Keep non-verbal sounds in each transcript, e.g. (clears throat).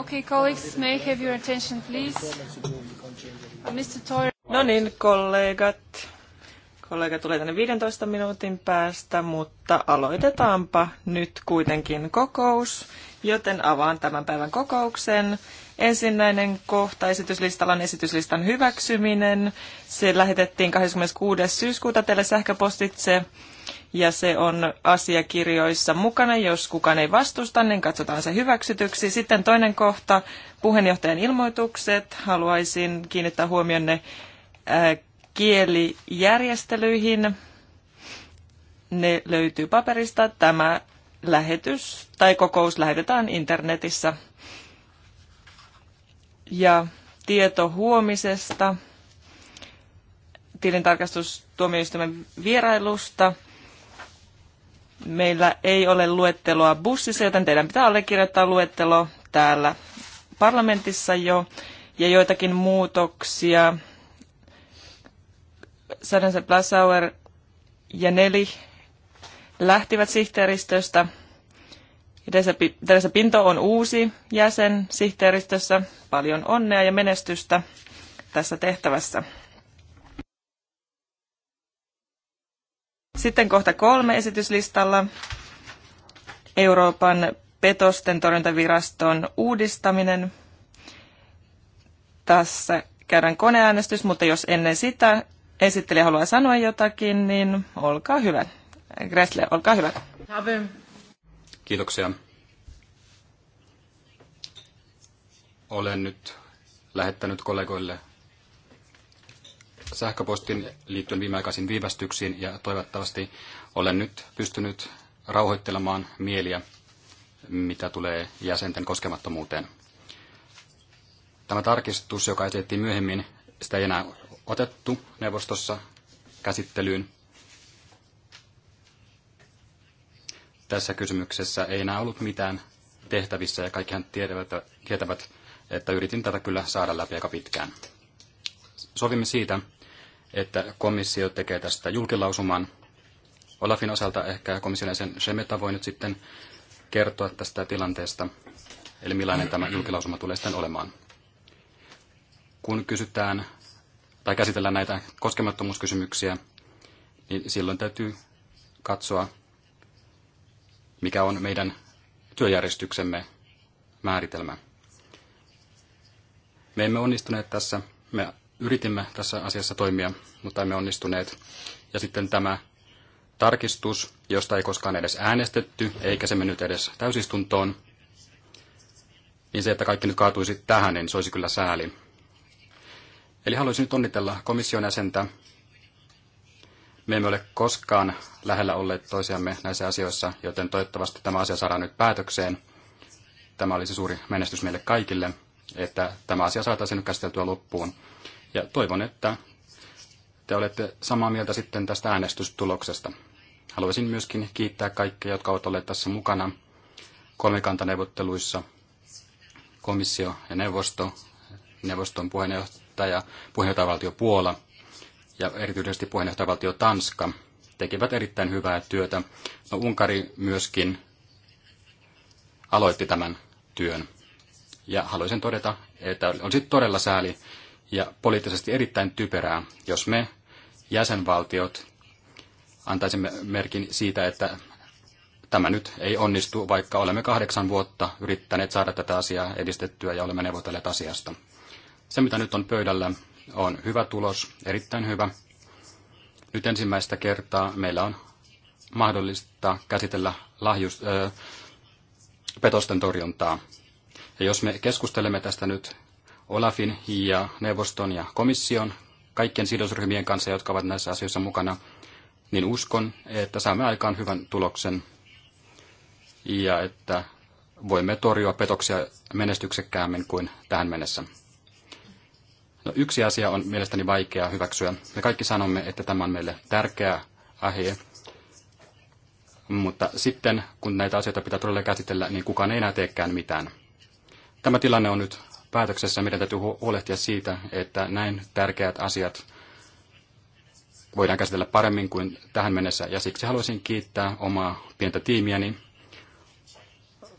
Okay, colleagues, may I have your attention, please? Uh, Mr. Toyer. No niin, kollegat. Kollega tulee tänne 15 minuutin päästä, mutta aloitetaanpa nyt kuitenkin kokous, joten avaan tämän päivän kokouksen. Ensinnäinen kohta esityslistalla on esityslistan hyväksyminen. Se lähetettiin 26. syyskuuta teille sähköpostitse ja se on asiakirjoissa mukana. Jos kukaan ei vastusta, niin katsotaan se hyväksytyksi. Sitten toinen kohta, puheenjohtajan ilmoitukset. Haluaisin kiinnittää huomionne äh, kielijärjestelyihin. Ne löytyy paperista. Tämä lähetys tai kokous lähetetään internetissä. Ja tieto huomisesta, tilintarkastustuomioistuimen vierailusta – Meillä ei ole luetteloa bussissa, joten teidän pitää allekirjoittaa luettelo täällä parlamentissa jo. Ja joitakin muutoksia. Sadense Blasauer ja Neli lähtivät sihteeristöstä. Teresa Pinto on uusi jäsen sihteeristössä. Paljon onnea ja menestystä tässä tehtävässä. Sitten kohta kolme esityslistalla. Euroopan petosten torjuntaviraston uudistaminen. Tässä käydään koneäänestys, mutta jos ennen sitä esittelijä haluaa sanoa jotakin, niin olkaa hyvä. Gressle, olkaa hyvä. Kiitoksia. Olen nyt lähettänyt kollegoille sähköpostin liittyen viimeaikaisiin viivästyksiin ja toivottavasti olen nyt pystynyt rauhoittelemaan mieliä, mitä tulee jäsenten koskemattomuuteen. Tämä tarkistus, joka esitettiin myöhemmin, sitä ei enää otettu neuvostossa käsittelyyn. Tässä kysymyksessä ei enää ollut mitään tehtävissä ja kaikkihan tietävät, tietävät että yritin tätä kyllä saada läpi aika pitkään. Sovimme siitä, että komissio tekee tästä julkilausuman. Olafin osalta ehkä komissiolaisen Shemeta voi nyt sitten kertoa tästä tilanteesta, eli millainen tämä julkilausuma tulee sitten olemaan. Kun kysytään tai käsitellään näitä koskemattomuuskysymyksiä, niin silloin täytyy katsoa, mikä on meidän työjärjestyksemme määritelmä. Me emme onnistuneet tässä. Me yritimme tässä asiassa toimia, mutta emme onnistuneet. Ja sitten tämä tarkistus, josta ei koskaan edes äänestetty, eikä se mennyt edes täysistuntoon, niin se, että kaikki nyt kaatuisi tähän, niin se olisi kyllä sääli. Eli haluaisin nyt onnitella komission jäsentä. Me emme ole koskaan lähellä olleet toisiamme näissä asioissa, joten toivottavasti tämä asia saadaan nyt päätökseen. Tämä olisi suuri menestys meille kaikille, että tämä asia saataisiin nyt käsiteltyä loppuun ja toivon, että te olette samaa mieltä sitten tästä äänestystuloksesta. Haluaisin myöskin kiittää kaikkia, jotka ovat olleet tässä mukana kolmikantaneuvotteluissa. Komissio ja neuvosto, neuvoston puheenjohtaja, puheenjohtajavaltio Puola ja erityisesti puheenjohtajavaltio Tanska tekivät erittäin hyvää työtä. No, Unkari myöskin aloitti tämän työn. Ja haluaisin todeta, että on todella sääli, ja poliittisesti erittäin typerää, jos me jäsenvaltiot antaisimme merkin siitä, että tämä nyt ei onnistu, vaikka olemme kahdeksan vuotta yrittäneet saada tätä asiaa edistettyä ja olemme neuvotelleet asiasta. Se, mitä nyt on pöydällä, on hyvä tulos, erittäin hyvä. Nyt ensimmäistä kertaa meillä on mahdollista käsitellä lahjus, äh, petosten torjuntaa. Ja jos me keskustelemme tästä nyt Olafin ja neuvoston ja komission, kaikkien sidosryhmien kanssa, jotka ovat näissä asioissa mukana, niin uskon, että saamme aikaan hyvän tuloksen ja että voimme torjua petoksia menestyksekkäämmin kuin tähän mennessä. No, yksi asia on mielestäni vaikea hyväksyä. Me kaikki sanomme, että tämä on meille tärkeä aihe, mutta sitten kun näitä asioita pitää todella käsitellä, niin kukaan ei enää teekään mitään. Tämä tilanne on nyt päätöksessä meidän täytyy huolehtia siitä, että näin tärkeät asiat voidaan käsitellä paremmin kuin tähän mennessä. Ja siksi haluaisin kiittää omaa pientä tiimiäni,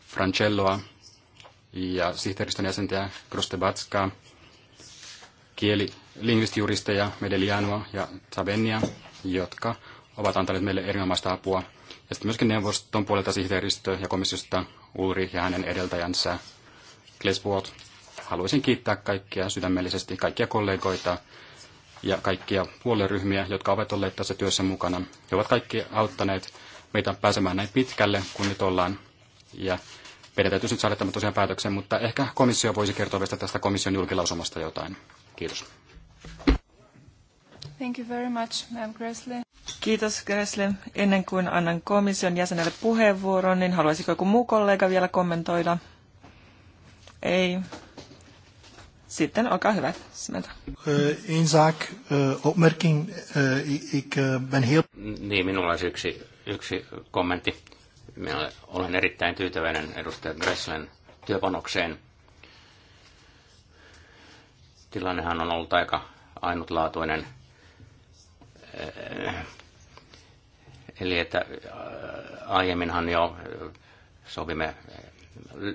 Francelloa ja sihteeristön jäsentäjä Krostebatskaa, kieli, lingvistijuristeja Medelianoa ja Savennia, jotka ovat antaneet meille erinomaista apua. Ja sitten myöskin neuvoston puolelta sihteeristö ja komissiosta Uuri ja hänen edeltäjänsä Klesbuot haluaisin kiittää kaikkia sydämellisesti, kaikkia kollegoita ja kaikkia puolueryhmiä, jotka ovat olleet tässä työssä mukana. He ovat kaikki auttaneet meitä pääsemään näin pitkälle, kun nyt ollaan. Ja meidän täytyisi nyt saada tämä tosiaan päätöksen, mutta ehkä komissio voisi kertoa vielä tästä komission julkilausumasta jotain. Kiitos. Thank you very much, Ma'am Gressley. Kiitos Gressley. Ennen kuin annan komission jäsenelle puheenvuoron, niin haluaisiko joku muu kollega vielä kommentoida? Ei. Sitten olkaa hyvä. Sieltä. Eén eh, zaak, eh, opmerking. Eh, ik ben heel... Niin, minulla olisi yksi, yksi kommentti. Minä olen erittäin tyytyväinen edustaja Gresslen työpanokseen. Tilannehan on ollut aika ainutlaatuinen. Eli että aiemminhan jo sovimme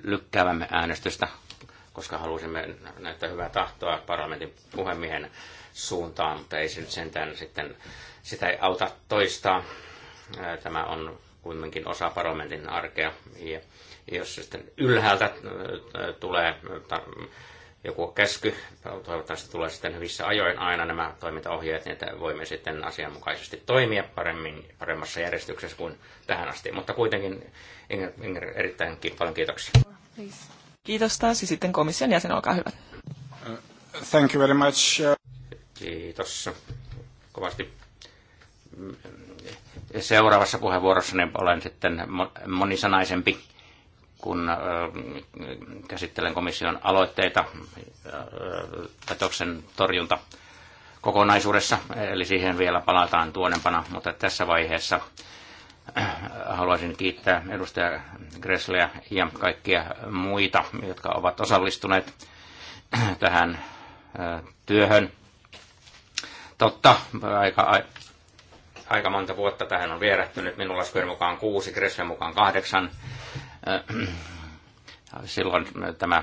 lykkäävämme äänestystä koska halusimme näyttää hyvää tahtoa parlamentin puhemiehen suuntaan, mutta ei se nyt sentään sitten, sitä ei auta toistaa. Tämä on kuitenkin osa parlamentin arkea. Ja jos sitten ylhäältä tulee joku käsky, toivottavasti tulee sitten hyvissä ajoin aina nämä toimintaohjeet, niin että voimme sitten asianmukaisesti toimia paremmin, paremmassa järjestyksessä kuin tähän asti. Mutta kuitenkin Inger, Inger erittäin paljon kiitoksia. Please. Kiitos taas ja sitten komission jäsen, olkaa hyvä. Thank you very much. Kiitos kovasti. Seuraavassa puheenvuorossani niin olen sitten monisanaisempi, kun käsittelen komission aloitteita petoksen torjunta kokonaisuudessa, eli siihen vielä palataan tuonempana, mutta tässä vaiheessa haluaisin kiittää edustaja Gresleä ja kaikkia muita, jotka ovat osallistuneet tähän työhön. Totta, aika, aika monta vuotta tähän on vierähtynyt. Minun laskujen mukaan kuusi, Greslen mukaan kahdeksan. Silloin tämä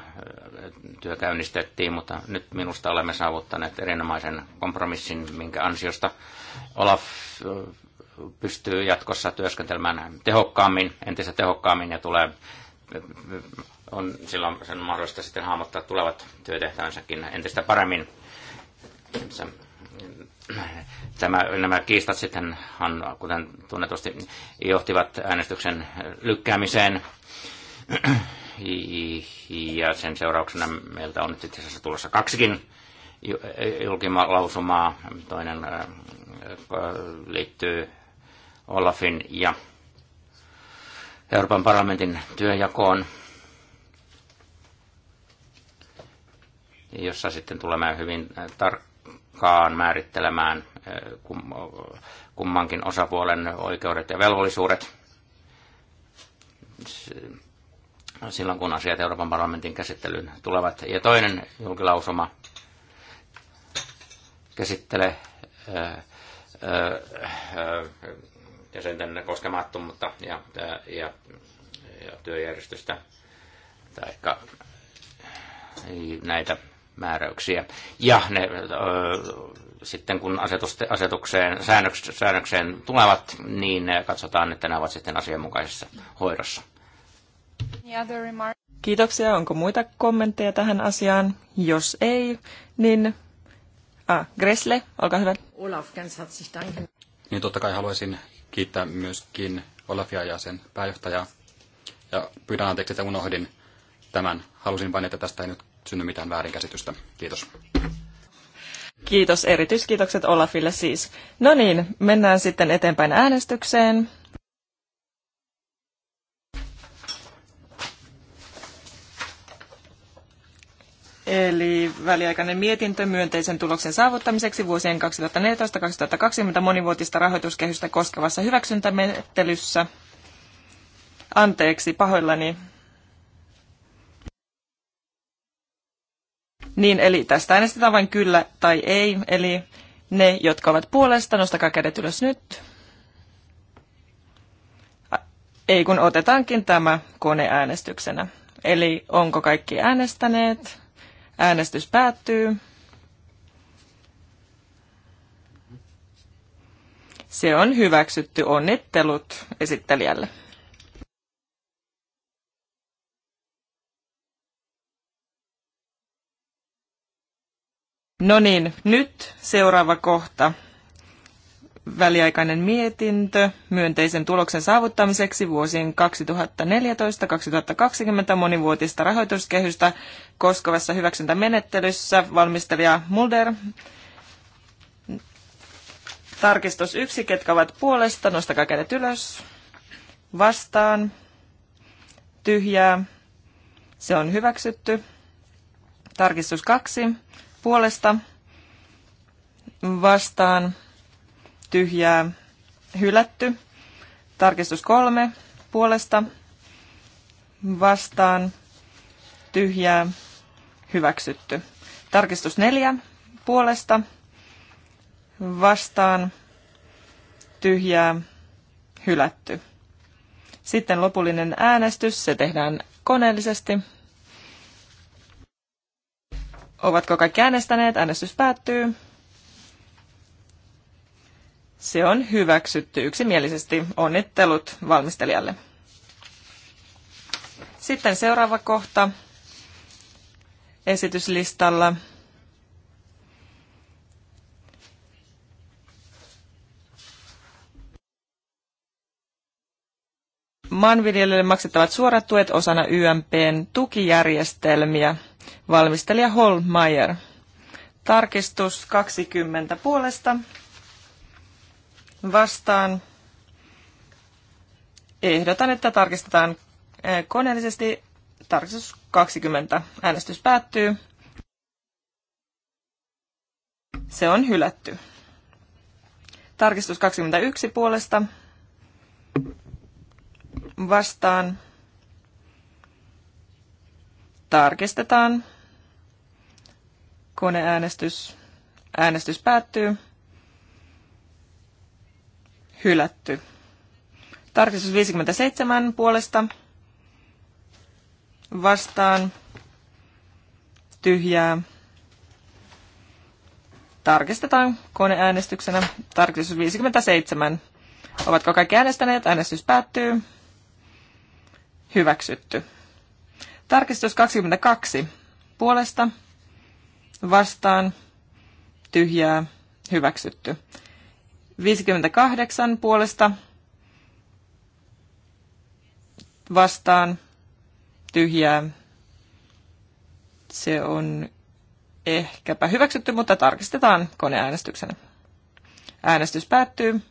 työ käynnistettiin, mutta nyt minusta olemme saavuttaneet erinomaisen kompromissin, minkä ansiosta Olaf pystyy jatkossa työskentelemään tehokkaammin, entistä tehokkaammin ja tulee, on silloin sen mahdollista sitten hahmottaa tulevat työtehtävänsäkin entistä paremmin. Tämä, nämä kiistat sitten, kuten tunnetusti, johtivat äänestyksen lykkäämiseen. Ja sen seurauksena meiltä on nyt itse asiassa tulossa kaksikin julkilausumaa. Toinen äh, liittyy Olafin ja Euroopan parlamentin työjakoon, jossa sitten tulemme hyvin äh, tarkkaan määrittelemään äh, äh, kummankin osapuolen oikeudet ja velvollisuudet silloin, kun asiat Euroopan parlamentin käsittelyyn tulevat. Ja toinen julkilausuma käsittelee jäsenten koskemattomuutta ja, ja, ja työjärjestystä tai näitä määräyksiä. Ja ne, ö, sitten kun asetuste, asetukseen, säännöks, säännökseen tulevat, niin katsotaan, että ne ovat sitten asianmukaisessa hoidossa. Kiitoksia. Onko muita kommentteja tähän asiaan? Jos ei, niin ah, Gressle, olkaa hyvä. Olaf, ganz herzlich danken. Niin totta kai haluaisin kiittää myöskin Olafia ja sen pääjohtajaa. Ja pyydän anteeksi, että unohdin tämän. Halusin vain, että tästä ei nyt synny mitään väärinkäsitystä. Kiitos. Kiitos. Erityiskiitokset Olafille siis. No niin, mennään sitten eteenpäin äänestykseen. Eli väliaikainen mietintö myönteisen tuloksen saavuttamiseksi vuosien 2014-2020 monivuotista rahoituskehystä koskevassa hyväksyntämenettelyssä. Anteeksi, pahoillani. Niin, eli tästä äänestetään vain kyllä tai ei. Eli ne, jotka ovat puolesta, nostakaa kädet ylös nyt. Ei kun otetaankin tämä koneäänestyksenä. Eli onko kaikki äänestäneet? Äänestys päättyy. Se on hyväksytty. Onnittelut esittelijälle. No niin, nyt seuraava kohta väliaikainen mietintö myönteisen tuloksen saavuttamiseksi vuosien 2014-2020 monivuotista rahoituskehystä koskevassa hyväksyntämenettelyssä valmistelija Mulder. Tarkistus yksi, ketkä ovat puolesta, nostakaa kädet ylös. Vastaan. Tyhjää. Se on hyväksytty. Tarkistus kaksi, puolesta. Vastaan tyhjää hylätty. Tarkistus kolme puolesta vastaan tyhjää hyväksytty. Tarkistus neljä puolesta vastaan tyhjää hylätty. Sitten lopullinen äänestys, se tehdään koneellisesti. Ovatko kaikki äänestäneet? Äänestys päättyy. Se on hyväksytty yksimielisesti. Onnittelut valmistelijalle. Sitten seuraava kohta esityslistalla. Maanviljelijöille maksettavat suorat tuet osana YMPn tukijärjestelmiä. Valmistelija Holmeyer. Tarkistus 20 puolesta vastaan. Ehdotan, että tarkistetaan eh, koneellisesti tarkistus 20. Äänestys päättyy. Se on hylätty. Tarkistus 21 puolesta vastaan. Tarkistetaan. Koneäänestys. Äänestys päättyy hylätty. Tarkistus 57 puolesta vastaan tyhjää. Tarkistetaan koneäänestyksenä. Tarkistus 57. Ovatko kaikki äänestäneet? Äänestys päättyy. Hyväksytty. Tarkistus 22. Puolesta vastaan tyhjää hyväksytty. 58 puolesta vastaan tyhjää. Se on ehkäpä hyväksytty, mutta tarkistetaan koneäänestyksenä. Äänestys päättyy.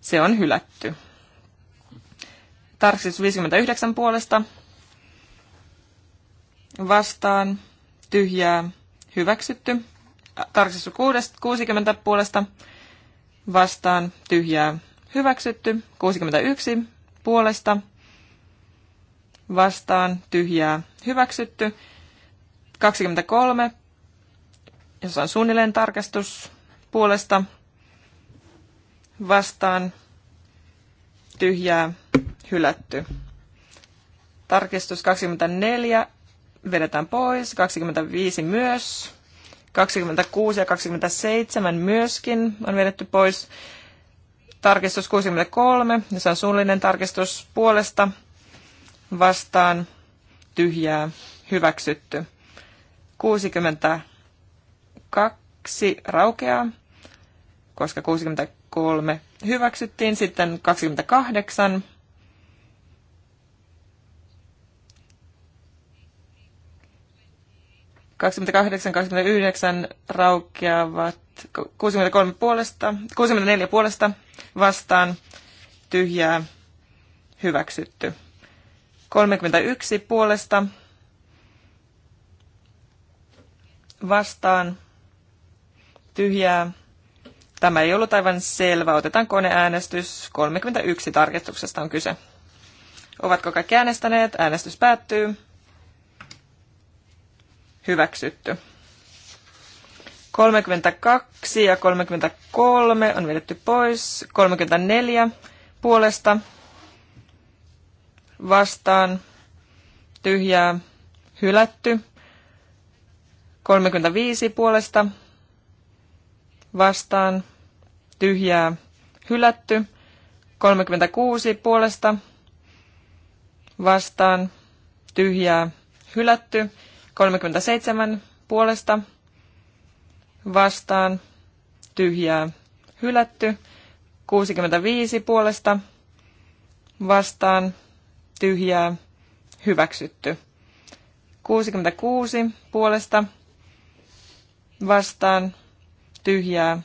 Se on hylätty. Tarkistus 59 puolesta. Vastaan. Tyhjää. Hyväksytty tarkistus 60 puolesta vastaan tyhjää hyväksytty. 61 puolesta vastaan tyhjää hyväksytty. 23, jossa on suunnilleen tarkastus puolesta vastaan tyhjää hylätty. Tarkistus 24 vedetään pois, 25 myös 26 ja 27 myöskin on vedetty pois. Tarkistus 63, se on suullinen tarkistus puolesta vastaan tyhjää hyväksytty. 62 raukeaa, koska 63 hyväksyttiin. Sitten 28 28, 29 raukeavat 63 puolesta, 64 puolesta vastaan tyhjää hyväksytty. 31 puolesta vastaan tyhjää. Tämä ei ollut aivan selvä. Otetaan koneäänestys. 31 tarkistuksesta on kyse. Ovatko kaikki äänestäneet? Äänestys päättyy hyväksytty. 32 ja 33 on vedetty pois. 34 puolesta vastaan tyhjää hylätty. 35 puolesta vastaan tyhjää hylätty. 36 puolesta vastaan tyhjää hylätty. 37 puolesta vastaan tyhjää hylätty. 65 puolesta vastaan tyhjää hyväksytty. 66 puolesta vastaan tyhjää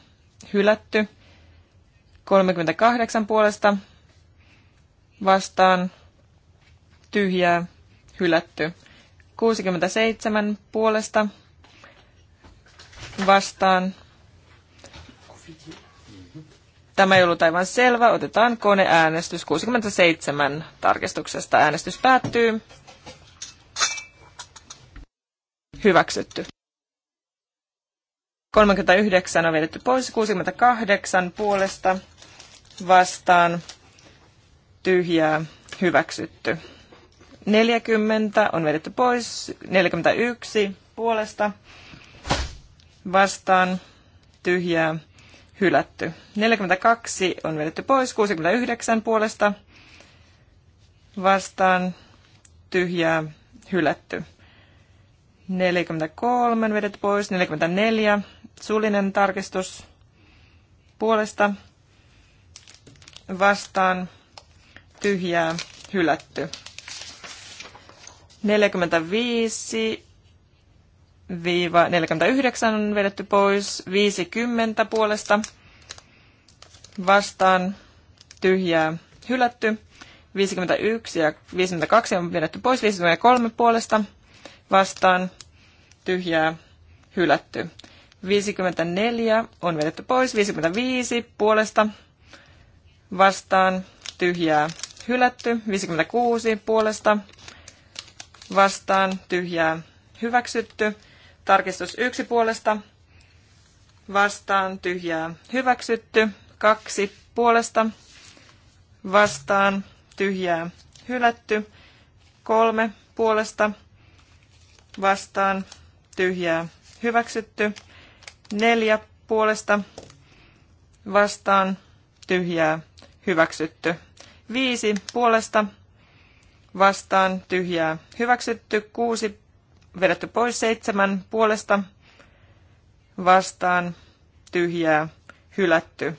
hylätty. 38 puolesta vastaan tyhjää hylätty. 67 puolesta vastaan. Tämä ei ollut aivan selvä. Otetaan koneäänestys 67 tarkistuksesta. Äänestys päättyy. Hyväksytty. 39 on vedetty pois, 68 puolesta vastaan tyhjää hyväksytty. 40 on vedetty pois, 41 puolesta vastaan tyhjää hylätty. 42 on vedetty pois, 69 puolesta vastaan tyhjää hylätty. 43 vedetty pois, 44 sulinen tarkistus puolesta vastaan tyhjää hylätty. 45 viiva 49 on vedetty pois, 50 puolesta vastaan tyhjää hylätty, 51 ja 52 on vedetty pois, 53 puolesta vastaan tyhjää hylätty. 54 on vedetty pois, 55 puolesta vastaan tyhjää hylätty, 56 puolesta vastaan tyhjää hyväksytty. Tarkistus yksi puolesta vastaan tyhjää hyväksytty. Kaksi puolesta vastaan tyhjää hylätty. Kolme puolesta vastaan tyhjää hyväksytty. Neljä puolesta vastaan tyhjää hyväksytty. Viisi puolesta vastaan, vastaan tyhjää hyväksytty, kuusi vedetty pois, seitsemän puolesta vastaan tyhjää hylätty,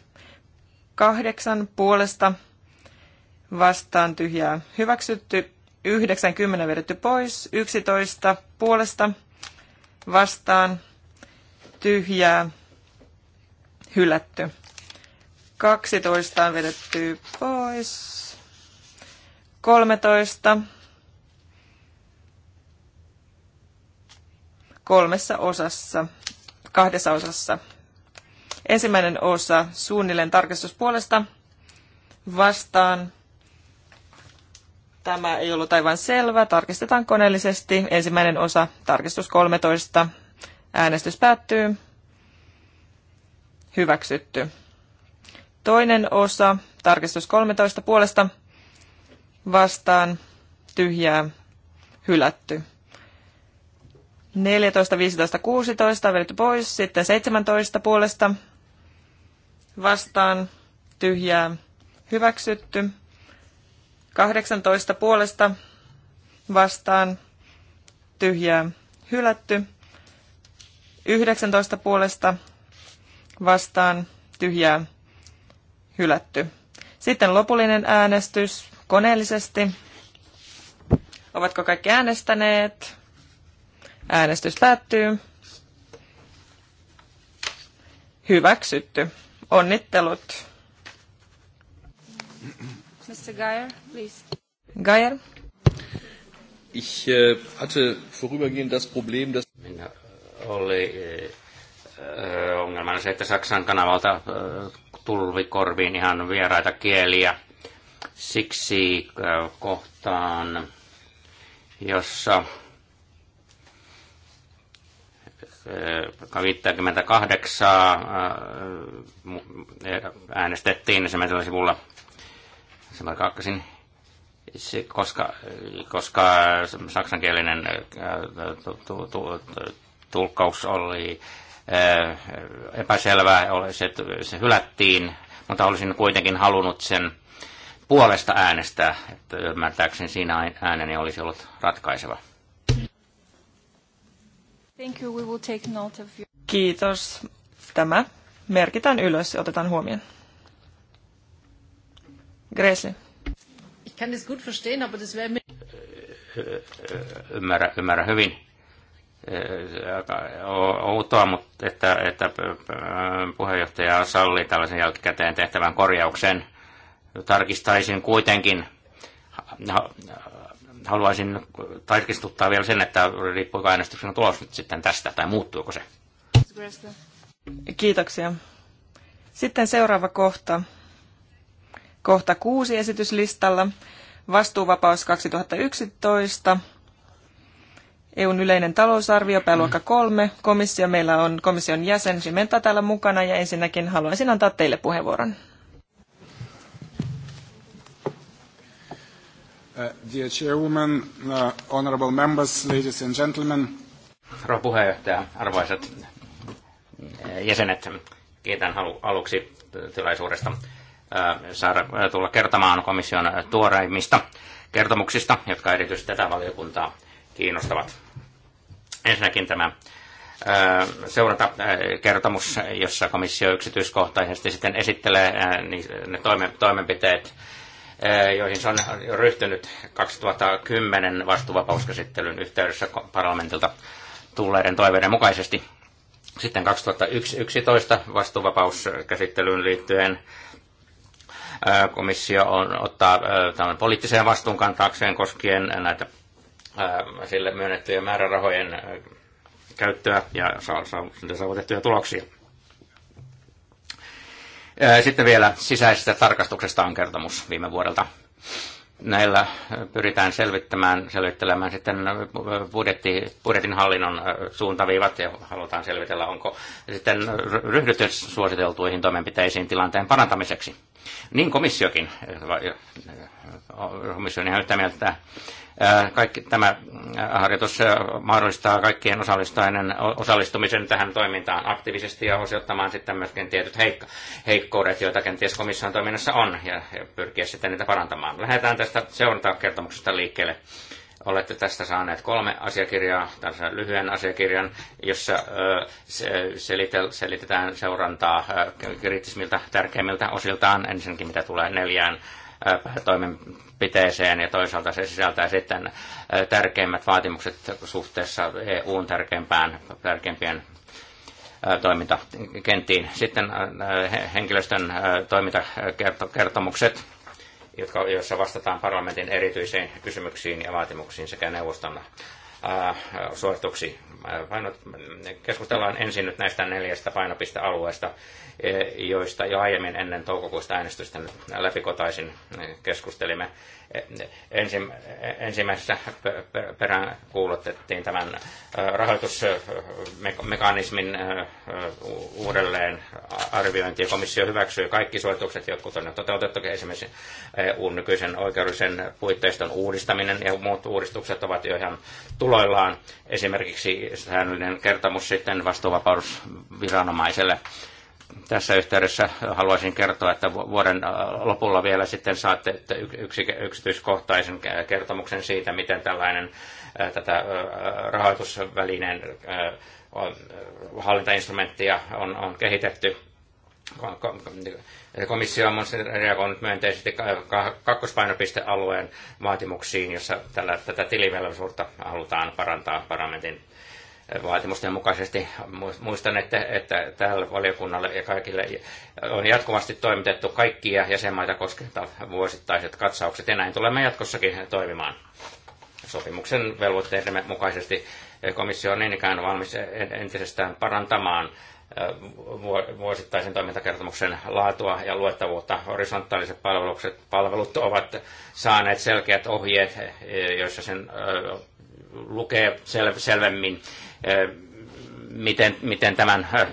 kahdeksan puolesta vastaan tyhjää hyväksytty, yhdeksän kymmenen vedetty pois, yksitoista puolesta vastaan tyhjää hylätty. kaksitoista vedetty pois. 13 kolmessa osassa, kahdessa osassa. Ensimmäinen osa suunnilleen tarkistuspuolesta vastaan. Tämä ei ollut aivan selvä. Tarkistetaan koneellisesti. Ensimmäinen osa, tarkistus 13. Äänestys päättyy. Hyväksytty. Toinen osa, tarkistus 13 puolesta vastaan tyhjää hylätty. 14, 15, 16 vedetty pois. Sitten 17 puolesta vastaan tyhjää hyväksytty. 18 puolesta vastaan tyhjää hylätty. 19 puolesta vastaan tyhjää hylätty. Sitten lopullinen äänestys koneellisesti. Ovatko kaikki äänestäneet? Äänestys päättyy. Hyväksytty. Onnittelut. Mr. Geyer, please. Geyer. Ich äh, hatte vorübergehend das Problem, dass... Minä oli äh, ongelmana se, että Saksan kanavalta äh, tulvi korviin ihan vieraita kieliä siksi äh, kohtaan, jossa 58 äh, äh, äänestettiin ensimmäisellä sivulla semmoinen kakkasin, koska, koska saksankielinen tulkkaus oli epäselvä, se, se hylättiin, mutta olisin kuitenkin halunnut sen puolesta äänestää. Että ymmärtääkseni siinä ääneni olisi ollut ratkaiseva. Thank you. We will take note of you. Kiitos. Tämä merkitään ylös ja otetaan huomioon. Gräsli. Ich kann das gut verstehen, aber das wäre ymmärrä, ymmärrä hyvin outoa, mutta että, että äh, puheenjohtaja sallii tällaisen jälkikäteen tehtävän korjauksen – tarkistaisin kuitenkin, haluaisin tarkistuttaa vielä sen, että riippuuko äänestyksen tulos nyt sitten tästä, tai muuttuuko se. Kiitoksia. Sitten seuraava kohta. Kohta kuusi esityslistalla. Vastuuvapaus 2011. EUn yleinen talousarvio, pääluokka kolme. Komissio, meillä on komission jäsen Simenta täällä mukana ja ensinnäkin haluaisin antaa teille puheenvuoron. Uh, dear Chairwoman, uh, honorable members, ladies and gentlemen. Rouva puheenjohtaja, arvoisat uh, jäsenet, kiitän halu- aluksi tilaisuudesta uh, saada uh, tulla kertomaan komission tuoreimmista kertomuksista, jotka erityisesti tätä valiokuntaa kiinnostavat. Ensinnäkin tämä seurata kertomus, jossa komissio yksityiskohtaisesti sitten esittelee ne toimenpiteet, Eh, joihin se on ryhtynyt 2010 vastuuvapauskäsittelyn yhteydessä parlamentilta tulleiden toiveiden mukaisesti. Sitten 2011 vastuuvapauskäsittelyyn liittyen eh, komissio on ottaa eh, tämän poliittiseen vastuun kantaakseen koskien näitä sille myönnettyjen määrärahojen käyttöä ja saavutettuja tuloksia. Sitten vielä sisäisestä tarkastuksesta on kertomus viime vuodelta. Näillä pyritään selvittämään, selvittelemään sitten budjetti, budjetin hallinnon suuntaviivat ja halutaan selvitellä, onko sitten ryhdytty suositeltuihin toimenpiteisiin tilanteen parantamiseksi. Niin komissiokin, komissio on ihan yhtä mieltä kaikki, tämä harjoitus mahdollistaa kaikkien osallistajien osallistumisen tähän toimintaan aktiivisesti ja osoittamaan sitten myöskin tietyt heikko, heikkoudet, joita kenties komission toiminnassa on, ja pyrkiä sitten niitä parantamaan. Lähdetään tästä seurantakertomuksesta liikkeelle olette tästä saaneet kolme asiakirjaa, tällaisen lyhyen asiakirjan, jossa selitetään seurantaa kriittisimmiltä tärkeimmiltä osiltaan. Ensinnäkin mitä tulee neljään Äh, toimenpiteeseen ja toisaalta se sisältää sitten äh, tärkeimmät vaatimukset suhteessa EUn tärkeimpään, tärkeimpien äh, toimintakenttiin. Sitten henkilöstön toimintakertomukset, jotka, joissa vastataan parlamentin erityisiin kysymyksiin ja vaatimuksiin sekä neuvoston suosituksi. Painot, keskustellaan ensin nyt näistä neljästä painopistealueesta, e, joista jo aiemmin ennen toukokuista äänestysten läpikotaisin e, keskustelimme ensim, ensimmäisessä perään kuulutettiin tämän rahoitusmekanismin uudelleen arviointi ja komissio hyväksyy kaikki suositukset, jotkut on jo toteutettu, esimerkiksi EUn nykyisen oikeudellisen puitteiston uudistaminen ja muut uudistukset ovat jo ihan tuloillaan. Esimerkiksi säännöllinen kertomus sitten vastuuvapausviranomaiselle viranomaiselle tässä yhteydessä haluaisin kertoa, että vuoden äh, lopulla vielä sitten saatte yksityiskohtaisen kertomuksen siitä, miten tällainen äh, tätä äh, rahoitusvälineen hallintainstrumenttia on, on kehitetty. Komissio on reagoinut myönteisesti kakkospainopistealueen vaatimuksiin, jossa tällä, tätä tilivelvollisuutta halutaan parantaa parlamentin vaatimusten mukaisesti. Muistan, että, että tälle valiokunnalle ja kaikille on jatkuvasti toimitettu kaikkia jäsenmaita koskevat vuosittaiset katsaukset, ja näin tulemme jatkossakin toimimaan. Sopimuksen velvoitteiden mukaisesti komissio on niin valmis entisestään parantamaan vuosittaisen toimintakertomuksen laatua ja luettavuutta. Horisontaaliset palvelukset, palvelut ovat saaneet selkeät ohjeet, joissa sen lukee sel- selvemmin Eh, miten, miten tämän eh,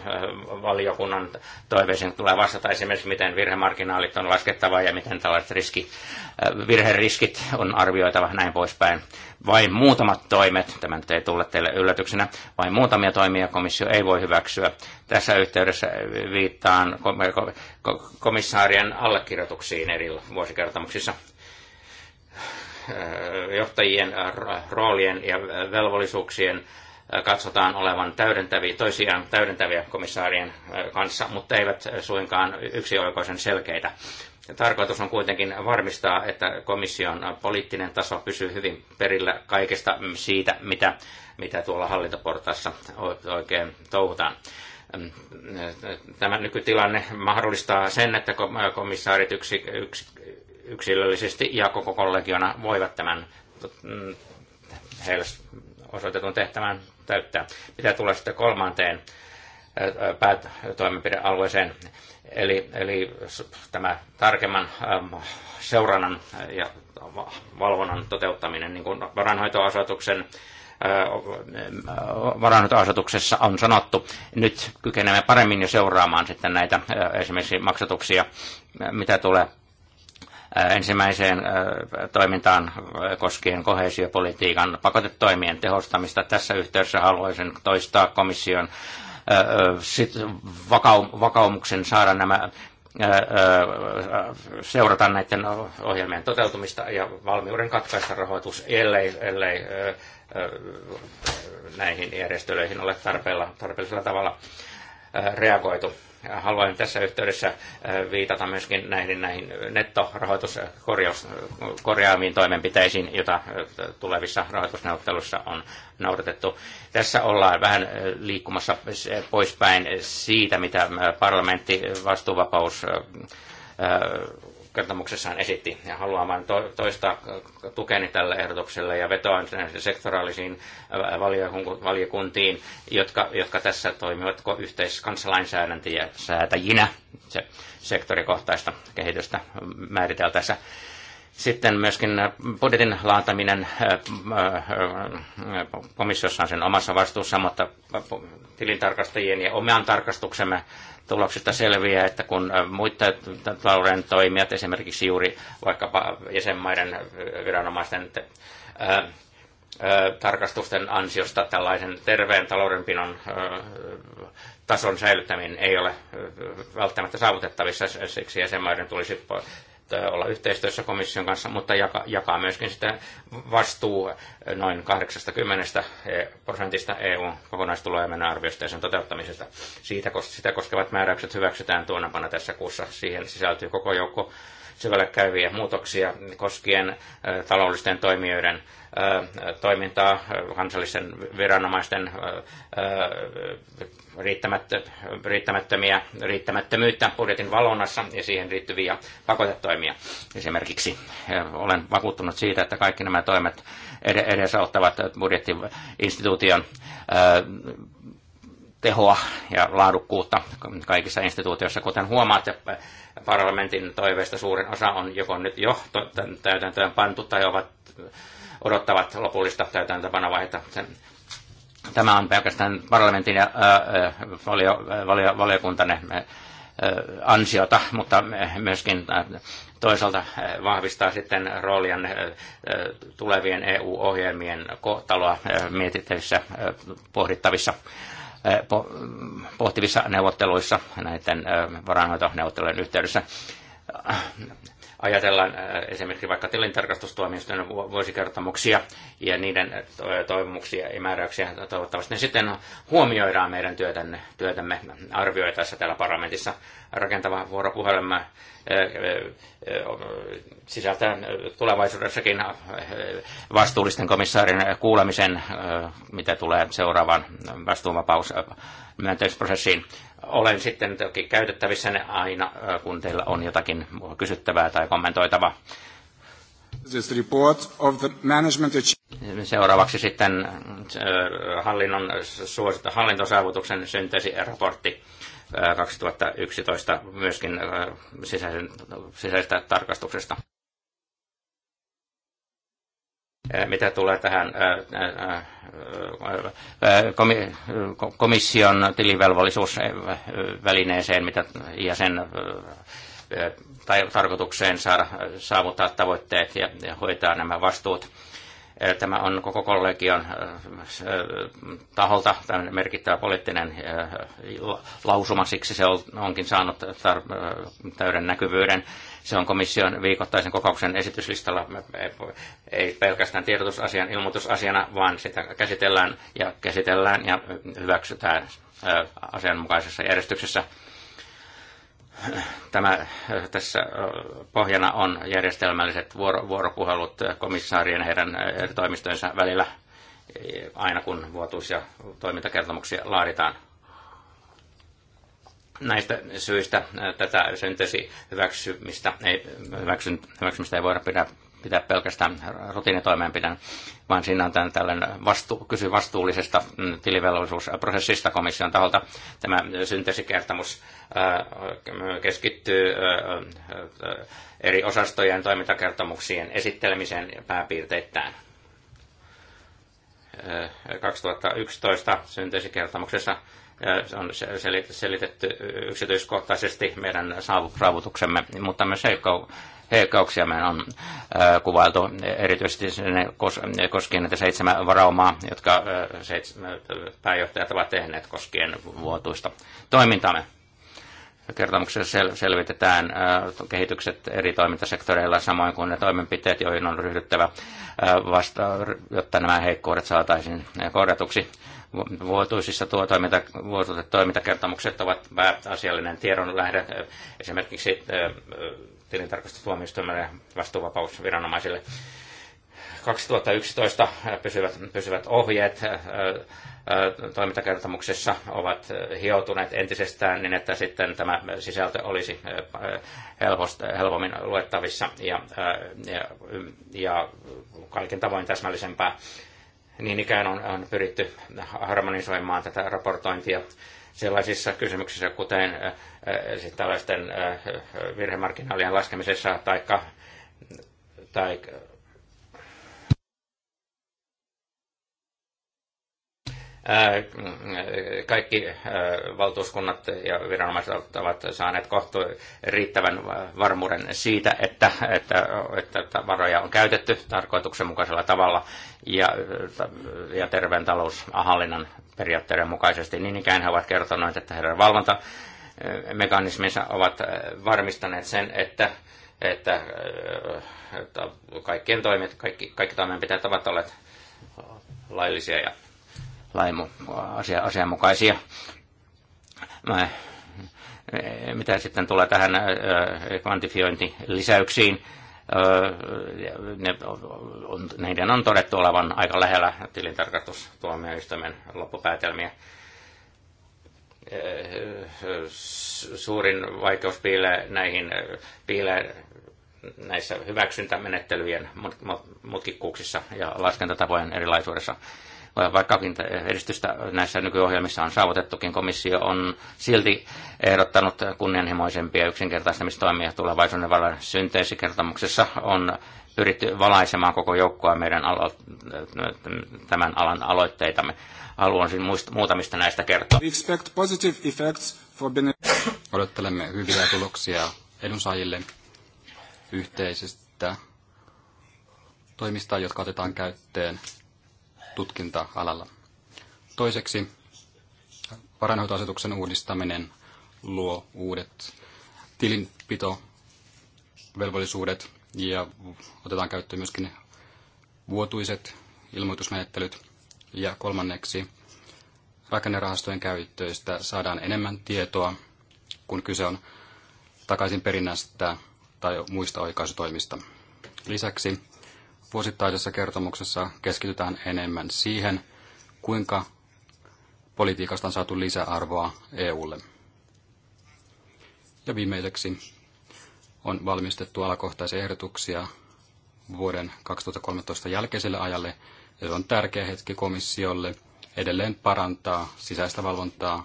valiokunnan toiveeseen tulee vastata, esimerkiksi miten virhemarginaalit on laskettava ja miten tällaiset riski, eh, virheriskit on arvioitava näin poispäin. Vain muutamat toimet, tämä nyt ei tulla teille yllätyksenä, vain muutamia toimia komissio ei voi hyväksyä. Tässä yhteydessä viittaan komissaarien allekirjoituksiin eri vuosikertomuksissa johtajien roolien ja velvollisuuksien katsotaan olevan täydentäviä, toisiaan täydentäviä komissaarien kanssa, mutta eivät suinkaan yksioikoisen selkeitä. Tarkoitus on kuitenkin varmistaa, että komission poliittinen taso pysyy hyvin perillä kaikesta mm, siitä, mitä, mitä tuolla hallintoportaassa oikein touhutaan. Mm, tämä nykytilanne mahdollistaa sen, että komissaarit yksi, yksi, yksilöllisesti ja koko kollegiona voivat tämän mm, heille osoitetun tehtävän täyttää. Mitä tulee sitten kolmanteen päätoimenpidealueeseen, eli, eli tämä tarkemman seurannan ja valvonnan toteuttaminen, niin kuin varanhoitoasetuksen varannutasetuksessa on sanottu, nyt kykenemme paremmin jo seuraamaan sitten näitä esimerkiksi maksatuksia, mitä tulee ensimmäiseen toimintaan koskien kohesiopolitiikan pakotetoimien tehostamista. Tässä yhteydessä haluaisin toistaa komission sit vakaumuksen saada nämä seurata näiden ohjelmien toteutumista ja valmiuden katkaista rahoitus, ellei, ellei näihin järjestelyihin ole tarpeellisella tavalla reagoitu haluan tässä yhteydessä äh, viitata myöskin näihin, näihin nettorahoituskorjaamiin toimenpiteisiin, joita äh, tulevissa rahoitusneuvotteluissa on noudatettu. Tässä ollaan vähän äh, liikkumassa poispäin siitä, mitä parlamentti vastuuvapaus kertomuksessaan esitti. Ja haluan vain toistaa tukeni tälle ehdotukselle ja vetoan sektoraalisiin äh, valiokuntiin, jotka, jotka tässä toimivat yhteiskansalainsäädäntöjä säätäjinä se sektorikohtaista kehitystä määriteltäessä. Sitten myöskin äh, budjetin laantaminen äh, komissiossa on sen omassa vastuussa, mutta tilintarkastajien ja oman tarkastuksemme tuloksesta selviää, että kun äh, muita talouden toimijat, esimerkiksi juuri vaikkapa jäsenmaiden äh, viranomaisten ää, ää, äh, tarkastusten ansiosta tällaisen terveen taloudenpinon ää, tason säilyttäminen ei ole välttämättä saavutettavissa, siksi jäsenmaiden tulisi olla yhteistyössä komission kanssa, mutta jaka, jakaa myöskin sitä vastuu noin 80 prosentista EUn kokonaistulojen arviosta ja sen toteuttamisesta. Siitä, sitä koskevat määräykset hyväksytään tuonapana tässä kuussa. Siihen sisältyy koko joukko syvälle käyviä muutoksia koskien taloudellisten toimijoiden toimintaa, kansallisten viranomaisten riittämättömiä, riittämättömyyttä budjetin valonnassa ja siihen liittyviä pakotetoimia. Esimerkiksi olen vakuuttunut siitä, että kaikki nämä toimet edesauttavat budjettiinstituution tehoa ja laadukkuutta kaikissa instituutioissa. Kuten ja parlamentin toiveista suurin osa on joko nyt jo täytäntöön pantu tai ovat, odottavat lopullista täytäntöpanovaihetta. Tämä on pelkästään parlamentin ja valio, valio, valiokuntanne ansiota, mutta myöskin toisaalta vahvistaa sitten roolian tulevien EU-ohjelmien kohtaloa mietittävissä pohdittavissa Eh, pohtivissa neuvotteluissa näiden eh, varainhoitoneuvottelujen yhteydessä ajatellaan äh, esimerkiksi vaikka tilintarkastustuomioistuimen vuosikertomuksia ja niiden äh, toivomuksia ja määräyksiä, toivottavasti ne sitten huomioidaan meidän työtämme, työtämme arvioitaessa täällä parlamentissa rakentava vuoropuhelma äh, sisältää tulevaisuudessakin vastuullisten komissaarin kuulemisen, mitä tulee seuraavan vastuunvapaus myöntämisprosessiin. Olen sitten toki käytettävissä ne aina, kun teillä on jotakin kysyttävää tai kommentoitavaa. This report of the management Seuraavaksi sitten hallinnon suosittu, hallintosaavutuksen synteesiraportti 2011 myöskin sisäisen, sisäisestä tarkastuksesta. Eh, mitä tulee tähän eh, eh, komission tilivelvollisuusvälineeseen mitä, ja sen tai tarkoitukseen saada saavuttaa tavoitteet ja, ja hoitaa nämä vastuut. Tämä on koko kollegion taholta merkittävä poliittinen lausuma, siksi se onkin saanut täyden näkyvyyden se on komission viikoittaisen kokouksen esityslistalla ei pelkästään tiedotusasian ilmoitusasiana, vaan sitä käsitellään ja käsitellään ja hyväksytään asianmukaisessa järjestyksessä. Tämä, tässä pohjana on järjestelmälliset vuoro, vuoropuhelut komissaarien ja heidän toimistojensa välillä e, aina kun vuotuisia toimintakertomuksia laaditaan näistä syistä tätä syntesi hyväksymistä ei, hyväksyn, hyväksymistä ei voida pidä, pitää pelkästään rutiinitoimeenpidän, vaan siinä on tällainen vastu, kysy vastuullisesta mm, tilivelvollisuusprosessista komission taholta. Tämä syntesikertomus keskittyy eri osastojen toimintakertomuksien esittelemiseen pääpiirteittäin. 2011 synteesikertomuksessa se on selitetty yksityiskohtaisesti meidän saavutuksemme, mutta myös heikkauksia meidän on kuvailtu erityisesti koskien näitä seitsemän varaumaa, jotka pääjohtajat ovat tehneet koskien vuotuista toimintamme. Kertomuksessa sel- selvitetään kehitykset eri toimintasektoreilla samoin kuin ne toimenpiteet, joihin on ryhdyttävä vasta, jotta nämä heikkoudet saataisiin korjatuksi vuotuisissa tuo toiminta, vuotuiset toimintakertomukset ovat pääasiallinen lähde esimerkiksi tilintarkastustuomioistuimelle vastuuvapausviranomaisille. 2011 pysyvät, pysyvät ohjeet toimintakertomuksessa ovat hioutuneet entisestään niin, että sitten tämä sisältö olisi helpost, helpommin luettavissa ja, ja, ja kaiken tavoin täsmällisempää niin ikään on, on pyritty harmonisoimaan tätä raportointia sellaisissa kysymyksissä, kuten äh, siis tällaisten äh, virhemarginaalien laskemisessa tai, tai Mm, kaikki valtuuskunnat ja viranomaiset ovat saaneet kohtu riittävän varmuuden siitä, että, että, että varoja on käytetty tarkoituksenmukaisella tavalla ja, ja terveen taloushallinnan periaatteiden mukaisesti. Niin ikään he ovat kertoneet, että heidän valvontamekanisminsa ovat varmistaneet sen, että, että, että kaikkien toimet, kaikki, kaikki toimenpiteet ovat olleet laillisia ja laimu, asia, asianmukaisia. Mä, mitä sitten tulee tähän kvantifiointilisäyksiin, ne on, niiden on todettu olevan aika lähellä tilintarkastustuomioistuimen loppupäätelmiä. Suurin vaikeus piilee, näihin, piilee näissä hyväksyntämenettelyjen mutkikkuuksissa ja laskentatapojen erilaisuudessa. Vaikkakin edistystä näissä nykyohjelmissa on saavutettukin, komissio on silti ehdottanut kunnianhimoisempia yksinkertaistamistoimia tulevaisuuden valan synteesikertomuksessa on pyritty valaisemaan koko joukkoa meidän alo- tämän alan aloitteitamme. siis muist- muutamista näistä kertoa. (coughs) Odottelemme hyviä tuloksia edunsaajille yhteisistä toimista, jotka otetaan käyttöön tutkinta-alalla. Toiseksi varainhoitoasetuksen uudistaminen luo uudet tilinpitovelvollisuudet ja otetaan käyttöön myöskin vuotuiset ilmoitusmenettelyt. Ja kolmanneksi rakennerahastojen käyttöistä saadaan enemmän tietoa, kun kyse on takaisin perinnästä tai muista oikaisutoimista. Lisäksi vuosittaisessa kertomuksessa keskitytään enemmän siihen, kuinka politiikasta on saatu lisäarvoa EUlle. Ja viimeiseksi on valmistettu alakohtaisia ehdotuksia vuoden 2013 jälkeiselle ajalle, ja se on tärkeä hetki komissiolle edelleen parantaa sisäistä valvontaa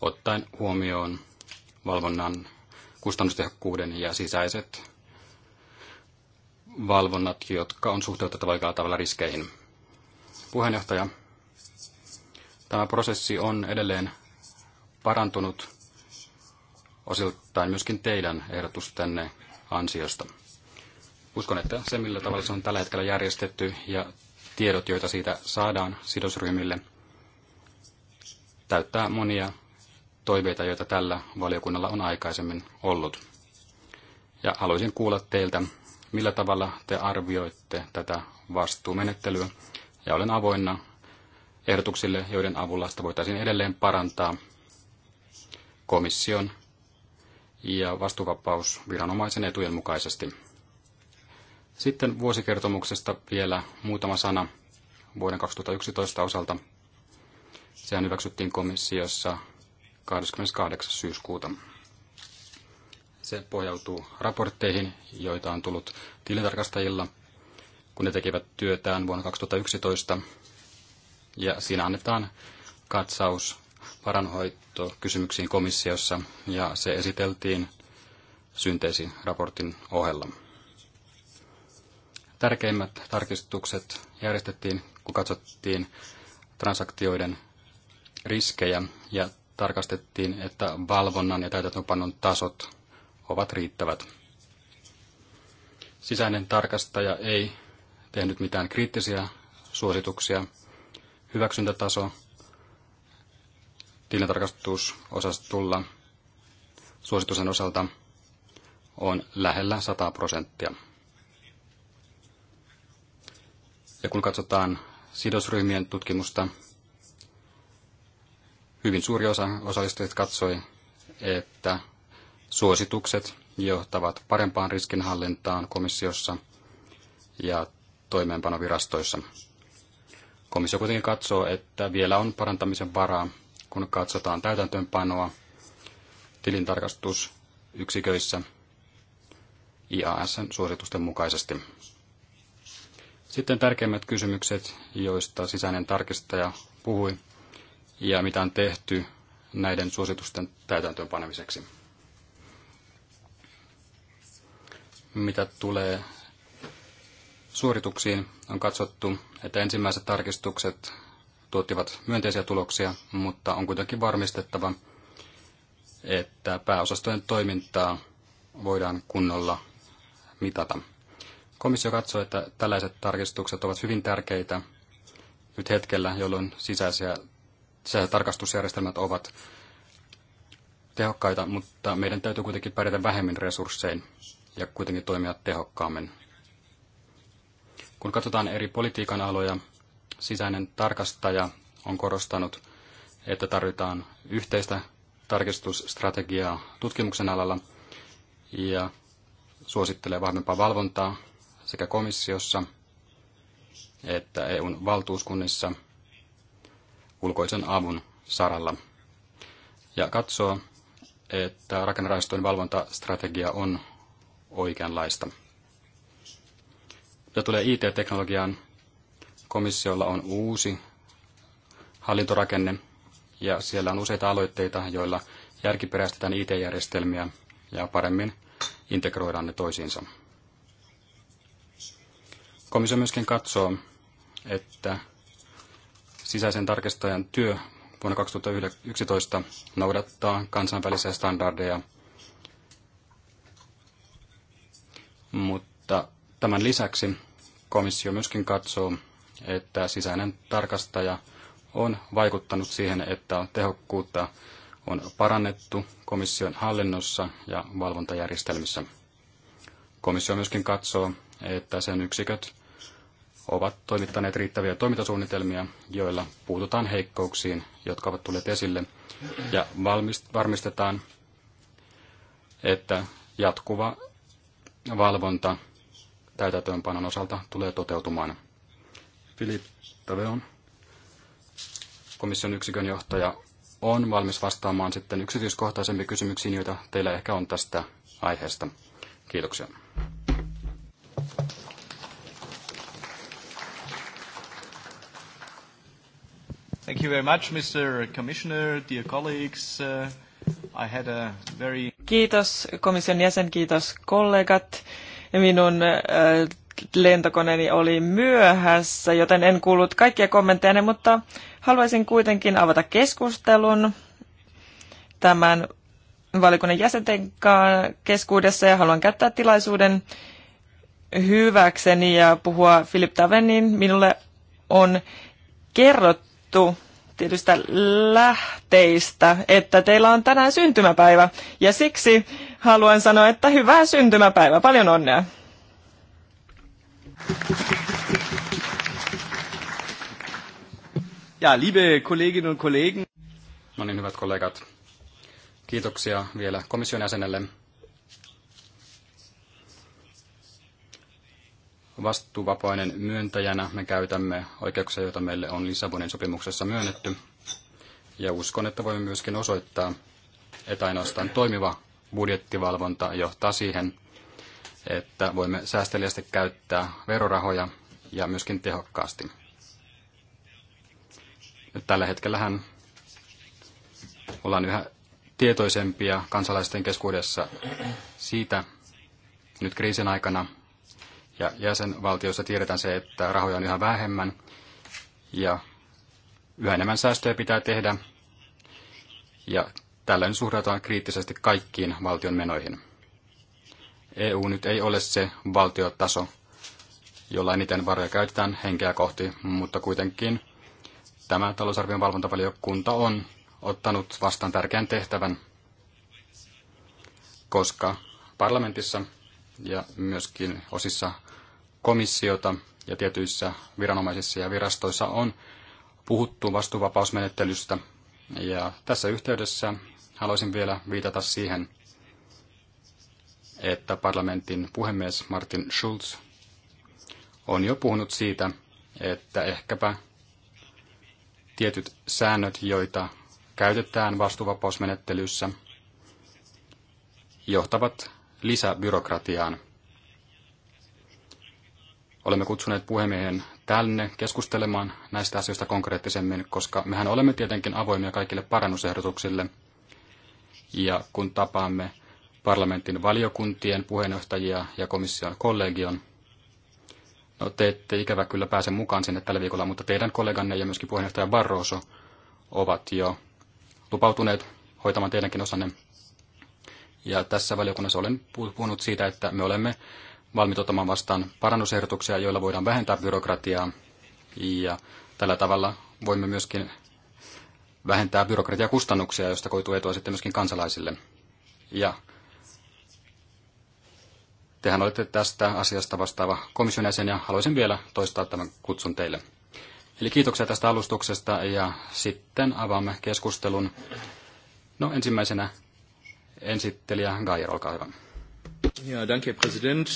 ottaen huomioon valvonnan kustannustehokkuuden ja sisäiset valvonnat, jotka on suhteutettava oikealla tavalla riskeihin. Puheenjohtaja, tämä prosessi on edelleen parantunut osittain myöskin teidän ehdotustenne ansiosta. Uskon, että se millä tavalla se on tällä hetkellä järjestetty ja tiedot, joita siitä saadaan sidosryhmille, täyttää monia toiveita, joita tällä valiokunnalla on aikaisemmin ollut. Ja haluaisin kuulla teiltä, millä tavalla te arvioitte tätä vastuumenettelyä. Ja olen avoinna ehdotuksille, joiden avulla sitä voitaisiin edelleen parantaa komission ja vastuuvapausviranomaisen etujen mukaisesti. Sitten vuosikertomuksesta vielä muutama sana vuoden 2011 osalta. Sehän hyväksyttiin komissiossa 28. syyskuuta. Se pohjautuu raportteihin, joita on tullut tilintarkastajilla, kun ne tekevät työtään vuonna 2011. Ja siinä annetaan katsaus varanhoitokysymyksiin komissiossa, ja se esiteltiin synteesiraportin ohella. Tärkeimmät tarkistukset järjestettiin, kun katsottiin transaktioiden riskejä ja tarkastettiin, että valvonnan ja täytäntöönpanon tasot ovat riittävät. Sisäinen tarkastaja ei tehnyt mitään kriittisiä suosituksia. Hyväksyntätaso tilintarkastusosastolla suositusen osalta on lähellä 100 prosenttia. Ja kun katsotaan sidosryhmien tutkimusta, hyvin suuri osa osallistujista katsoi, että Suositukset johtavat parempaan riskinhallintaan komissiossa ja toimeenpanovirastoissa. Komissio kuitenkin katsoo, että vielä on parantamisen varaa, kun katsotaan täytäntöönpanoa tilintarkastusyksiköissä IASn suositusten mukaisesti. Sitten tärkeimmät kysymykset, joista sisäinen tarkistaja puhui ja mitä on tehty näiden suositusten täytäntöönpanemiseksi. mitä tulee suorituksiin, on katsottu, että ensimmäiset tarkistukset tuottivat myönteisiä tuloksia, mutta on kuitenkin varmistettava, että pääosastojen toimintaa voidaan kunnolla mitata. Komissio katsoo, että tällaiset tarkistukset ovat hyvin tärkeitä nyt hetkellä, jolloin sisäisiä, sisäiset tarkastusjärjestelmät ovat tehokkaita, mutta meidän täytyy kuitenkin pärjätä vähemmin resurssein ja kuitenkin toimia tehokkaammin. Kun katsotaan eri politiikan aloja, sisäinen tarkastaja on korostanut, että tarvitaan yhteistä tarkistusstrategiaa tutkimuksen alalla ja suosittelee vahvempaa valvontaa sekä komissiossa että EUn valtuuskunnissa ulkoisen avun saralla ja katsoo, että rakennerahastojen valvontastrategia on oikeanlaista. Mitä tulee IT-teknologiaan, komissiolla on uusi hallintorakenne ja siellä on useita aloitteita, joilla järkiperäistetään IT-järjestelmiä ja paremmin integroidaan ne toisiinsa. Komissio myöskin katsoo, että sisäisen tarkastajan työ vuonna 2011 noudattaa kansainvälisiä standardeja – Mutta tämän lisäksi komissio myöskin katsoo, että sisäinen tarkastaja on vaikuttanut siihen, että tehokkuutta on parannettu komission hallinnossa ja valvontajärjestelmissä. Komissio myöskin katsoo, että sen yksiköt ovat toimittaneet riittäviä toimintasuunnitelmia, joilla puututaan heikkouksiin, jotka ovat tulleet esille, ja varmistetaan, että jatkuva valvonta täytäntöönpanon osalta tulee toteutumaan. Filip Taveon, komission yksikön johtaja, on valmis vastaamaan sitten yksityiskohtaisempiin kysymyksiin, joita teillä ehkä on tästä aiheesta. Kiitoksia. Thank you very much, Mr. Commissioner, dear colleagues. Uh, I had a very Kiitos komission jäsen, kiitos kollegat. Minun äh, lentokoneeni oli myöhässä, joten en kuullut kaikkia kommentteja, mutta haluaisin kuitenkin avata keskustelun tämän valikunnan jäsenten keskuudessa ja haluan käyttää tilaisuuden hyväkseni ja puhua Philip Tavenin. Minulle on kerrottu tietystä lähteistä, että teillä on tänään syntymäpäivä. Ja siksi haluan sanoa, että hyvää syntymäpäivää. Paljon onnea. Ja, liebe Kolleginnen und Kollegen. No niin, hyvät kollegat. Kiitoksia vielä komission jäsenelle Vastuuvapainen myöntäjänä me käytämme oikeuksia, joita meille on Lissabonin sopimuksessa myönnetty. Ja uskon, että voimme myöskin osoittaa, että ainoastaan toimiva budjettivalvonta johtaa siihen, että voimme säästeliästi käyttää verorahoja ja myöskin tehokkaasti. Nyt tällä hetkellähän ollaan yhä tietoisempia kansalaisten keskuudessa siitä nyt kriisin aikana, ja jäsenvaltioissa tiedetään se, että rahoja on yhä vähemmän ja yhä enemmän säästöjä pitää tehdä. Ja tällöin suhdataan kriittisesti kaikkiin valtion menoihin. EU nyt ei ole se valtiotaso, jolla eniten varoja käytetään henkeä kohti, mutta kuitenkin tämä talousarvion valvontavaliokunta on ottanut vastaan tärkeän tehtävän, koska parlamentissa ja myöskin osissa komissiota ja tietyissä viranomaisissa ja virastoissa on puhuttu vastuuvapausmenettelystä. Ja tässä yhteydessä haluaisin vielä viitata siihen, että parlamentin puhemies Martin Schulz on jo puhunut siitä, että ehkäpä tietyt säännöt, joita käytetään vastuuvapausmenettelyssä, johtavat lisäbyrokratiaan. Olemme kutsuneet puhemiehen tänne keskustelemaan näistä asioista konkreettisemmin, koska mehän olemme tietenkin avoimia kaikille parannusehdotuksille. Ja kun tapaamme parlamentin valiokuntien puheenjohtajia ja komission kollegion, no te ette ikävä kyllä pääse mukaan sinne tällä viikolla, mutta teidän kolleganne ja myöskin puheenjohtaja Barroso ovat jo lupautuneet hoitamaan teidänkin osanne. Ja tässä valiokunnassa olen puhunut siitä, että me olemme valmiit ottamaan vastaan parannusehdotuksia, joilla voidaan vähentää byrokratiaa. Ja tällä tavalla voimme myöskin vähentää byrokratiakustannuksia, joista koituu etua sitten myöskin kansalaisille. Ja tehän olette tästä asiasta vastaava komission jäsen ja haluaisin vielä toistaa tämän kutsun teille. Eli kiitoksia tästä alustuksesta ja sitten avaamme keskustelun. No ensimmäisenä Ensittelijä Geier, olkaa hyvä. Ja, danke, president.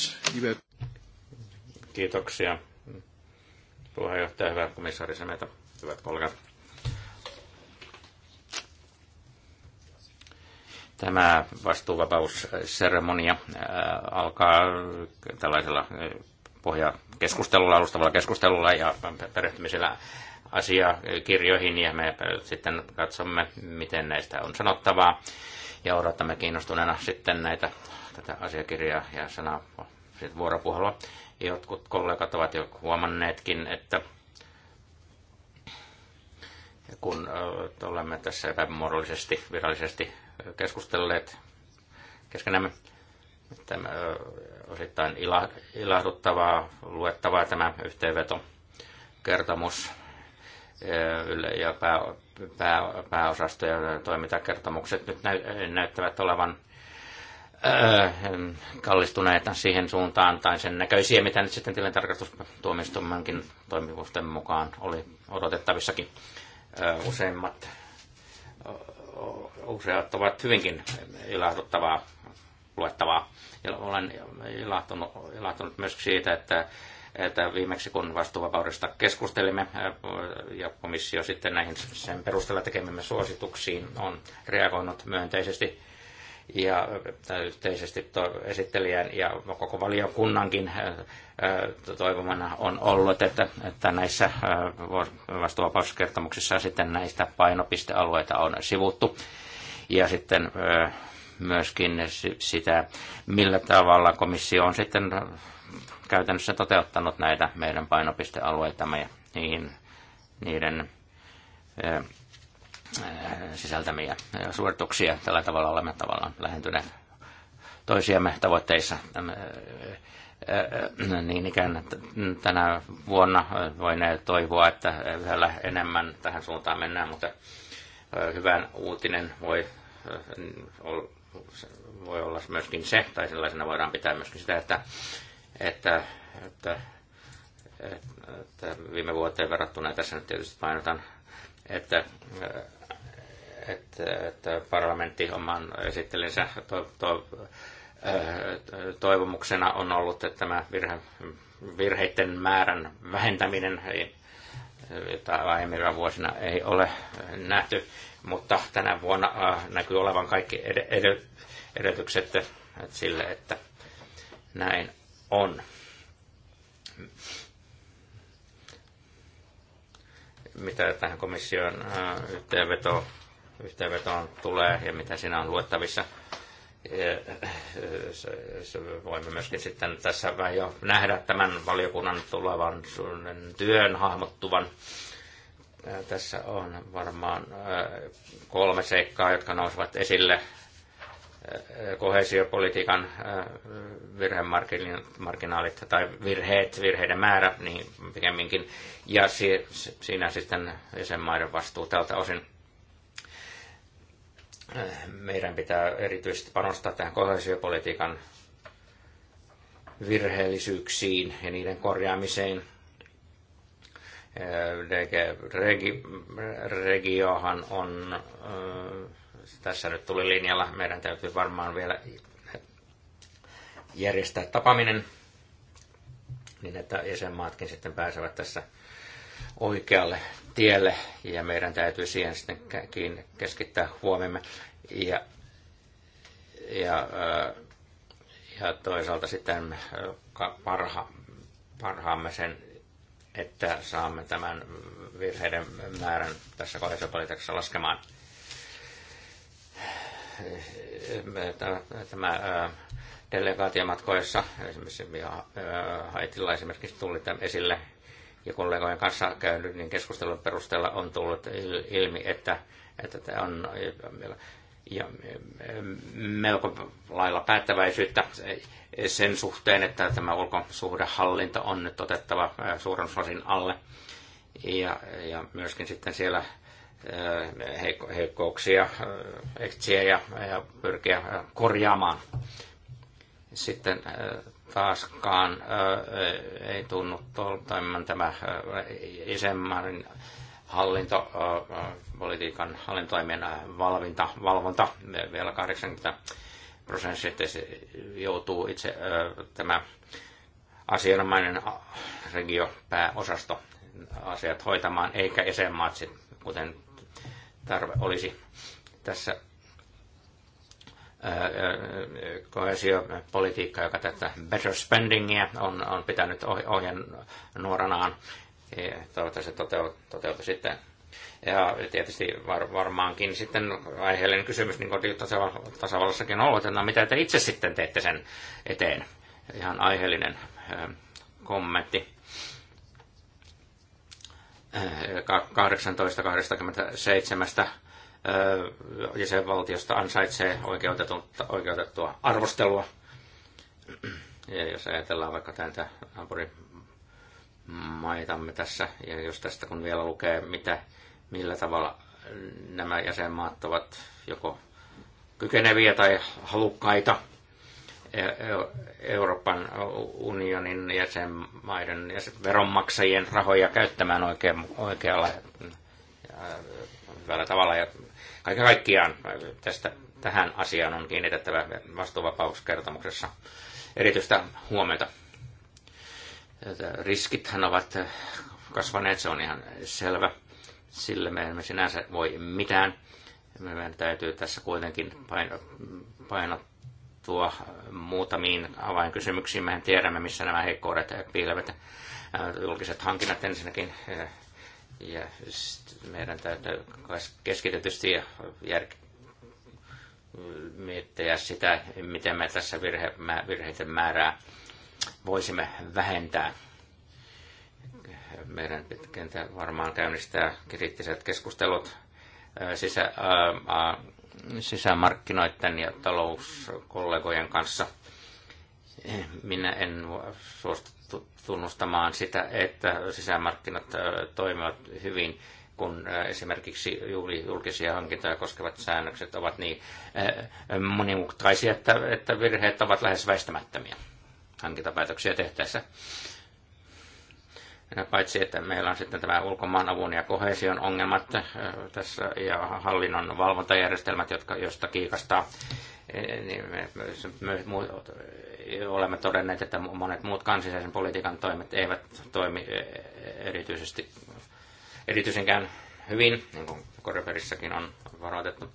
Kiitoksia. Puheenjohtaja, hyvä komissaari Semeta, hyvät kollegat. Tämä vastuuvapausseremonia äh, alkaa tällaisella äh, pohjakeskustelulla, alustavalla keskustelulla ja perehtymisellä asiakirjoihin ja me sitten katsomme, miten näistä on sanottavaa ja odotamme kiinnostuneena sitten näitä tätä asiakirjaa ja sanaa sitten vuoropuhelua. Jotkut kollegat ovat jo huomanneetkin, että kun olemme tässä epämuodollisesti, virallisesti keskustelleet keskenämme, että osittain ilahduttavaa, luettavaa tämä yhteenveto kertomus Eh, ja pää, pää, pääosastojen toimintakertomukset nyt näyttävät olevan öö, eh, kallistuneita siihen suuntaan tai sen näköisiä, mitä nyt sitten tilintarkastustuomioistuimenkin toimivuusten mukaan oli odotettavissakin. Öö, useimmat useat ovat hyvinkin ilahduttavaa luettavaa. Ja olen ilahtunut, ilahtunut myös siitä, että että viimeksi kun vastuuvapaudesta keskustelimme ja komissio sitten näihin sen perusteella tekemämme suosituksiin on reagoinut myönteisesti ja yhteisesti esittelijän ja koko valiokunnankin toivomana on ollut, että, että näissä vastuuvapauskertomuksissa sitten näistä painopistealueita on sivuttu. Ja sitten myöskin sitä, millä tavalla komissio on sitten käytännössä toteuttanut näitä meidän painopistealueitamme ja niihin, niiden sisältämiä suorituksia. Tällä tavalla olemme tavallaan lähentyneet toisiamme tavoitteissa. Niin ikään tänä vuonna voineet toivoa, että vielä enemmän tähän suuntaan mennään, mutta hyvän uutinen voi, voi olla myöskin se, tai sellaisena voidaan pitää myöskin sitä, että että, että, että viime vuoteen verrattuna, tässä nyt tietysti painotan, että, että, että parlamentti oman esittelinsä to, to, toivomuksena on ollut, että tämä virhe, virheiden määrän vähentäminen, jota aiemmilla vuosina ei ole nähty, mutta tänä vuonna näkyy olevan kaikki edellytykset sille, että näin on. Mitä tähän komission äh, yhteenveto, yhteenvetoon tulee ja mitä siinä on luettavissa, äh, voimme myöskin sitten tässä vähän jo nähdä tämän valiokunnan tulevan työn hahmottuvan. Äh, tässä on varmaan kolme seikkaa, jotka nousevat esille kohesiopolitiikan äh, virhemarginaalit tai virheet, virheiden määrä, niin pikemminkin, ja siinä sitten jäsenmaiden vastuu tältä osin. Meidän pitää erityisesti panostaa tähän kohesiopolitiikan virheellisyyksiin ja niiden korjaamiseen. Äh, DG, regiohan on äh, tässä nyt tuli linjalla. Meidän täytyy varmaan vielä järjestää tapaaminen niin, että jäsenmaatkin sitten pääsevät tässä oikealle tielle ja meidän täytyy siihen sitten keskittää huomiomme. Ja, ja, äh, ja toisaalta sitten äh, parha, parhaamme sen, että saamme tämän virheiden määrän tässä kohdassa laskemaan tämä delegaatiomatkoissa, esimerkiksi Haitilla esimerkiksi tuli tämän esille, ja kollegojen kanssa käynyt, niin keskustelun perusteella on tullut ilmi, että, että tämä on ja melko lailla päättäväisyyttä sen suhteen, että tämä ulkosuhdehallinto on nyt otettava suuren alle. Ja, ja myöskin sitten siellä Äh, heikko, heikkouksia äh, etsiä ja, ja pyrkiä äh, korjaamaan. Sitten taaskaan ei tunnu toimimaan tämä isemmärin hallinto, politiikan hallintoimien valvinta, valvonta vielä 80 prosenttia joutuu itse tämä asianomainen regio pääosasto asiat hoitamaan, eikä jäsenmaat, kuten tarve olisi tässä koesiopolitiikka, joka tätä better spendingia on, on pitänyt ohjen nuoranaan. E, toivottavasti toteutui sitten. Ja tietysti var, varmaankin sitten aiheellinen kysymys, niin kuin tasavallassakin on ollut, että no, mitä te itse sitten teette sen eteen. Ihan aiheellinen kommentti. 1827 jäsenvaltiosta ansaitsee oikeutettua, oikeutettua arvostelua. Ja jos ajatellaan vaikka näitä naapurimaitamme tässä, ja jos tästä kun vielä lukee, mitä, millä tavalla nämä jäsenmaat ovat joko kykeneviä tai halukkaita E- e- Euroopan unionin jäsenmaiden ja veronmaksajien rahoja käyttämään oikein, oikealla äh, hyvällä tavalla. Ja kaiken kaikkiaan tästä, tähän asiaan on kiinnitettävä vastuuvapauskertomuksessa erityistä huomiota. Riskithän ovat kasvaneet, se on ihan selvä. Sille me emme sinänsä voi mitään. Meidän täytyy tässä kuitenkin painottaa puuttua muutamiin avainkysymyksiin. Mehän tiedämme, missä nämä heikkoudet piilevät. Äh, julkiset hankinnat ensinnäkin. Äh, ja meidän täytyy keskitetysti jär... miettiä sitä, miten me tässä virhe, virheiden määrää voisimme vähentää meidän kentä varmaan käynnistää kriittiset keskustelut äh, sisä, ää, ää, sisämarkkinoiden ja talouskollegojen kanssa. Minä en suostu tunnustamaan sitä, että sisämarkkinat äh, toimivat hyvin, kun äh, esimerkiksi julkisia hankintoja koskevat säännökset ovat niin äh, monimutkaisia, että virheet ovat lähes väistämättömiä hankintapäätöksiä tehtäessä paitsi että meillä on sitten tämä avun ja kohesion ongelmat äh, tässä ja hallinnon valvontajärjestelmät, jotka, josta kiikastaa, eh, niin me, me, me olemme todenneet, että monet muut kansallisen politiikan toimet eivät toimi eh, erityisesti, erityisenkään hyvin, niin kuin Koreperissäkin on varoitettu.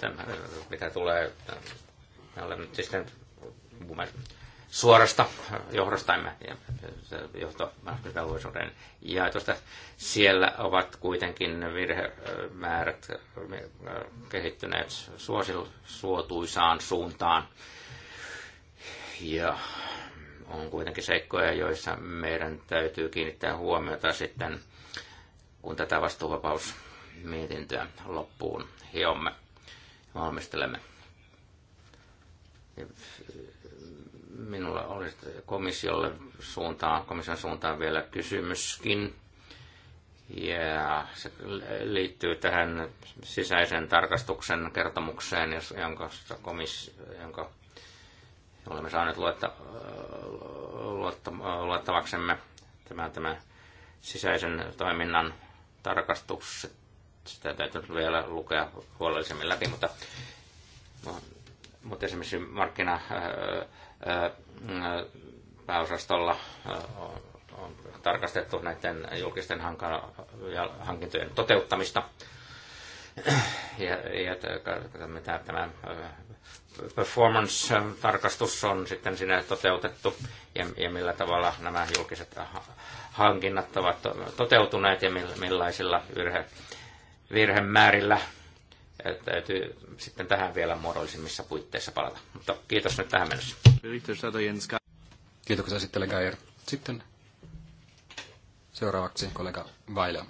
Tämä, mitä tulee, me olemme siis suorasta mä johdostamme johtovelvollisuuden jaetusta. Siellä ovat kuitenkin virhemäärät äh, kehittyneet suosil, suotuisaan suuntaan. Ja on kuitenkin seikkoja, joissa meidän täytyy kiinnittää huomiota sitten, kun tätä vastuuvapausmietintöä loppuun hiomme valmistelemme Minulla olisi komissiolle suuntaan, komission suuntaan vielä kysymyskin. Ja se liittyy tähän sisäisen tarkastuksen kertomukseen, jonka, komis, jonka olemme saaneet luetta, luotta, luottavaksemme tämä, tämä sisäisen toiminnan tarkastus. Sitä täytyy vielä lukea huolellisemmin läpi, mutta, mutta esimerkiksi markkina pääosastolla on tarkastettu näiden julkisten hankintojen toteuttamista. Ja, ja tämä, tämä performance-tarkastus on sitten sinne toteutettu ja, ja millä tavalla nämä julkiset hankinnat ovat toteutuneet ja millaisilla virhe, virhemäärillä täytyy sitten tähän vielä muodollisimmissa puitteissa palata. Mutta kiitos nyt tähän mennessä. Kiitoksia sitten Geier. Sitten seuraavaksi kollega Vaila.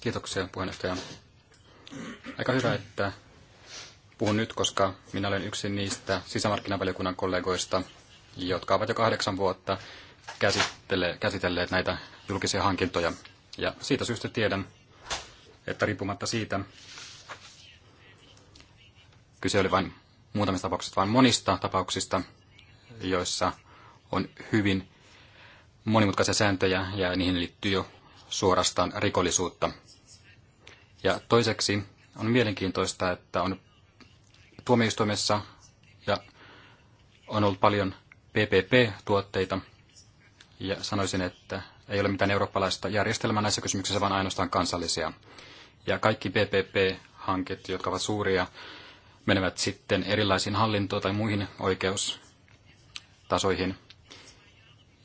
Kiitoksia puheenjohtaja. Aika hyvä, että puhun nyt, koska minä olen yksi niistä sisämarkkinavaliokunnan kollegoista, jotka ovat jo kahdeksan vuotta käsitelleet näitä julkisia hankintoja. Ja siitä syystä tiedän, että riippumatta siitä, kyse oli vain muutamista tapauksista, vaan monista tapauksista, joissa on hyvin monimutkaisia sääntöjä ja niihin liittyy jo suorastaan rikollisuutta. Ja toiseksi on mielenkiintoista, että on tuomioistuimessa ja on ollut paljon PPP-tuotteita ja sanoisin, että ei ole mitään eurooppalaista järjestelmää näissä kysymyksissä, vaan ainoastaan kansallisia. Ja kaikki PPP-hanket, jotka ovat suuria, menevät sitten erilaisiin hallintoon tai muihin oikeustasoihin.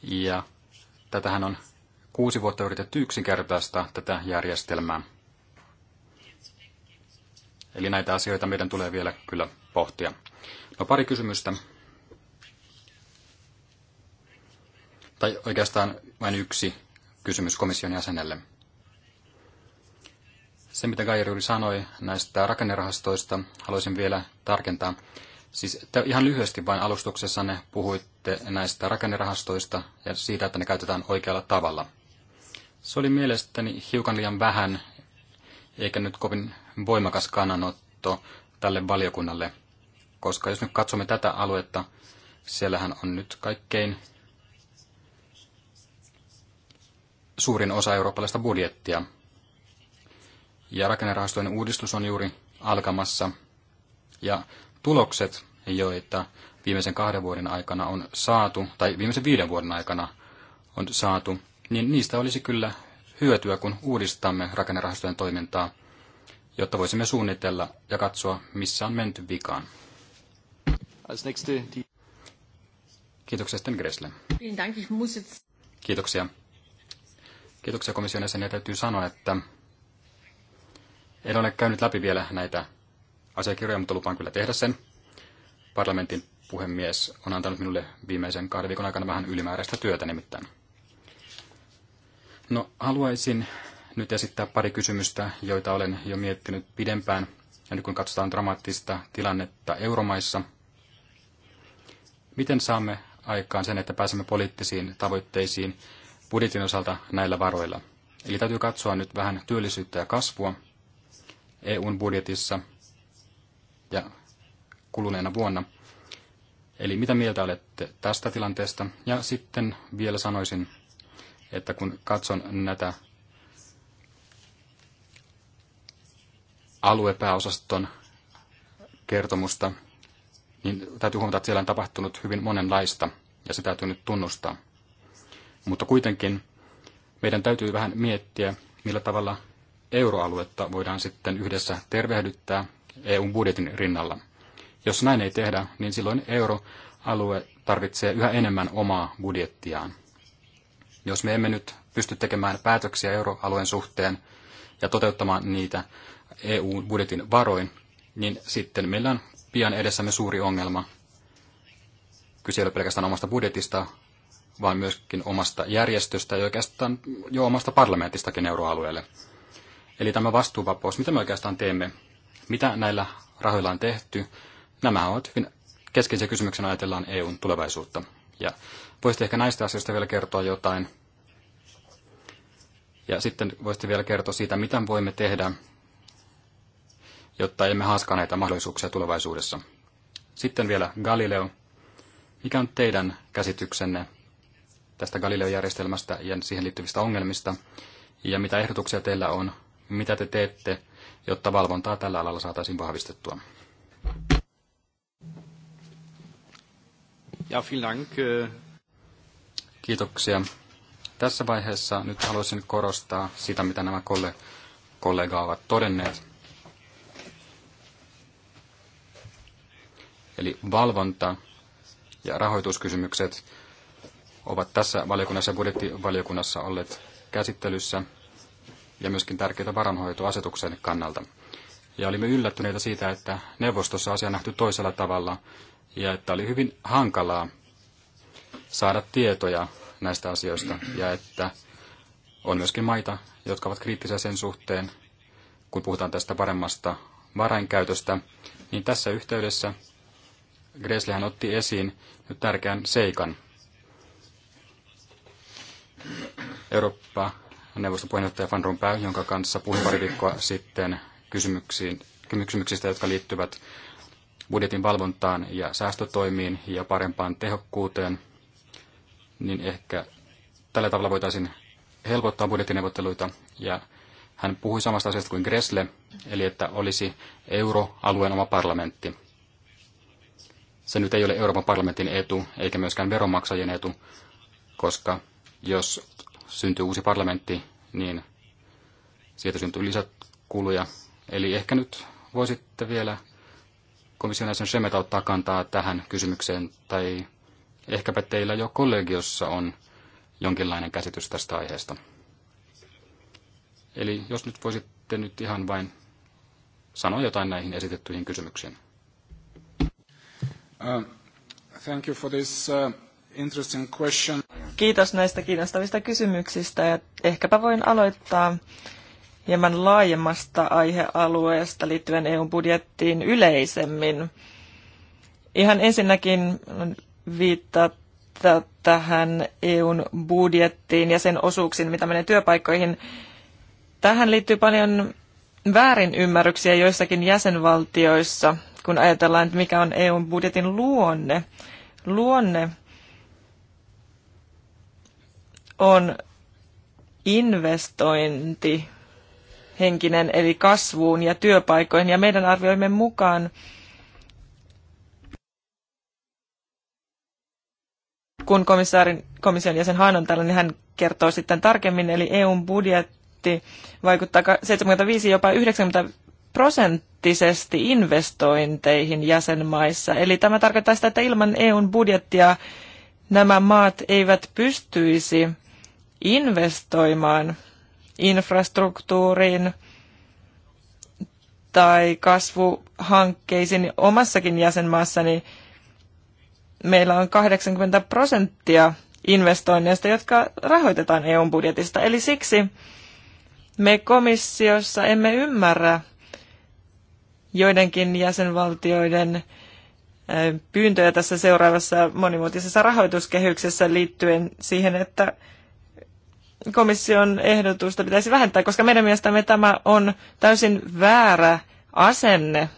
Ja tätähän on kuusi vuotta yritetty yksinkertaistaa tätä järjestelmää. Eli näitä asioita meidän tulee vielä kyllä pohtia. No pari kysymystä. Tai oikeastaan vain yksi kysymys komission jäsenelle. Se, mitä Gajer juuri sanoi näistä rakennerahastoista, haluaisin vielä tarkentaa. Siis ihan lyhyesti vain alustuksessanne puhuitte näistä rakennerahastoista ja siitä, että ne käytetään oikealla tavalla. Se oli mielestäni hiukan liian vähän, eikä nyt kovin voimakas kannanotto tälle valiokunnalle, koska jos nyt katsomme tätä aluetta, siellähän on nyt kaikkein suurin osa eurooppalaista budjettia, ja rakennerahastojen uudistus on juuri alkamassa. Ja tulokset, joita viimeisen kahden vuoden aikana on saatu, tai viimeisen viiden vuoden aikana on saatu, niin niistä olisi kyllä hyötyä, kun uudistamme rakennerahastojen toimintaa, jotta voisimme suunnitella ja katsoa, missä on menty vikaan. Kiitoksia sitten Gressle. Kiitoksia. Kiitoksia komission jäseniä. Täytyy sanoa, että en ole käynyt läpi vielä näitä asiakirjoja, mutta lupaan kyllä tehdä sen. Parlamentin puhemies on antanut minulle viimeisen kahden viikon aikana vähän ylimääräistä työtä nimittäin. No, haluaisin nyt esittää pari kysymystä, joita olen jo miettinyt pidempään. Ja nyt kun katsotaan dramaattista tilannetta euromaissa, miten saamme aikaan sen, että pääsemme poliittisiin tavoitteisiin budjetin osalta näillä varoilla? Eli täytyy katsoa nyt vähän työllisyyttä ja kasvua, EUn budjetissa ja kuluneena vuonna. Eli mitä mieltä olette tästä tilanteesta? Ja sitten vielä sanoisin, että kun katson näitä aluepääosaston kertomusta, niin täytyy huomata, että siellä on tapahtunut hyvin monenlaista, ja se täytyy nyt tunnustaa. Mutta kuitenkin meidän täytyy vähän miettiä, millä tavalla euroaluetta voidaan sitten yhdessä tervehdyttää EUn budjetin rinnalla. Jos näin ei tehdä, niin silloin euroalue tarvitsee yhä enemmän omaa budjettiaan. Jos me emme nyt pysty tekemään päätöksiä euroalueen suhteen ja toteuttamaan niitä EUn budjetin varoin, niin sitten meillä on pian edessämme suuri ongelma. Kyse ei ole pelkästään omasta budjetista, vaan myöskin omasta järjestöstä ja oikeastaan jo omasta parlamentistakin euroalueelle. Eli tämä vastuuvapaus, mitä me oikeastaan teemme, mitä näillä rahoilla on tehty, nämä ovat hyvin keskeisiä kysymyksiä, ajatellaan EUn tulevaisuutta. Ja voisitte ehkä näistä asioista vielä kertoa jotain. Ja sitten voisitte vielä kertoa siitä, mitä voimme tehdä, jotta emme haaskaa näitä mahdollisuuksia tulevaisuudessa. Sitten vielä Galileo. Mikä on teidän käsityksenne tästä Galileo-järjestelmästä ja siihen liittyvistä ongelmista? Ja mitä ehdotuksia teillä on mitä te teette, jotta valvontaa tällä alalla saataisiin vahvistettua? Ja, vielen dank. Äh. Kiitoksia. Tässä vaiheessa nyt haluaisin korostaa sitä, mitä nämä kollega ovat todenneet. Eli valvonta ja rahoituskysymykset ovat tässä valiokunnassa ja budjettivaliokunnassa olleet käsittelyssä ja myöskin tärkeitä varanhoitoasetuksen kannalta. Ja olimme yllättyneitä siitä, että neuvostossa asia nähty toisella tavalla ja että oli hyvin hankalaa saada tietoja näistä asioista ja että on myöskin maita, jotka ovat kriittisiä sen suhteen, kun puhutaan tästä paremmasta varainkäytöstä, niin tässä yhteydessä Greslihän otti esiin nyt tärkeän seikan. Eurooppa neuvoston puheenjohtaja Van Rompuy, jonka kanssa puhuin pari viikkoa sitten kysymyksiin, kysymyksistä, jotka liittyvät budjetin valvontaan ja säästötoimiin ja parempaan tehokkuuteen, niin ehkä tällä tavalla voitaisiin helpottaa budjettineuvotteluita. Ja hän puhui samasta asiasta kuin Gressle, eli että olisi euroalueen oma parlamentti. Se nyt ei ole Euroopan parlamentin etu, eikä myöskään veronmaksajien etu, koska jos syntyy uusi parlamentti, niin sieltä syntyy lisäkuluja. Eli ehkä nyt voisitte vielä komissionäisen jäsen Semeta ottaa kantaa tähän kysymykseen, tai ehkäpä teillä jo kollegiossa on jonkinlainen käsitys tästä aiheesta. Eli jos nyt voisitte nyt ihan vain sanoa jotain näihin esitettyihin kysymyksiin. Uh, thank you for this, uh interesting question. Kiitos näistä kiinnostavista kysymyksistä ja ehkäpä voin aloittaa hieman laajemmasta aihealueesta liittyen EUn budjettiin yleisemmin. Ihan ensinnäkin viittaa tähän EUn budjettiin ja sen osuuksiin, mitä menee työpaikkoihin. Tähän liittyy paljon väärinymmärryksiä joissakin jäsenvaltioissa, kun ajatellaan, että mikä on EUn budjetin luonne. Luonne on investointi henkinen, eli kasvuun ja työpaikoihin. Ja meidän arvioimme mukaan kun komissaarin, komission jäsen Haan on täällä, niin hän kertoo sitten tarkemmin, eli EUn budjetti vaikuttaa 75 jopa 90 prosenttisesti investointeihin jäsenmaissa. Eli tämä tarkoittaa sitä, että ilman EUn budjettia nämä maat eivät pystyisi investoimaan infrastruktuuriin tai kasvuhankkeisiin omassakin jäsenmaassani, meillä on 80 prosenttia investoinneista, jotka rahoitetaan EUn budjetista. Eli siksi me komissiossa emme ymmärrä joidenkin jäsenvaltioiden pyyntöjä tässä seuraavassa monimuotoisessa rahoituskehyksessä liittyen siihen, että komission ehdotusta pitäisi vähentää, koska meidän mielestämme tämä on täysin väärä asenne.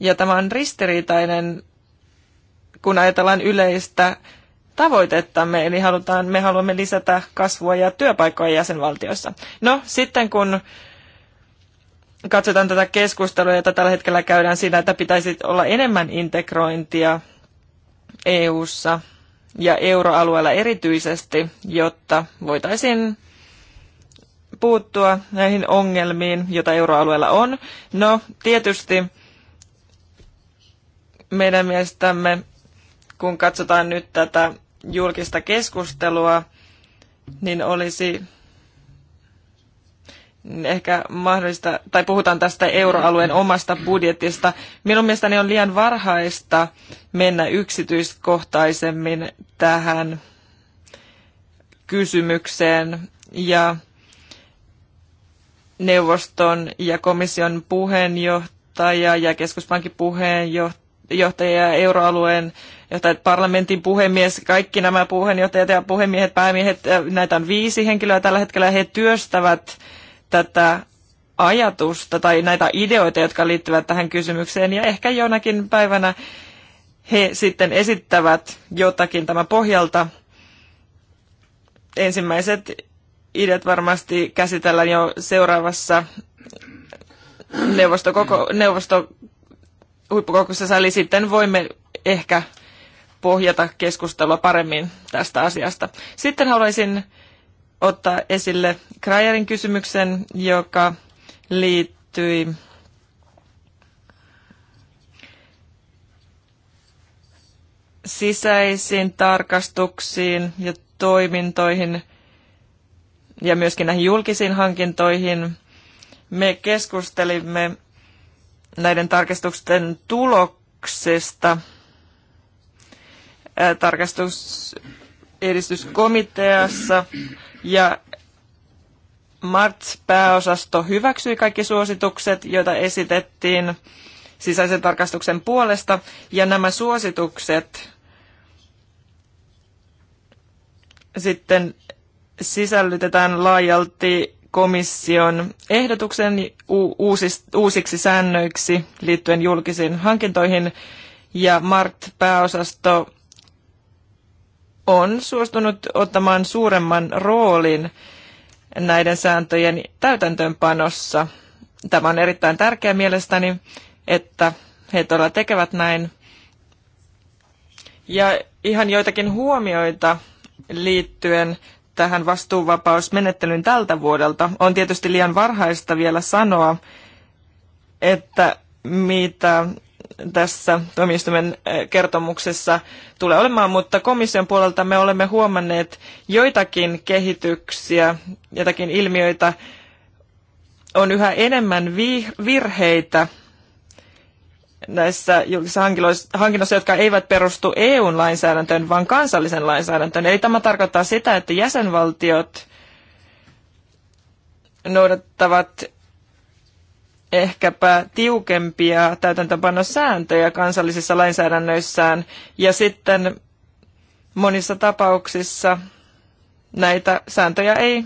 Ja tämä on ristiriitainen, kun ajatellaan yleistä tavoitettamme, eli halutaan, me haluamme lisätä kasvua ja työpaikkoja jäsenvaltioissa. No sitten kun katsotaan tätä keskustelua, jota tällä hetkellä käydään siinä, että pitäisi olla enemmän integrointia EU-ssa – ja euroalueella erityisesti, jotta voitaisiin puuttua näihin ongelmiin, joita euroalueella on. No, tietysti meidän mielestämme, kun katsotaan nyt tätä julkista keskustelua, niin olisi ehkä mahdollista, tai puhutaan tästä euroalueen omasta budjetista. Minun mielestäni on liian varhaista mennä yksityiskohtaisemmin tähän kysymykseen. Ja neuvoston ja komission puheenjohtaja ja keskuspankin puheenjohtaja ja euroalueen johtaja, parlamentin puhemies, kaikki nämä puheenjohtajat ja puhemiehet, päämiehet, näitä on viisi henkilöä tällä hetkellä, he työstävät tätä ajatusta tai näitä ideoita, jotka liittyvät tähän kysymykseen, ja ehkä jonakin päivänä he sitten esittävät jotakin tämä pohjalta. Ensimmäiset ideat varmasti käsitellään jo seuraavassa neuvostokoko, neuvosto huippukokouksessa, eli sitten voimme ehkä pohjata keskustelua paremmin tästä asiasta. Sitten haluaisin ottaa esille Krajerin kysymyksen, joka liittyi sisäisiin tarkastuksiin ja toimintoihin ja myöskin näihin julkisiin hankintoihin. Me keskustelimme näiden tarkastusten tuloksesta. edistyskomiteassa ja Marts-pääosasto hyväksyi kaikki suositukset, joita esitettiin sisäisen tarkastuksen puolesta, ja nämä suositukset sitten sisällytetään laajalti komission ehdotuksen uusiksi säännöiksi liittyen julkisiin hankintoihin, ja Mart-pääosasto on suostunut ottamaan suuremman roolin näiden sääntöjen täytäntöönpanossa. Tämä on erittäin tärkeää mielestäni, että he todella tekevät näin. Ja ihan joitakin huomioita liittyen tähän vastuuvapausmenettelyyn tältä vuodelta. On tietysti liian varhaista vielä sanoa, että mitä tässä tuomioistuimen eh, kertomuksessa tulee olemaan, mutta komission puolelta me olemme huomanneet joitakin kehityksiä, jotakin ilmiöitä, on yhä enemmän virheitä näissä julkisissa hankinnoissa, jotka eivät perustu EU-lainsäädäntöön, vaan kansallisen lainsäädäntöön. Eli tämä tarkoittaa sitä, että jäsenvaltiot noudattavat ehkäpä tiukempia täytäntöpanosääntöjä kansallisissa lainsäädännöissään ja sitten monissa tapauksissa näitä sääntöjä ei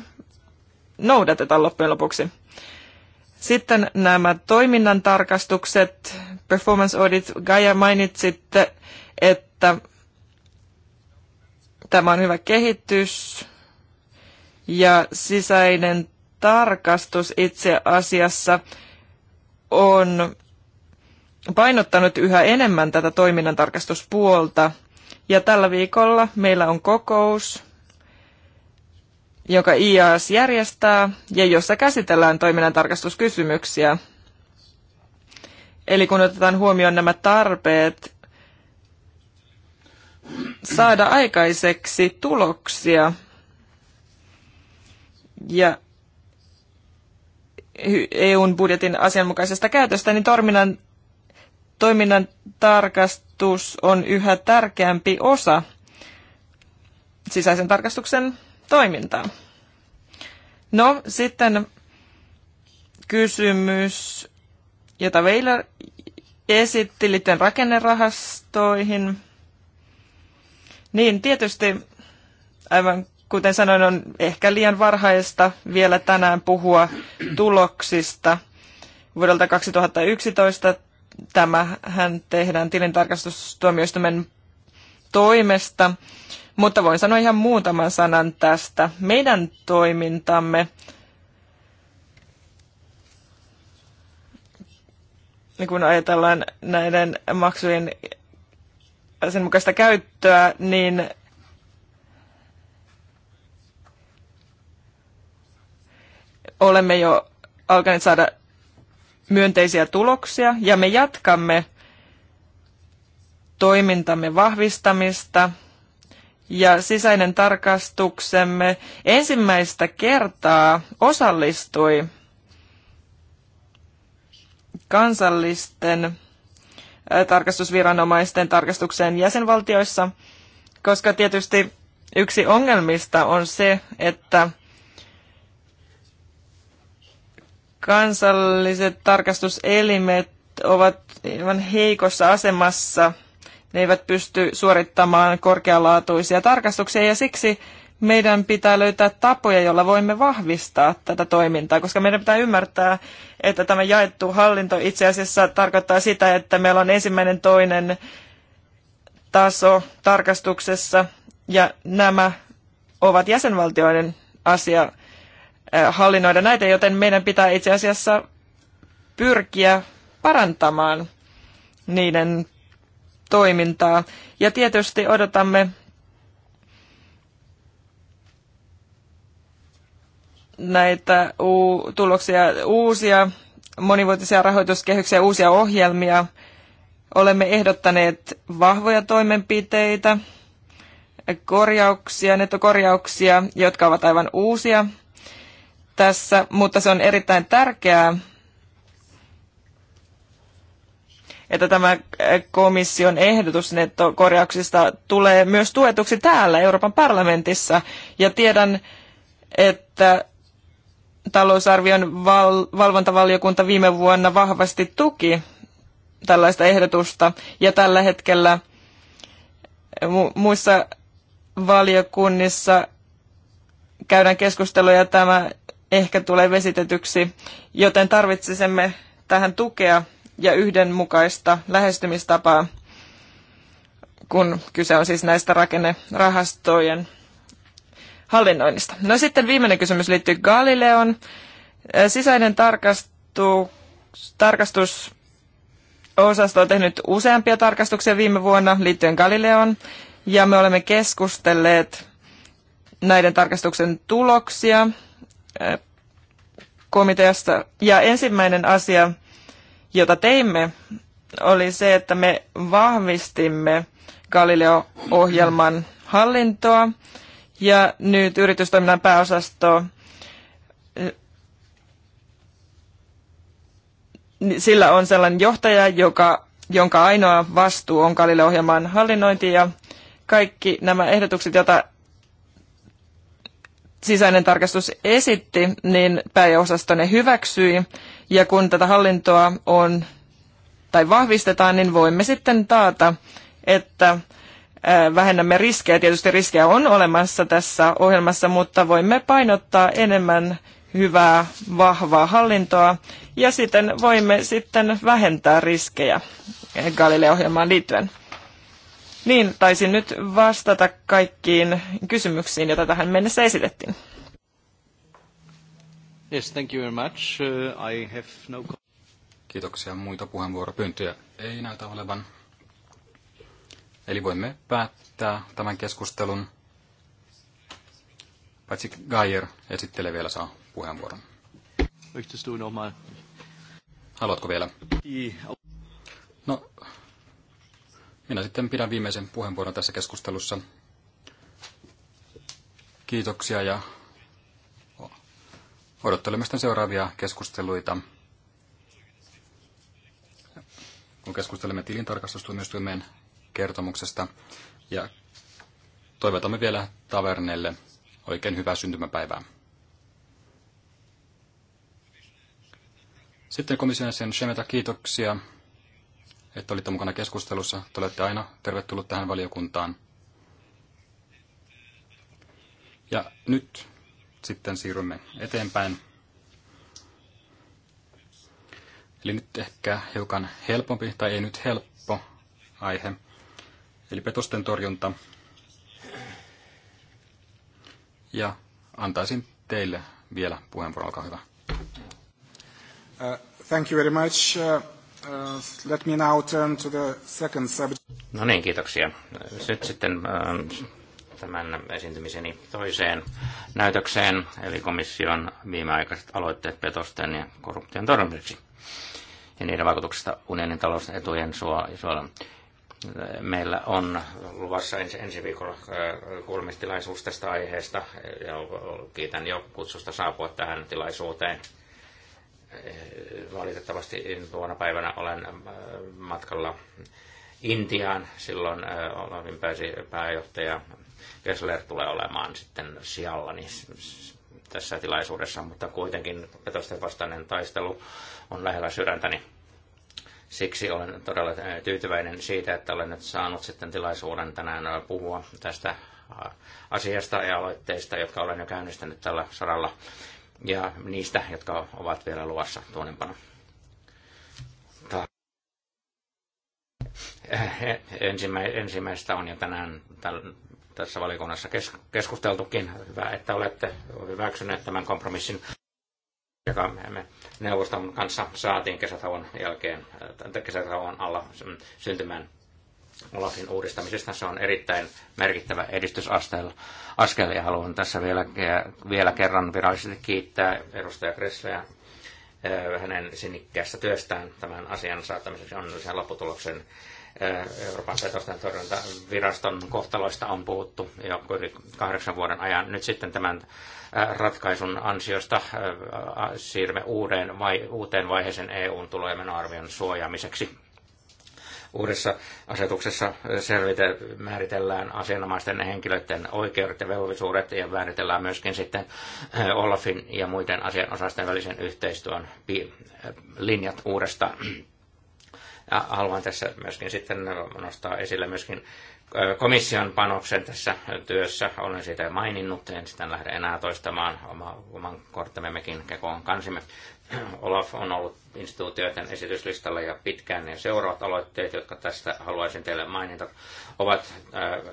noudateta loppujen lopuksi. Sitten nämä toiminnan tarkastukset, performance audit, Gaia mainitsitte, että tämä on hyvä kehitys ja sisäinen tarkastus itse asiassa – on painottanut yhä enemmän tätä toiminnantarkastuspuolta. Ja tällä viikolla meillä on kokous, joka IAS järjestää ja jossa käsitellään toiminnantarkastuskysymyksiä. Eli kun otetaan huomioon nämä tarpeet saada aikaiseksi tuloksia ja EUn budjetin asianmukaisesta käytöstä, niin toiminnan, toiminnan tarkastus on yhä tärkeämpi osa sisäisen tarkastuksen toimintaa. No sitten kysymys, jota Veila esitti liittyen rakennerahastoihin. Niin tietysti aivan kuten sanoin, on ehkä liian varhaista vielä tänään puhua tuloksista – vuodelta 2011. Tämähän tehdään tilintarkastustuomioistuimen toimesta, mutta voin sanoa ihan muutaman sanan tästä. Meidän toimintamme niin kun ajatellaan näiden maksujen sen mukaista käyttöä, niin olemme jo alkaneet saada myönteisiä tuloksia ja me jatkamme toimintamme vahvistamista ja sisäinen tarkastuksemme ensimmäistä kertaa osallistui kansallisten äh, tarkastusviranomaisten tarkastukseen jäsenvaltioissa, koska tietysti yksi ongelmista on se, että Kansalliset tarkastuselimet ovat ihan heikossa asemassa. Ne eivät pysty suorittamaan korkealaatuisia tarkastuksia ja siksi meidän pitää löytää tapoja, joilla voimme vahvistaa tätä toimintaa, koska meidän pitää ymmärtää, että tämä jaettu hallinto itse asiassa tarkoittaa sitä, että meillä on ensimmäinen, toinen taso tarkastuksessa ja nämä ovat jäsenvaltioiden asia hallinnoida näitä, joten meidän pitää itse asiassa pyrkiä parantamaan niiden toimintaa. Ja tietysti odotamme näitä u- tuloksia, uusia monivuotisia rahoituskehyksiä, uusia ohjelmia. Olemme ehdottaneet vahvoja toimenpiteitä, korjauksia, nettokorjauksia, jotka ovat aivan uusia tässä, mutta se on erittäin tärkeää, että tämä äh, komission ehdotus nettokorjauksista tulee myös tuetuksi täällä Euroopan parlamentissa. Ja tiedän, että talousarvion val- valvontavaliokunta viime vuonna vahvasti tuki tällaista ehdotusta ja tällä hetkellä mu- muissa valiokunnissa käydään keskusteluja tämä ehkä tulee vesitetyksi, joten tarvitsisimme tähän tukea ja yhdenmukaista lähestymistapaa, kun kyse on siis näistä rakennerahastojen hallinnoinnista. No sitten viimeinen kysymys liittyy Galileon. Sisäinen tarkastu, tarkastus osasto on tehnyt useampia tarkastuksia viime vuonna liittyen Galileon, ja me olemme keskustelleet näiden tarkastuksen tuloksia komiteasta. Ja ensimmäinen asia, jota teimme, oli se, että me vahvistimme Galileo-ohjelman hallintoa ja nyt yritystoiminnan pääosasto sillä on sellainen johtaja, joka, jonka ainoa vastuu on Galileo-ohjelman hallinnointi ja kaikki nämä ehdotukset, joita sisäinen tarkastus esitti, niin pääosasto ne hyväksyi. Ja kun tätä hallintoa on tai vahvistetaan, niin voimme sitten taata, että vähennämme riskejä. Tietysti riskejä on olemassa tässä ohjelmassa, mutta voimme painottaa enemmän hyvää, vahvaa hallintoa ja sitten voimme sitten vähentää riskejä Galileo-ohjelmaan liittyen. Niin, taisin nyt vastata kaikkiin kysymyksiin, joita tähän mennessä esitettiin. Yes, thank you very much. Uh, I have no... Kiitoksia. Muita puheenvuoropyyntöjä ei näytä olevan. Eli voimme päättää tämän keskustelun. Paitsi Geier esittelee vielä saa puheenvuoron. Haluatko vielä? No, minä sitten pidän viimeisen puheenvuoron tässä keskustelussa. Kiitoksia ja odottelemme sitten seuraavia keskusteluita. Kun keskustelemme tilintarkastustuomioistuimen kertomuksesta ja toivotamme vielä tavernelle oikein hyvää syntymäpäivää. Sitten komission sen Shemeta kiitoksia että olitte mukana keskustelussa. Te olette aina tervetullut tähän valiokuntaan. Ja nyt sitten siirrymme eteenpäin. Eli nyt ehkä hiukan helpompi, tai ei nyt helppo aihe, eli petosten torjunta. Ja antaisin teille vielä puheenvuoron, olkaa hyvä. Uh, thank you very much. Uh... Uh, let me now turn to the second subject. No niin, kiitoksia. Nyt sitten uh, tämän esiintymiseni toiseen näytökseen, eli komission viimeaikaiset aloitteet petosten ja korruption torjumiseksi ja niiden vaikutuksesta unionin talousetujen suojelun. Meillä on luvassa ensi, ensi viikolla uh, kuulemistilaisuus tästä aiheesta ja kiitän jo kutsusta saapua tähän tilaisuuteen valitettavasti tuona päivänä olen äh, matkalla Intiaan. Silloin äh, Olavin pääsi pääjohtaja Kessler tulee olemaan sitten sijallani niin tässä tilaisuudessa, mutta kuitenkin petosten vastainen taistelu on lähellä sydäntäni. Siksi olen todella äh, tyytyväinen siitä, että olen nyt saanut sitten tilaisuuden tänään puhua tästä asiasta ja aloitteista, jotka olen jo käynnistänyt tällä saralla ja niistä, jotka ovat vielä luvassa tuonempana. Eh, ensimmäistä on jo tänään tässä valikunnassa keskusteltukin. Hyvä, että olette hyväksyneet tämän kompromissin, joka me neuvoston kanssa saatiin kesätauon jälkeen, eh, kesätauon alla syntymään LASin uudistamisesta. Se on erittäin merkittävä edistysaskel ja haluan tässä vielä, vielä kerran virallisesti kiittää edustaja Kressleä eh, hänen sinnikkäästä työstään tämän asian saattamiseksi onnellisen lopputuloksen. Eh, Euroopan petosten torjuntaviraston kohtaloista on puhuttu jo yli kahdeksan vuoden ajan. Nyt sitten tämän eh, ratkaisun ansiosta siirrymme uuteen, uuteen vaiheeseen EUn tulo- ja menoarvion suojaamiseksi Uudessa asetuksessa selvite, määritellään asianomaisten henkilöiden oikeudet ja velvollisuudet ja määritellään myöskin sitten äh, Olafin ja muiden asianosaisten välisen yhteistyön äh, linjat uudesta. Ja haluan tässä myöskin sitten nostaa esille myöskin äh, komission panoksen tässä työssä. Olen siitä jo maininnut, en sitä lähde enää toistamaan oma, oman korttamemmekin kekoon kansimme Olaf on ollut instituutioiden esityslistalla ja pitkään, ja niin seuraavat aloitteet, jotka tästä haluaisin teille mainita, ovat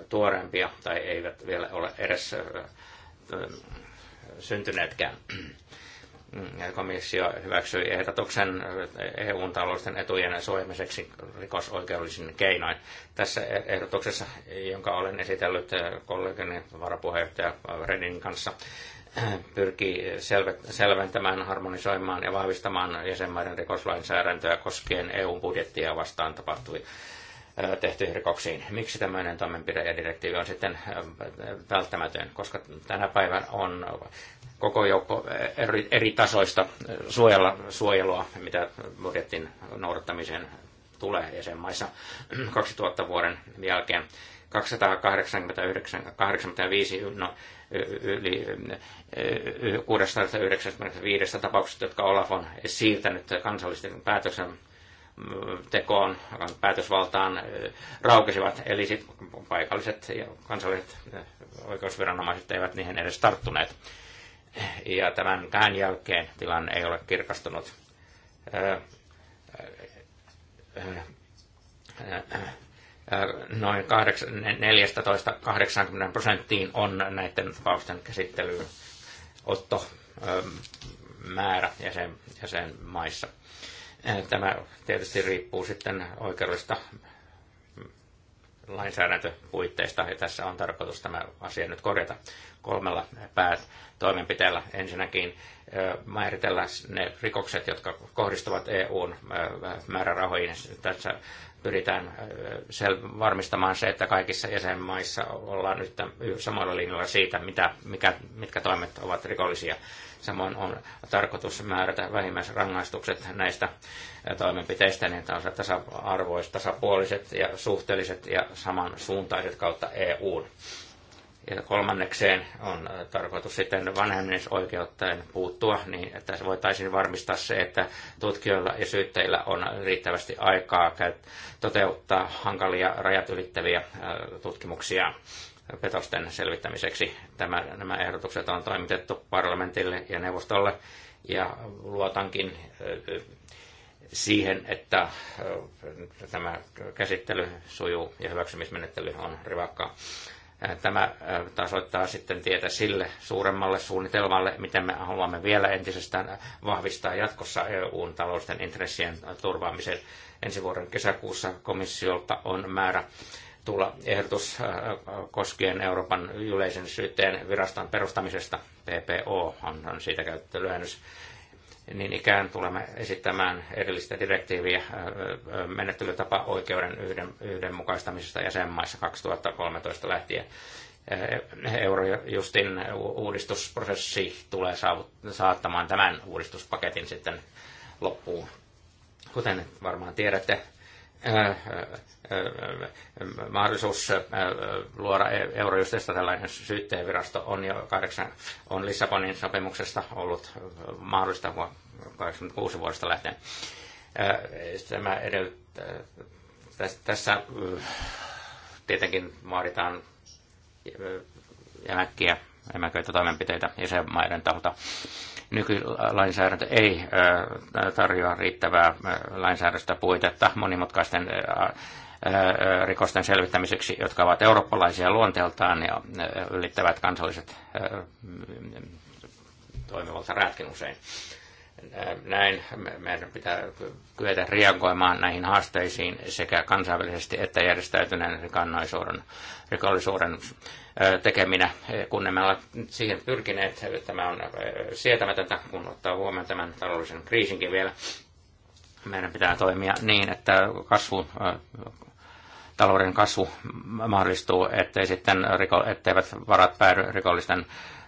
tuorempia tai eivät vielä ole edes syntyneetkään. Komissio hyväksyi ehdotuksen EUn taloudellisten etujen suojamiseksi rikosoikeudellisin keinoin. Tässä ehdotuksessa, jonka olen esitellyt kollegani varapuheenjohtaja Redin kanssa, pyrkii selventämään, harmonisoimaan ja vahvistamaan jäsenmaiden rikoslainsäädäntöä koskien EU-budjettia vastaan tapahtuviin tehtyihin rikoksiin. Miksi tämmöinen toimenpide ja direktiivi on sitten välttämätön? Koska tänä päivänä on koko joukko eri, eri tasoista suojella, suojelua, mitä budjetin noudattamiseen tulee jäsenmaissa 2000 (clears throat) vuoden jälkeen. 85, no, yli 695 eh, eh, tapauksesta, jotka Olaf on siirtänyt kansallisten päätöksen mm, tekoon, päätösvaltaan eh, raukesivat, eli sit paikalliset ja kansalliset oikeusviranomaiset eivät niihin edes tarttuneet. Ja tämänkään jälkeen tilanne ei ole kirkastunut noin 14-80 prosenttiin on näiden tapausten käsittelyyn otto määrä jäsen, jäsenmaissa. Tämä tietysti riippuu sitten oikeudellista lainsäädäntöpuitteista, ja tässä on tarkoitus tämä asia nyt korjata kolmella päätoimenpiteellä. Ensinnäkin määritellä ne rikokset, jotka kohdistuvat EUn määrärahoihin. Tässä pyritään varmistamaan se, että kaikissa jäsenmaissa ollaan nyt samoilla linjoilla siitä, mitä, mikä, mitkä toimet ovat rikollisia. Samoin on tarkoitus määrätä vähimmäisrangaistukset näistä toimenpiteistä, niin että on tasa-arvoiset, tasapuoliset ja suhteelliset ja samansuuntaiset kautta EUn. Ja kolmannekseen on äh, tarkoitus sitten vanhemmisoikeuteen puuttua, niin että voitaisiin varmistaa se, että tutkijoilla ja syyttäjillä on riittävästi aikaa toteuttaa hankalia rajat ylittäviä äh, tutkimuksia petosten selvittämiseksi. Tämä, nämä ehdotukset on toimitettu parlamentille ja neuvostolle ja luotankin äh, siihen, että tämä käsittely sujuu ja hyväksymismenettely on rivakkaa. Tämä tasoittaa sitten tietä sille suuremmalle suunnitelmalle, miten me haluamme vielä entisestään vahvistaa jatkossa EUn talousten intressien turvaamisen. Ensi vuoden kesäkuussa komissiolta on määrä tulla ehdotus koskien Euroopan yleisen syytteen viraston perustamisesta. PPO on siitä käytetty lyhennys niin ikään tulemme esittämään erillistä direktiiviä menettelytapa oikeuden yhden, yhdenmukaistamisesta jäsenmaissa 2013 lähtien. Eurojustin uudistusprosessi tulee saattamaan tämän uudistuspaketin sitten loppuun. Kuten varmaan tiedätte, Äh, äh, äh, mahdollisuus luoda e-, euro, tällainen syytteenvirasto on jo kahdeksan, on Lissabonin sopimuksesta ollut mahdollista vuonna 86 vuodesta lähtien. Tämä edellyt, tässä tietenkin vaaditaan jämäkkiä emäköitä toimenpiteitä jäsenmaiden taholta. Nykylainsäädäntö ei tarjoa riittävää lainsäädäntöä puitetta monimutkaisten rikosten selvittämiseksi, jotka ovat eurooppalaisia luonteeltaan ja ylittävät kansalliset toimivalta räätkin usein näin meidän pitää kyetä reagoimaan näihin haasteisiin sekä kansainvälisesti että järjestäytyneen rikannaisuuden rikollisuuden tekeminä, kun emme ole siihen pyrkineet. Tämä on sietämätöntä, kun ottaa huomioon tämän taloudellisen kriisinkin vielä. Meidän pitää toimia niin, että kasvu, talouden kasvu mahdollistuu, ettei sitten, etteivät varat päädy rikollisten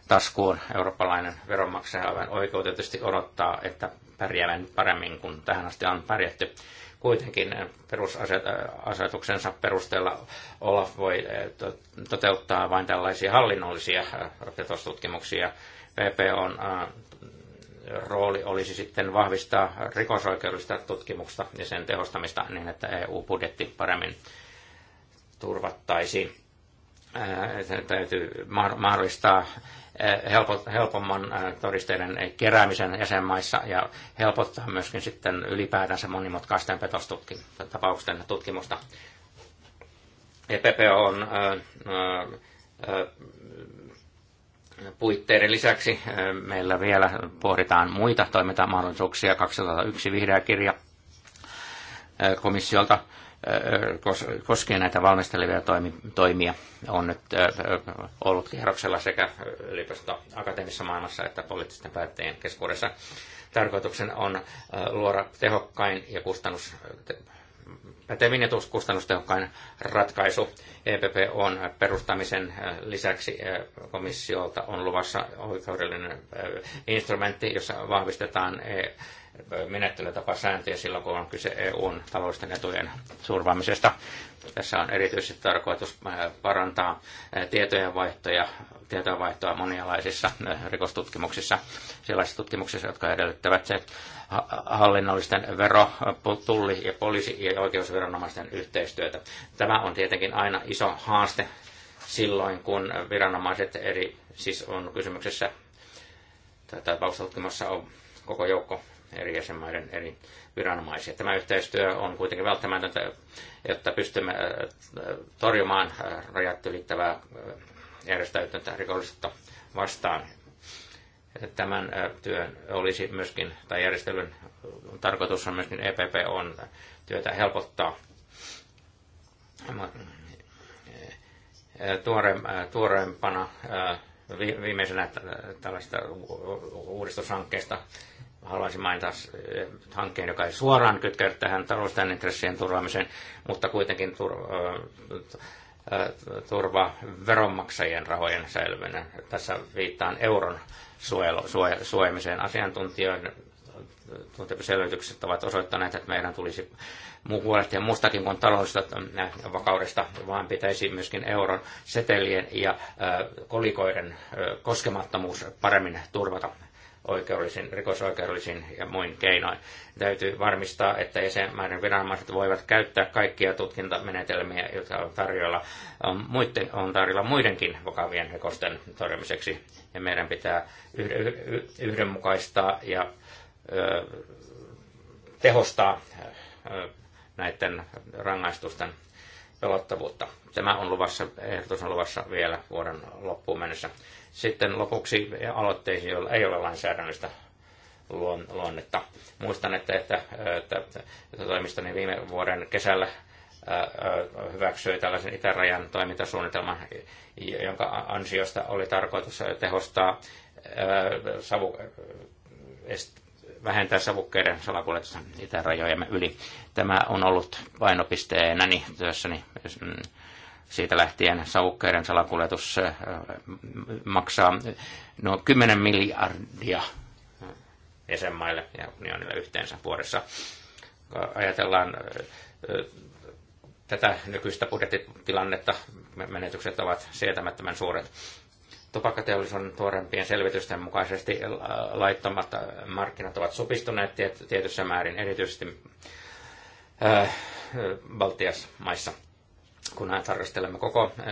taskuun eurooppalainen veronmaksaja aivan oikeutetusti odottaa, että pärjäävän paremmin kuin tähän asti on pärjätty. Kuitenkin eh, perusasetuksensa eh, perusteella Olaf voi eh, toteuttaa vain tällaisia hallinnollisia petostutkimuksia. PP on rooli olisi sitten vahvistaa rikosoikeudellista tutkimusta ja sen tehostamista niin, että EU-budjetti paremmin turvattaisiin täytyy mahdollistaa helpomman todisteiden keräämisen jäsenmaissa ja helpottaa myöskin sitten ylipäätänsä monimutkaisten petostapausten tutkimusta. EPP on puitteiden lisäksi meillä vielä pohditaan muita toimintamahdollisuuksia. 2001 vihreä kirja komissiolta koskee näitä valmistelevia toimia on nyt ollut kierroksella sekä yliopisto akateemisessa maailmassa että poliittisten päättäjien keskuudessa. Tarkoituksen on luoda tehokkain ja kustannus, pätevin ja kustannustehokkain ratkaisu. EPP on perustamisen lisäksi komissiolta on luvassa oikeudellinen instrumentti, jossa vahvistetaan e menettelytapasääntöjä silloin, kun on kyse EUn taloudellisten etujen survaamisesta. Tässä on erityisesti tarkoitus parantaa tietojenvaihtoja, tietojenvaihtoa monialaisissa rikostutkimuksissa, sellaisissa tutkimuksissa, jotka edellyttävät se hallinnollisten vero-, tulli- ja poliisi- ja oikeusviranomaisten yhteistyötä. Tämä on tietenkin aina iso haaste silloin, kun viranomaiset eri, siis on kysymyksessä tai tapaustutkimassa on koko joukko eri jäsenmaiden eri viranomaisia. Tämä yhteistyö on kuitenkin välttämätöntä, jotta pystymme äh, torjumaan äh, rajat ylittävää äh, järjestäytyntä rikollisuutta vastaan. Tämän työn olisi myöskin, tai järjestelyn tarkoitus on myöskin EPP on työtä helpottaa. Tuore, tuoreempana viimeisenä tällaista uudistushankkeesta haluaisin mainita eh, hankkeen, joka ei suoraan kytkeydy tähän talousten intressien turvaamiseen, mutta kuitenkin tur, eh, eh, turva veronmaksajien rahojen säilyminen. Tässä viittaan euron suojamiseen. Asiantuntijoiden selvitykset ovat osoittaneet, että meidän tulisi muu huolehtia mustakin kuin taloudesta vakaudesta, vaan pitäisi myöskin euron setelien ja kolikoiden koskemattomuus paremmin turvata oikeudellisin, rikosoikeudellisin ja muin keinoin. Täytyy varmistaa, että jäsenmaiden viranomaiset voivat käyttää kaikkia tutkintamenetelmiä, jotka on tarjolla, on, muiden, on tarjolla muidenkin vakavien rikosten torjumiseksi. Ja meidän pitää yhdenmukaistaa ja ö, tehostaa ö, näiden rangaistusten pelottavuutta. Tämä on luvassa, ehdotus on luvassa vielä vuoden loppuun mennessä. Sitten lopuksi aloitteisiin, joilla ei ole lainsäädännöllistä luonnetta. Muistan, että, että, että, että toimistoni viime vuoden kesällä hyväksyi tällaisen itärajan toimintasuunnitelman, jonka ansiosta oli tarkoitus tehostaa savu, vähentää savukkeiden salakuljetusta itärajojemme yli. Tämä on ollut painopisteenäni työssäni mm, siitä lähtien savukkeiden salakuljetus maksaa noin 10 miljardia jäsenmaille ja unionille yhteensä vuodessa. ajatellaan tätä nykyistä budjettitilannetta, menetykset ovat sietämättömän suuret. Tupakkateollisuuden tuorempien selvitysten mukaisesti laittomat markkinat ovat supistuneet tietyssä määrin, erityisesti Baltiassa maissa – kun näin tarkastelemme koko eh,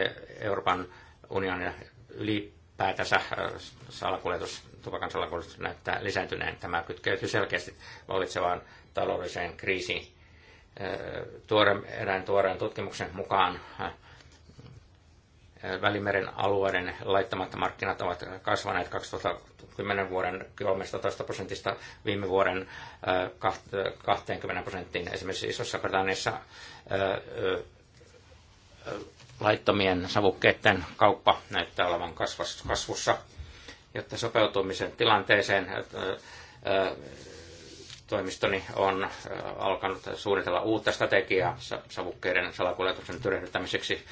eh, Euroopan unionin ylipäätänsä eh, salakuljetus, tupakan salakuljetus näyttää lisääntyneen. Tämä kytkeytyy selkeästi vallitsevaan taloudelliseen kriisiin. Tuore, erään tuoreen tutkimuksen mukaan Välimeren alueiden laittamat markkinat ovat kasvaneet 2010 vuoden 13 prosentista viime vuoden 20 prosenttiin. Esimerkiksi Isossa Britanniassa laittomien savukkeiden kauppa näyttää olevan kasvussa, jotta sopeutumisen tilanteeseen toimistoni on alkanut suunnitella uutta strategiaa savukkeiden salakuljetuksen tyrehdyttämiseksi.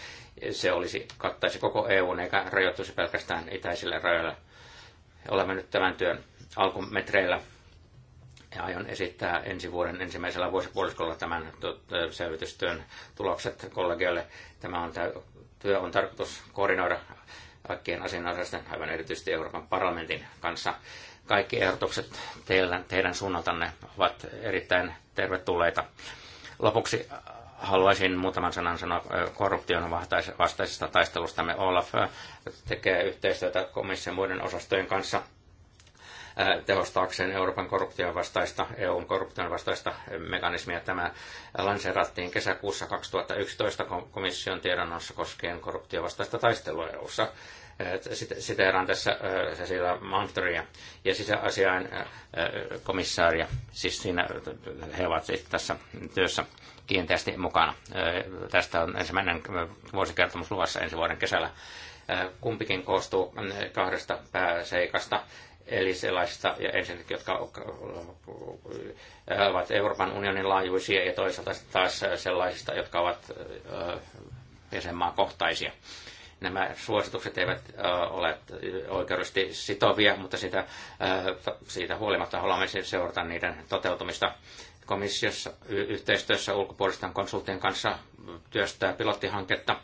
Se olisi, kattaisi koko EUn eikä rajoittuisi pelkästään itäisille rajoille. Olemme nyt tämän työn alkumetreillä ja aion esittää ensi vuoden ensimmäisellä vuosipuoliskolla tämän selvitystyön tulokset kollegialle. Tämä on, työ on tarkoitus koordinoida kaikkien asianosaisten, aivan erityisesti Euroopan parlamentin kanssa. Kaikki ehdotukset teidän, teidän suunnaltanne ovat erittäin tervetulleita. Lopuksi haluaisin muutaman sanan sanoa korruption vastaisesta taistelusta. Me Olaf tekee yhteistyötä komission muiden osastojen kanssa – tehostaakseen Euroopan korruption vastaista, EUn korruption vastaista mekanismia. Tämä lanseerattiin kesäkuussa 2011 komission tiedonannossa koskien korruption vastaista taistelua EUssa siteeraan tässä Cecilia Malmströmiä ja sisäasiain komissaaria. Siis siinä he ovat siis tässä työssä kiinteästi mukana. Tästä on ensimmäinen vuosikertomus luvassa ensi vuoden kesällä. Kumpikin koostuu kahdesta pääseikasta. Eli sellaista, ja ensinnäkin, jotka ovat Euroopan unionin laajuisia, ja toisaalta taas sellaisista, jotka ovat jäsenmaan kohtaisia. Nämä suositukset eivät ole oikeudellisesti sitovia, mutta siitä, siitä huolimatta haluamme seurata niiden toteutumista komissiossa yhteistyössä ulkopuolisten konsulttien kanssa työstää pilottihanketta,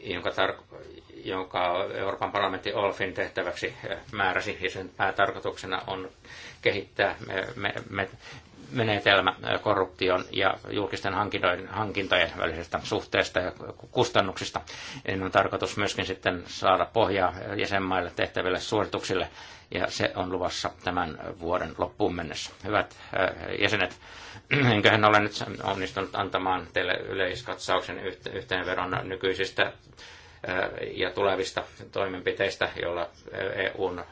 jonka, tar- jonka Euroopan parlamentti Olfin tehtäväksi eh, määräsi, ja sen päätarkoituksena on kehittää me- me- menetelmä eh, korruption ja julkisten hankintojen, hankintojen välisestä suhteesta ja kustannuksista. Niin on tarkoitus myöskin sitten saada pohjaa eh, jäsenmaille tehtäville suorituksille ja se on luvassa tämän vuoden loppuun mennessä. Hyvät äh, jäsenet, (clears throat) enköhän ole nyt onnistunut antamaan teille yleiskatsauksen yhteenveron nykyisistä äh, ja tulevista toimenpiteistä, joilla EUn äh,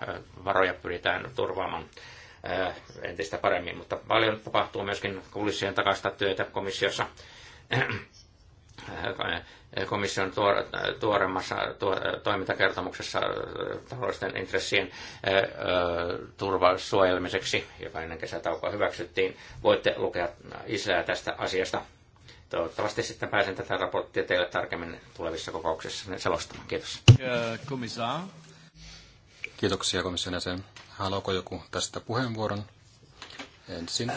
varoja pyritään turvaamaan entistä paremmin, mutta paljon tapahtuu myöskin kulissien takaista työtä komissiossa (clears throat) Äh, komission tuoremmassa toimintakertomuksessa äh, taloudellisten intressien äh, turvasuojelmiseksi, joka ennen kesätaukoa hyväksyttiin. Voitte lukea isää tästä asiasta. Toivottavasti sitten pääsen tätä raporttia teille tarkemmin tulevissa kokouksissa selostamaan. Kiitos. Komissaar. Kiitoksia komission jäsen. Haluaako joku tästä puheenvuoron? Ensin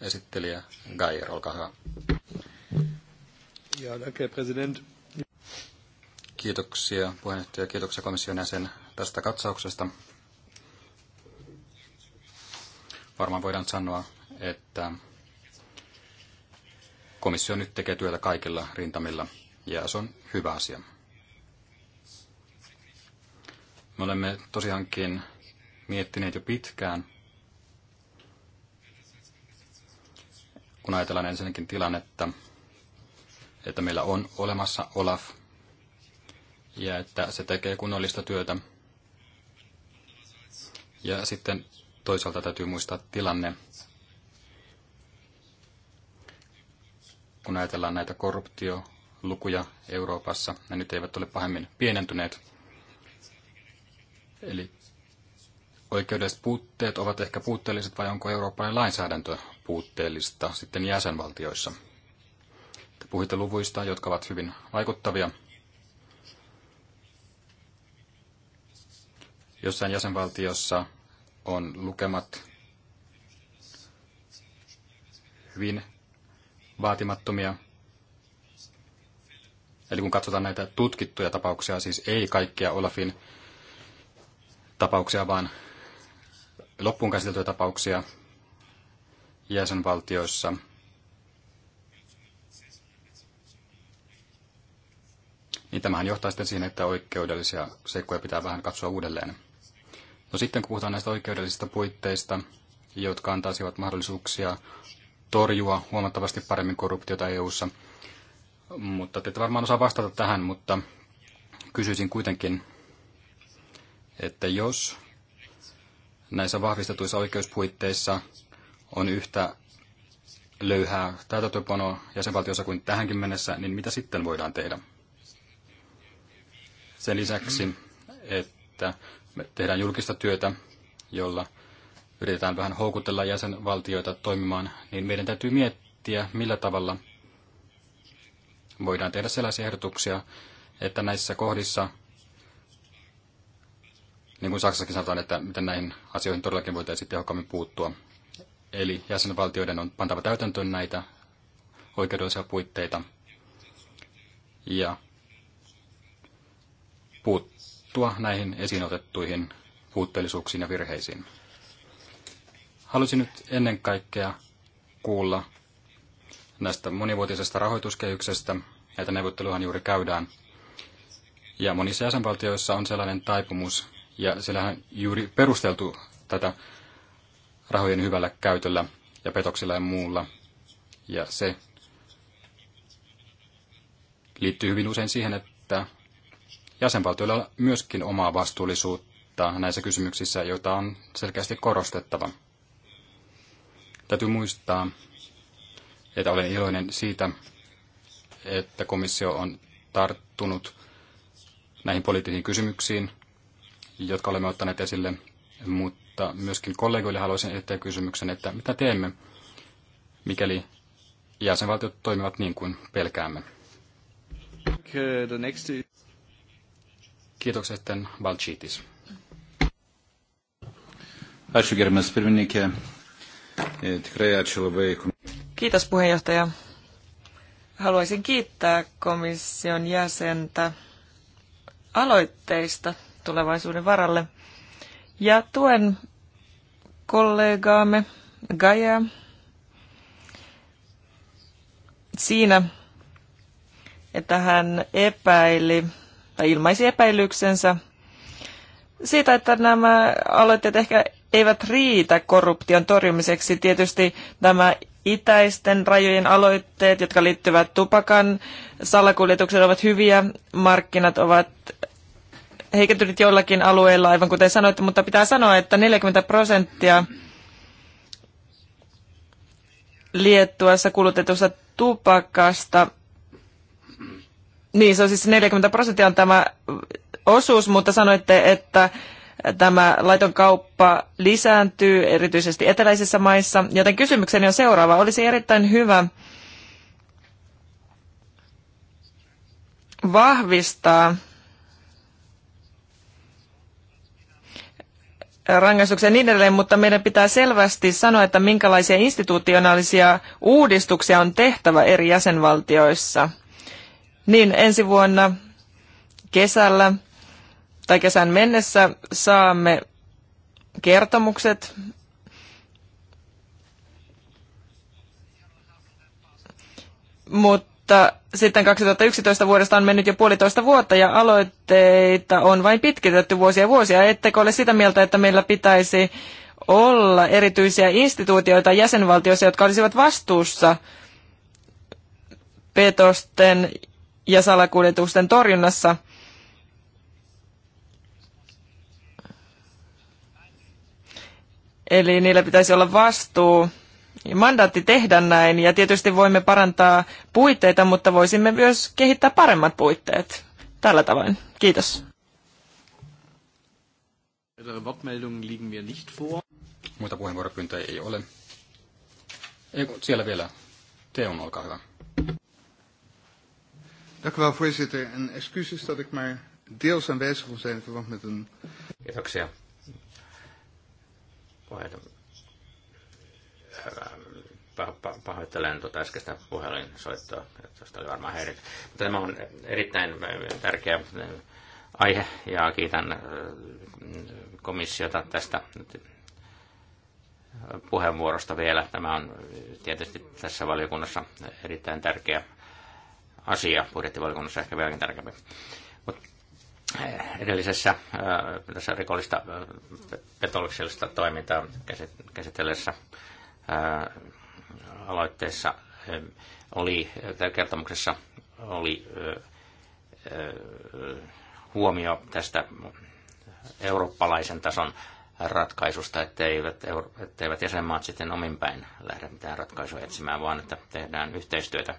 esittelijä Gair, olkaa hyvä. Ja, danke, president. Kiitoksia puheenjohtaja, kiitoksia komission jäsen tästä katsauksesta. Varmaan voidaan sanoa, että komissio nyt tekee työtä kaikilla rintamilla ja se on hyvä asia. Me olemme tosiaankin miettineet jo pitkään, kun ajatellaan ensinnäkin tilannetta, että meillä on olemassa Olaf ja että se tekee kunnollista työtä. Ja sitten toisaalta täytyy muistaa tilanne, kun ajatellaan näitä korruptiolukuja Euroopassa, ne nyt eivät ole pahemmin pienentyneet. Eli oikeudelliset puutteet ovat ehkä puutteelliset vai onko eurooppalainen lainsäädäntö puutteellista sitten jäsenvaltioissa? Te puhuitte luvuista, jotka ovat hyvin vaikuttavia. Jossain jäsenvaltiossa on lukemat hyvin vaatimattomia. Eli kun katsotaan näitä tutkittuja tapauksia, siis ei kaikkia Olafin tapauksia, vaan loppuun käsiteltyjä tapauksia jäsenvaltioissa – niin tämähän johtaa sitten siihen, että oikeudellisia seikkoja pitää vähän katsoa uudelleen. No sitten kun puhutaan näistä oikeudellisista puitteista, jotka antaisivat mahdollisuuksia torjua huomattavasti paremmin korruptiota EU:ssa, mutta te ette varmaan osaa vastata tähän, mutta kysyisin kuitenkin, että jos näissä vahvistetuissa oikeuspuitteissa on yhtä löyhää täytäntöpanoa jäsenvaltiossa kuin tähänkin mennessä, niin mitä sitten voidaan tehdä? Sen lisäksi, että me tehdään julkista työtä, jolla yritetään vähän houkutella jäsenvaltioita toimimaan, niin meidän täytyy miettiä, millä tavalla voidaan tehdä sellaisia ehdotuksia, että näissä kohdissa, niin kuin Saksassakin sanotaan, että miten näihin asioihin todellakin voitaisiin tehokkaammin puuttua. Eli jäsenvaltioiden on pantava täytäntöön näitä oikeudellisia puitteita. Ja puuttua näihin esiin otettuihin puutteellisuuksiin ja virheisiin. Haluaisin nyt ennen kaikkea kuulla näistä monivuotisesta rahoituskehyksestä. Näitä neuvotteluhan juuri käydään. Ja monissa jäsenvaltioissa on sellainen taipumus, ja sillähän on juuri perusteltu tätä rahojen hyvällä käytöllä ja petoksilla ja muulla. Ja se liittyy hyvin usein siihen, että Jäsenvaltioilla on myöskin omaa vastuullisuutta näissä kysymyksissä, joita on selkeästi korostettava. Täytyy muistaa, että olen iloinen siitä, että komissio on tarttunut näihin poliittisiin kysymyksiin, jotka olemme ottaneet esille, mutta myöskin kollegoille haluaisin esittää kysymyksen, että mitä teemme, mikäli jäsenvaltiot toimivat niin kuin pelkäämme. Kiitoksia sitten Balchitis. Ačiū gerbiamas pirmininkė. E, tikrai ačiū labai. Kiitos puheenjohtaja. Haluaisin kiittää komission jäsentä aloitteista tulevaisuuden varalle. Ja tuen kollegaamme Gaia siinä, että hän epäili tai ilmaisi epäilyksensä siitä, että nämä aloitteet ehkä eivät riitä korruption torjumiseksi. Tietysti nämä itäisten rajojen aloitteet, jotka liittyvät tupakan salakuljetukseen, ovat hyviä. Markkinat ovat heikentyneet jollakin alueella, aivan kuten sanoitte, mutta pitää sanoa, että 40 prosenttia liettuessa kulutetusta tupakasta niin, se on siis 40 prosenttia on tämä osuus, mutta sanoitte, että tämä laiton kauppa lisääntyy erityisesti eteläisissä maissa, joten kysymykseni on seuraava. Olisi erittäin hyvä vahvistaa rangaistuksia niin edelleen, mutta meidän pitää selvästi sanoa, että minkälaisia institutionaalisia uudistuksia on tehtävä eri jäsenvaltioissa – niin ensi vuonna kesällä tai kesän mennessä saamme kertomukset mutta sitten 2011 vuodesta on mennyt jo puolitoista vuotta ja aloitteita on vain pitkitetty vuosia vuosia. Ettekö ole sitä mieltä, että meillä pitäisi olla erityisiä instituutioita jäsenvaltioissa, jotka olisivat vastuussa petosten ja salakuljetusten torjunnassa. Eli niillä pitäisi olla vastuu ja mandaatti tehdä näin. Ja tietysti voimme parantaa puitteita, mutta voisimme myös kehittää paremmat puitteet. Tällä tavoin. Kiitos. Muita puheenvuoropyyntöjä ei ole. Eiku, siellä vielä. Teon, olkaa hyvä. Dank u wel, voorzitter. En excuses dat ik maar deels aanwezig zijn in verband met een... Kiitoksia. Ähm, pahoittelen tuota äskeistä puhelinsoittoa, josta oli varmaan häirit. tämä on erittäin äh, tärkeä äh, aihe ja kiitän äh, komissiota tästä puheenvuorosta vielä. Tämä on tietysti tässä valiokunnassa erittäin tärkeä asia budjettivalikunnassa ehkä vieläkin tärkeämpi. Mut eh, edellisessä eh, tässä rikollista eh, petollista toimintaa käsitellessä aloitteessa oli, kertomuksessa oli huomio tästä eurooppalaisen tason ratkaisusta, etteivät, etteivät jäsenmaat sitten omin päin lähde mitään ratkaisua etsimään, vaan että tehdään yhteistyötä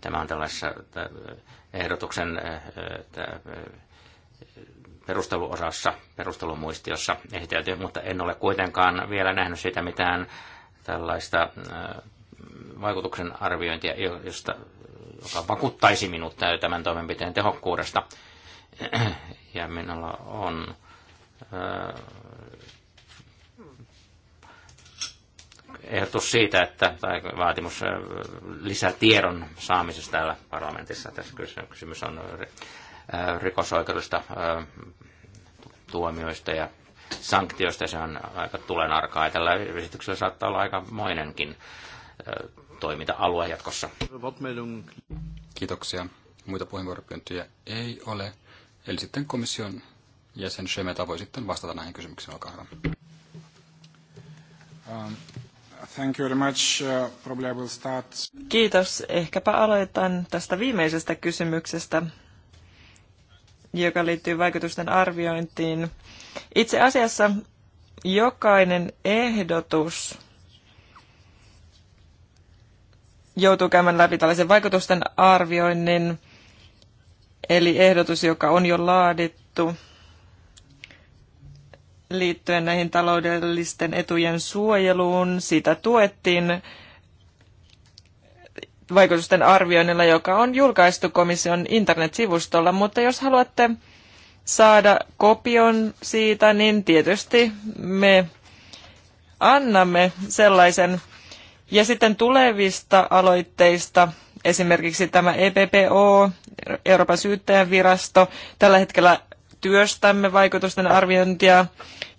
Tämä on tällaisessa eh, ehdotuksen eh, eh, perusteluosassa, perustelumuistiossa esitelty, mutta en ole kuitenkaan vielä nähnyt siitä mitään tällaista vaikutuksen arviointia, josta, joka vakuuttaisi minut tämän toimenpiteen tehokkuudesta. (clears throat) Ja minulla on ehdotus siitä, että, tai vaatimus lisätiedon saamisesta täällä parlamentissa. Tässä kysymys on rikosoikeudellista tuomioista ja sanktioista. Se on aika tulen arkaa. tällä esityksellä saattaa olla aika moinenkin toiminta-alue jatkossa. Kiitoksia. Muita puheenvuoropyyntöjä ei ole. Eli sitten komission jäsen Shemeta voi sitten vastata näihin kysymyksiin. Olkaa hyvä. Um. Thank you very much. Uh, probably I will start. Kiitos. Ehkäpä aloitan tästä viimeisestä kysymyksestä, joka liittyy vaikutusten arviointiin. Itse asiassa jokainen ehdotus joutuu käymään läpi tällaisen vaikutusten arvioinnin, eli ehdotus, joka on jo laadittu – liittyen näihin taloudellisten etujen suojeluun. Sitä tuettiin vaikutusten arvioinnilla, joka on julkaistu komission internetsivustolla, mutta jos haluatte saada kopion siitä, niin tietysti me annamme sellaisen. Ja sitten tulevista aloitteista, esimerkiksi tämä EPPO, Euroopan syyttäjän virasto, tällä hetkellä työstämme vaikutusten arviointia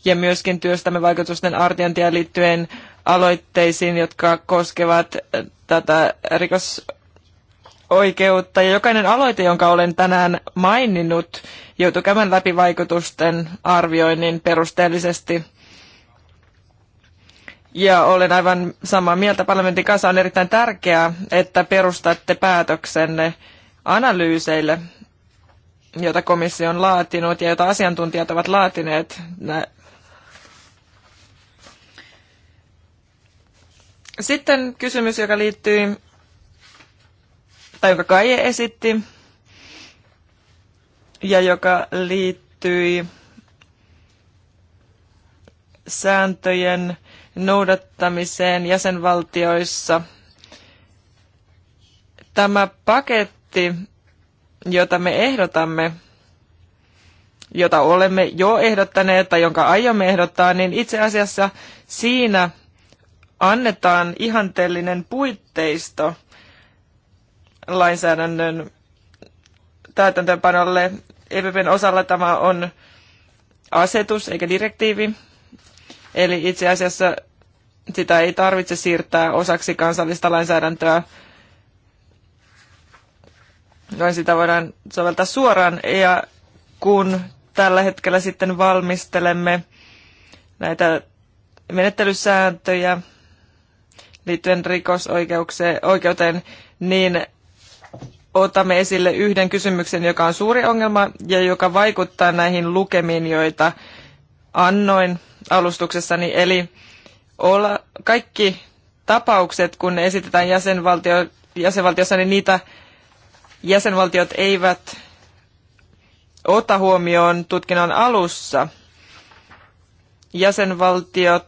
ja myöskin työstämme vaikutusten arviointia liittyen aloitteisiin, jotka koskevat äh, tätä rikosoikeutta. Ja jokainen aloite, jonka olen tänään maininnut, joutuu käymään läpi vaikutusten arvioinnin perusteellisesti. Ja olen aivan samaa mieltä parlamentin kanssa. On erittäin tärkeää, että perustatte päätöksenne analyyseille – jota komissio on laatinut ja jota asiantuntijat ovat laatineet. Sitten kysymys, joka liittyy, tai joka Kaije esitti, ja joka liittyi sääntöjen noudattamiseen jäsenvaltioissa. Tämä paketti jota me ehdotamme, jota olemme jo ehdottaneet tai jonka aiomme ehdottaa, niin itse asiassa siinä annetaan ihanteellinen puitteisto lainsäädännön täytäntöönpanolle. EPPn osalla tämä on asetus eikä direktiivi, eli itse asiassa sitä ei tarvitse siirtää osaksi kansallista lainsäädäntöä noin sitä voidaan soveltaa suoraan. Ja kun tällä hetkellä sitten valmistelemme näitä menettelysääntöjä liittyen rikosoikeuteen, niin otamme esille yhden kysymyksen, joka on suuri ongelma ja joka vaikuttaa näihin lukemiin, joita annoin alustuksessani. Eli olla, kaikki tapaukset, kun ne esitetään jäsenvaltio, jäsenvaltiossa, niin niitä jäsenvaltiot eivät ota huomioon tutkinnan alussa. Jäsenvaltiot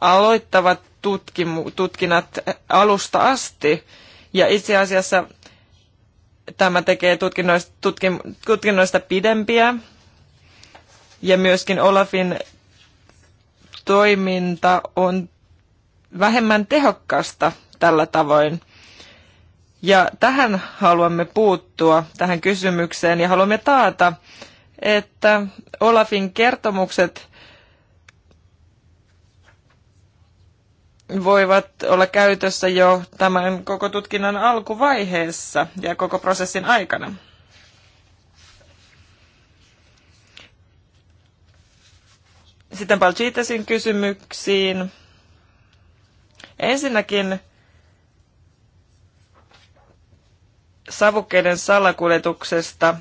aloittavat tutkimu- tutkinnat alusta asti ja itse asiassa tämä tekee tutkinnoista, tutkinnoista pidempiä ja myöskin Olafin toiminta on vähemmän tehokkaasta tällä tavoin. Ja tähän haluamme puuttua, tähän kysymykseen, ja haluamme taata, että Olafin kertomukset voivat olla käytössä jo tämän koko tutkinnan alkuvaiheessa ja koko prosessin aikana. Sitten Balchitasin kysymyksiin. Ensinnäkin savukkeiden salakuljetuksesta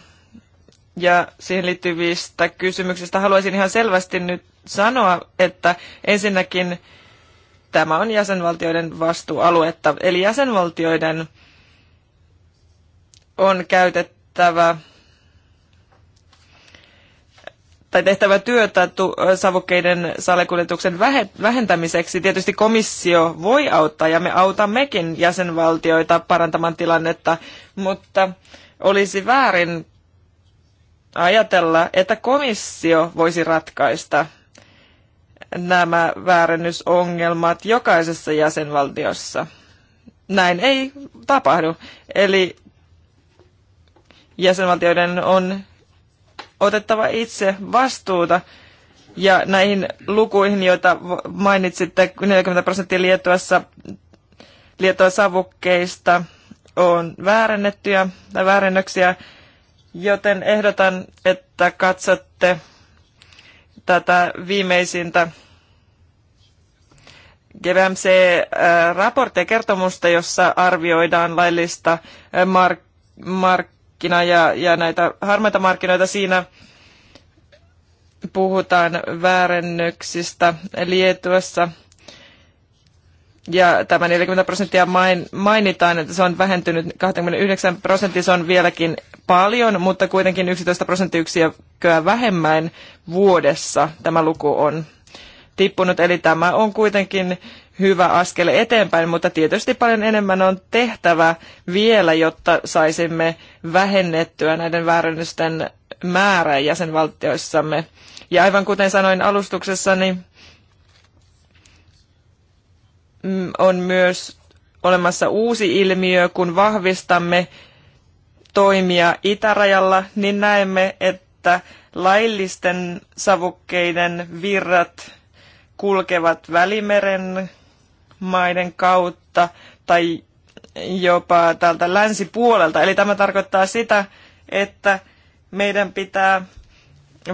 ja siihen liittyvistä kysymyksistä haluaisin ihan selvästi nyt sanoa, että ensinnäkin tämä on jäsenvaltioiden vastuualuetta, eli jäsenvaltioiden on käytettävä tai tehtävä työtä savukkeiden salekuljetuksen vähentämiseksi. Tietysti komissio voi auttaa ja me autammekin jäsenvaltioita parantamaan tilannetta, mutta olisi väärin ajatella, että komissio voisi ratkaista nämä väärennysongelmat jokaisessa jäsenvaltiossa. Näin ei tapahdu. Eli jäsenvaltioiden on otettava itse vastuuta. Ja näihin lukuihin, joita mainitsitte, 40 prosenttia Liettuassa, Liettuan savukkeista on väärennettyjä tai väärennöksiä, joten ehdotan, että katsotte tätä viimeisintä GVMC-raporttia äh, kertomusta, jossa arvioidaan laillista äh, mark- mark- markkina ja, ja näitä harmaita markkinoita siinä puhutaan väärennöksistä Lietuassa. Ja tämä 40 prosenttia main, mainitaan, että se on vähentynyt 29 prosenttia, se on vieläkin paljon, mutta kuitenkin 11 prosenttiyksiköä vähemmän vuodessa tämä luku on tippunut. Eli tämä on kuitenkin hyvä askel eteenpäin, mutta tietysti paljon enemmän on tehtävä vielä, jotta saisimme vähennettyä näiden väärennysten määrää jäsenvaltioissamme. Ja aivan kuten sanoin alustuksessani, mm, on myös olemassa uusi ilmiö, kun vahvistamme toimia itärajalla, niin näemme, että laillisten savukkeiden virrat kulkevat Välimeren maiden kautta tai jopa täältä länsipuolelta. Eli tämä tarkoittaa sitä, että meidän pitää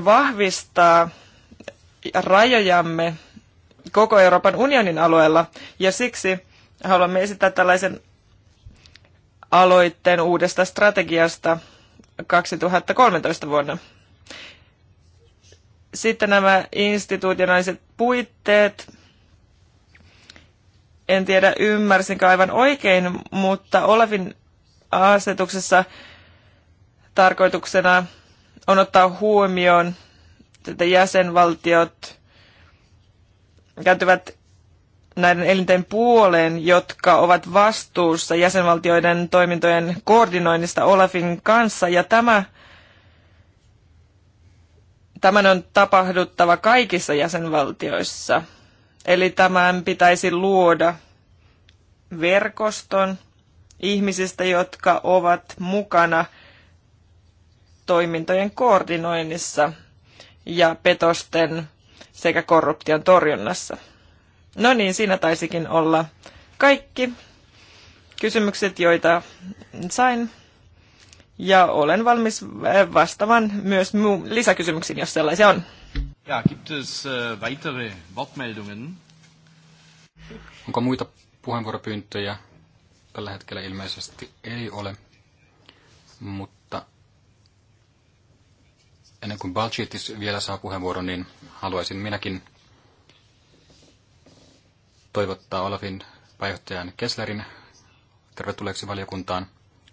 vahvistaa rajojamme koko Euroopan unionin alueella. Ja siksi haluamme esittää tällaisen aloitteen uudesta strategiasta 2013 vuonna. Sitten nämä institutionaaliset puitteet en tiedä ymmärsinkö aivan oikein, mutta Olavin asetuksessa tarkoituksena on ottaa huomioon, että jäsenvaltiot kääntyvät näiden elinten puoleen, jotka ovat vastuussa jäsenvaltioiden toimintojen koordinoinnista Olafin kanssa. Ja tämä, tämän on tapahduttava kaikissa jäsenvaltioissa – Eli tämän pitäisi luoda verkoston ihmisistä, jotka ovat mukana toimintojen koordinoinnissa ja petosten sekä korruption torjunnassa. No niin, siinä taisikin olla kaikki kysymykset, joita sain. Ja olen valmis äh, vastaamaan myös lisäkysymyksiin, jos sellaisia on. Ja, gibt es äh, weitere Wortmeldungen? Onko muita puheenvuoropyyntöjä? Tällä hetkellä ilmeisesti ei ole, mutta ennen kuin Balchitis vielä saa puheenvuoron, niin haluaisin minäkin toivottaa Olafin pääjohtajan Kesslerin tervetulleeksi valiokuntaan.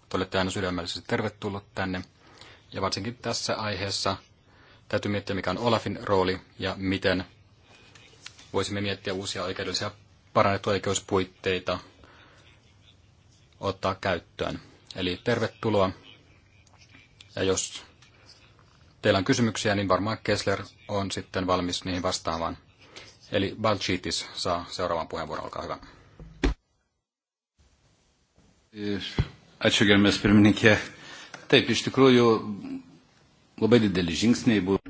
Te olette aina sydämellisesti tervetullut tänne. Ja varsinkin tässä aiheessa – Täytyy miettiä, mikä on Olafin rooli ja miten voisimme miettiä uusia oikeudellisia parannettuja oikeuspuitteita ottaa käyttöön. Eli tervetuloa. Ja jos teillä on kysymyksiä, niin varmaan Kessler on sitten valmis niihin vastaamaan. Eli Balchitis saa seuraavan puheenvuoron, olkaa hyvä. Ačiū, gerbiamas pirmininkė. Taip, iš tikrųjų,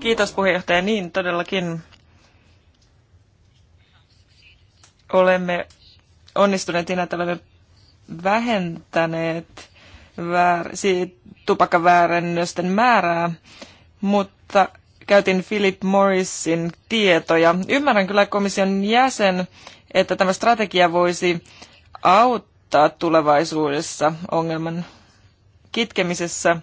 Kiitos puheenjohtaja, niin todellakin olemme onnistuneet siinä, että olemme vähentäneet väär, tupakaväärennösten määrää, mutta käytin Philip Morrisin tietoja. Ymmärrän kyllä komission jäsen, että tämä strategia voisi auttaa tulevaisuudessa ongelman kitkemisessä –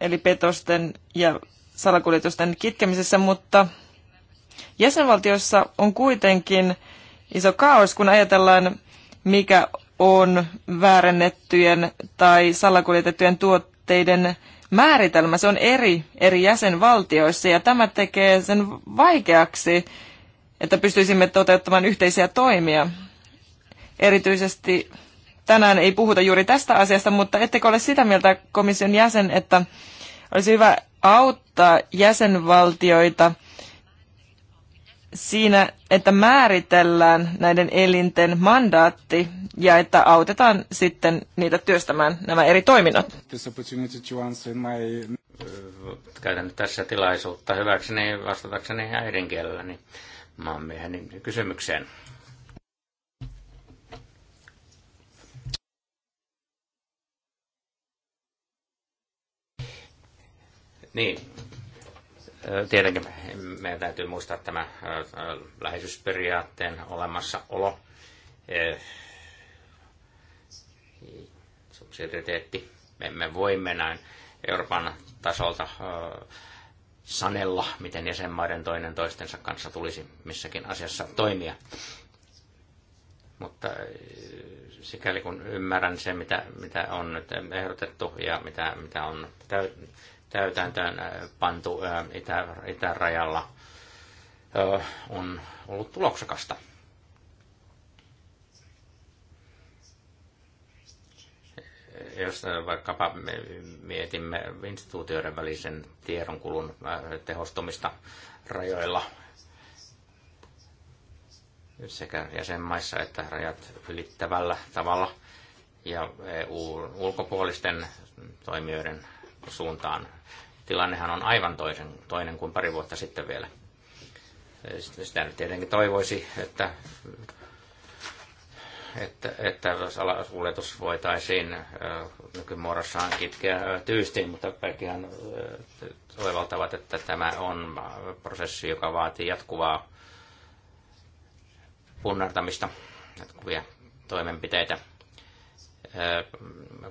eli petosten ja salakuljetusten kitkemisessä, mutta jäsenvaltioissa on kuitenkin iso kaos, kun ajatellaan, mikä on väärennettyjen tai salakuljetettujen tuotteiden määritelmä. Se on eri eri jäsenvaltioissa ja tämä tekee sen vaikeaksi, että pystyisimme toteuttamaan yhteisiä toimia. Erityisesti tänään ei puhuta juuri tästä asiasta, mutta ettekö ole sitä mieltä komission jäsen, että olisi hyvä auttaa jäsenvaltioita siinä, että määritellään näiden elinten mandaatti ja että autetaan sitten niitä työstämään nämä eri toiminnot. Käytän tässä tilaisuutta hyväkseni vastatakseni äidinkielelläni maanmieheni kysymykseen. Niin, tietenkin meidän täytyy muistaa tämä läheisyysperiaatteen olemassaolo, subsidiariteetti. Me emme voi mennä Euroopan tasolta sanella, miten jäsenmaiden toinen toistensa kanssa tulisi missäkin asiassa toimia. Mutta sikäli kun ymmärrän se, mitä, mitä on nyt ehdotettu ja mitä, mitä on täytäntöön äh, pantu äh, itä, itärajalla on ollut tuloksekasta. Jos äh, vaikkapa me mietimme instituutioiden välisen tiedonkulun tehostumista rajoilla sekä jäsenmaissa että rajat ylittävällä tavalla ja EU-ulkopuolisten toimijoiden suuntaan. Tilannehan on aivan toisen, toinen kuin pari vuotta sitten vielä. Sitä nyt tietenkin toivoisi, että, että, että salakuljetus voitaisiin nykymuodossaan kitkeä tyystiin, mutta kaikkihan toivaltavat, että tämä on prosessi, joka vaatii jatkuvaa punnartamista, jatkuvia toimenpiteitä –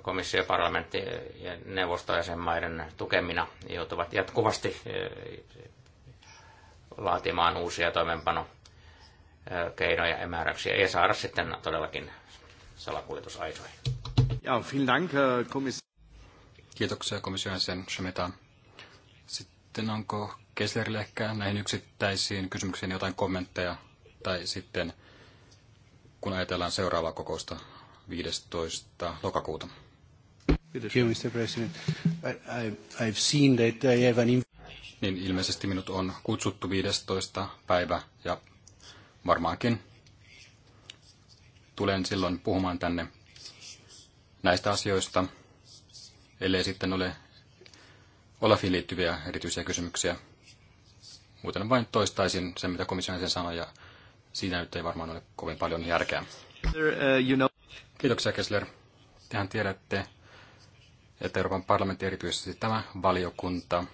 komissio, parlamentti ja maiden tukemina joutuvat jatkuvasti laatimaan uusia toimenpanokeinoja ja määräyksiä ja saada sitten todellakin salakuljetus aisoihin. Ja, vielen Dank, Kiitoksia komission jäsen Shemeta. Sitten onko Kesslerille ehkä näihin yksittäisiin kysymyksiin jotain kommentteja tai sitten kun ajatellaan seuraavaa kokousta 15. lokakuuta. Niin ilmeisesti minut on kutsuttu 15. päivä ja varmaankin tulen silloin puhumaan tänne näistä asioista, ellei sitten ole Olafiin liittyviä erityisiä kysymyksiä. Muuten vain toistaisin sen, mitä komission sanoi, ja siinä nyt ei varmaan ole kovin paljon järkeä. Uh, you know. Kiitoksia Kessler. Tehän tiedätte, että Euroopan parlamentti, erityisesti tämä valiokunta,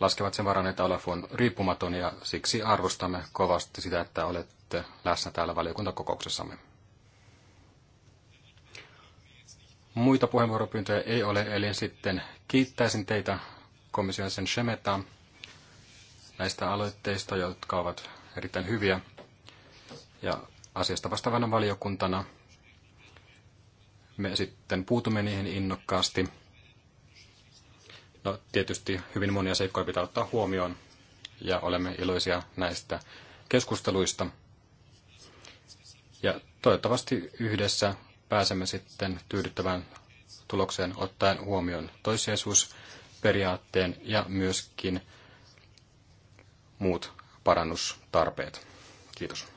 laskevat sen varan, että Olaf on riippumaton ja siksi arvostamme kovasti sitä, että olette läsnä täällä valiokuntakokouksessamme. Muita puheenvuoropyyntöjä ei ole, eli sitten kiittäisin teitä komission sen Shemeta näistä aloitteista, jotka ovat erittäin hyviä. Ja asiasta vastaavana valiokuntana me sitten puutumme niihin innokkaasti. No, tietysti hyvin monia seikkoja pitää ottaa huomioon ja olemme iloisia näistä keskusteluista. Ja toivottavasti yhdessä pääsemme sitten tyydyttävään tulokseen ottaen huomioon toissijaisuusperiaatteen ja myöskin muut parannustarpeet. Kiitos.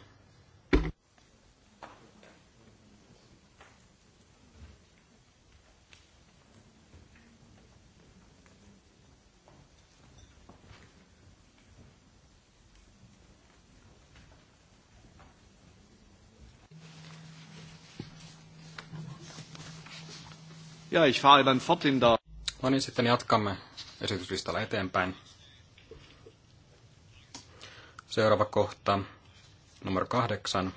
Ja, ich fahre dann fort in der... No niin, sitten jatkamme esityslistalla eteenpäin. Seuraava kohta, numero kahdeksan,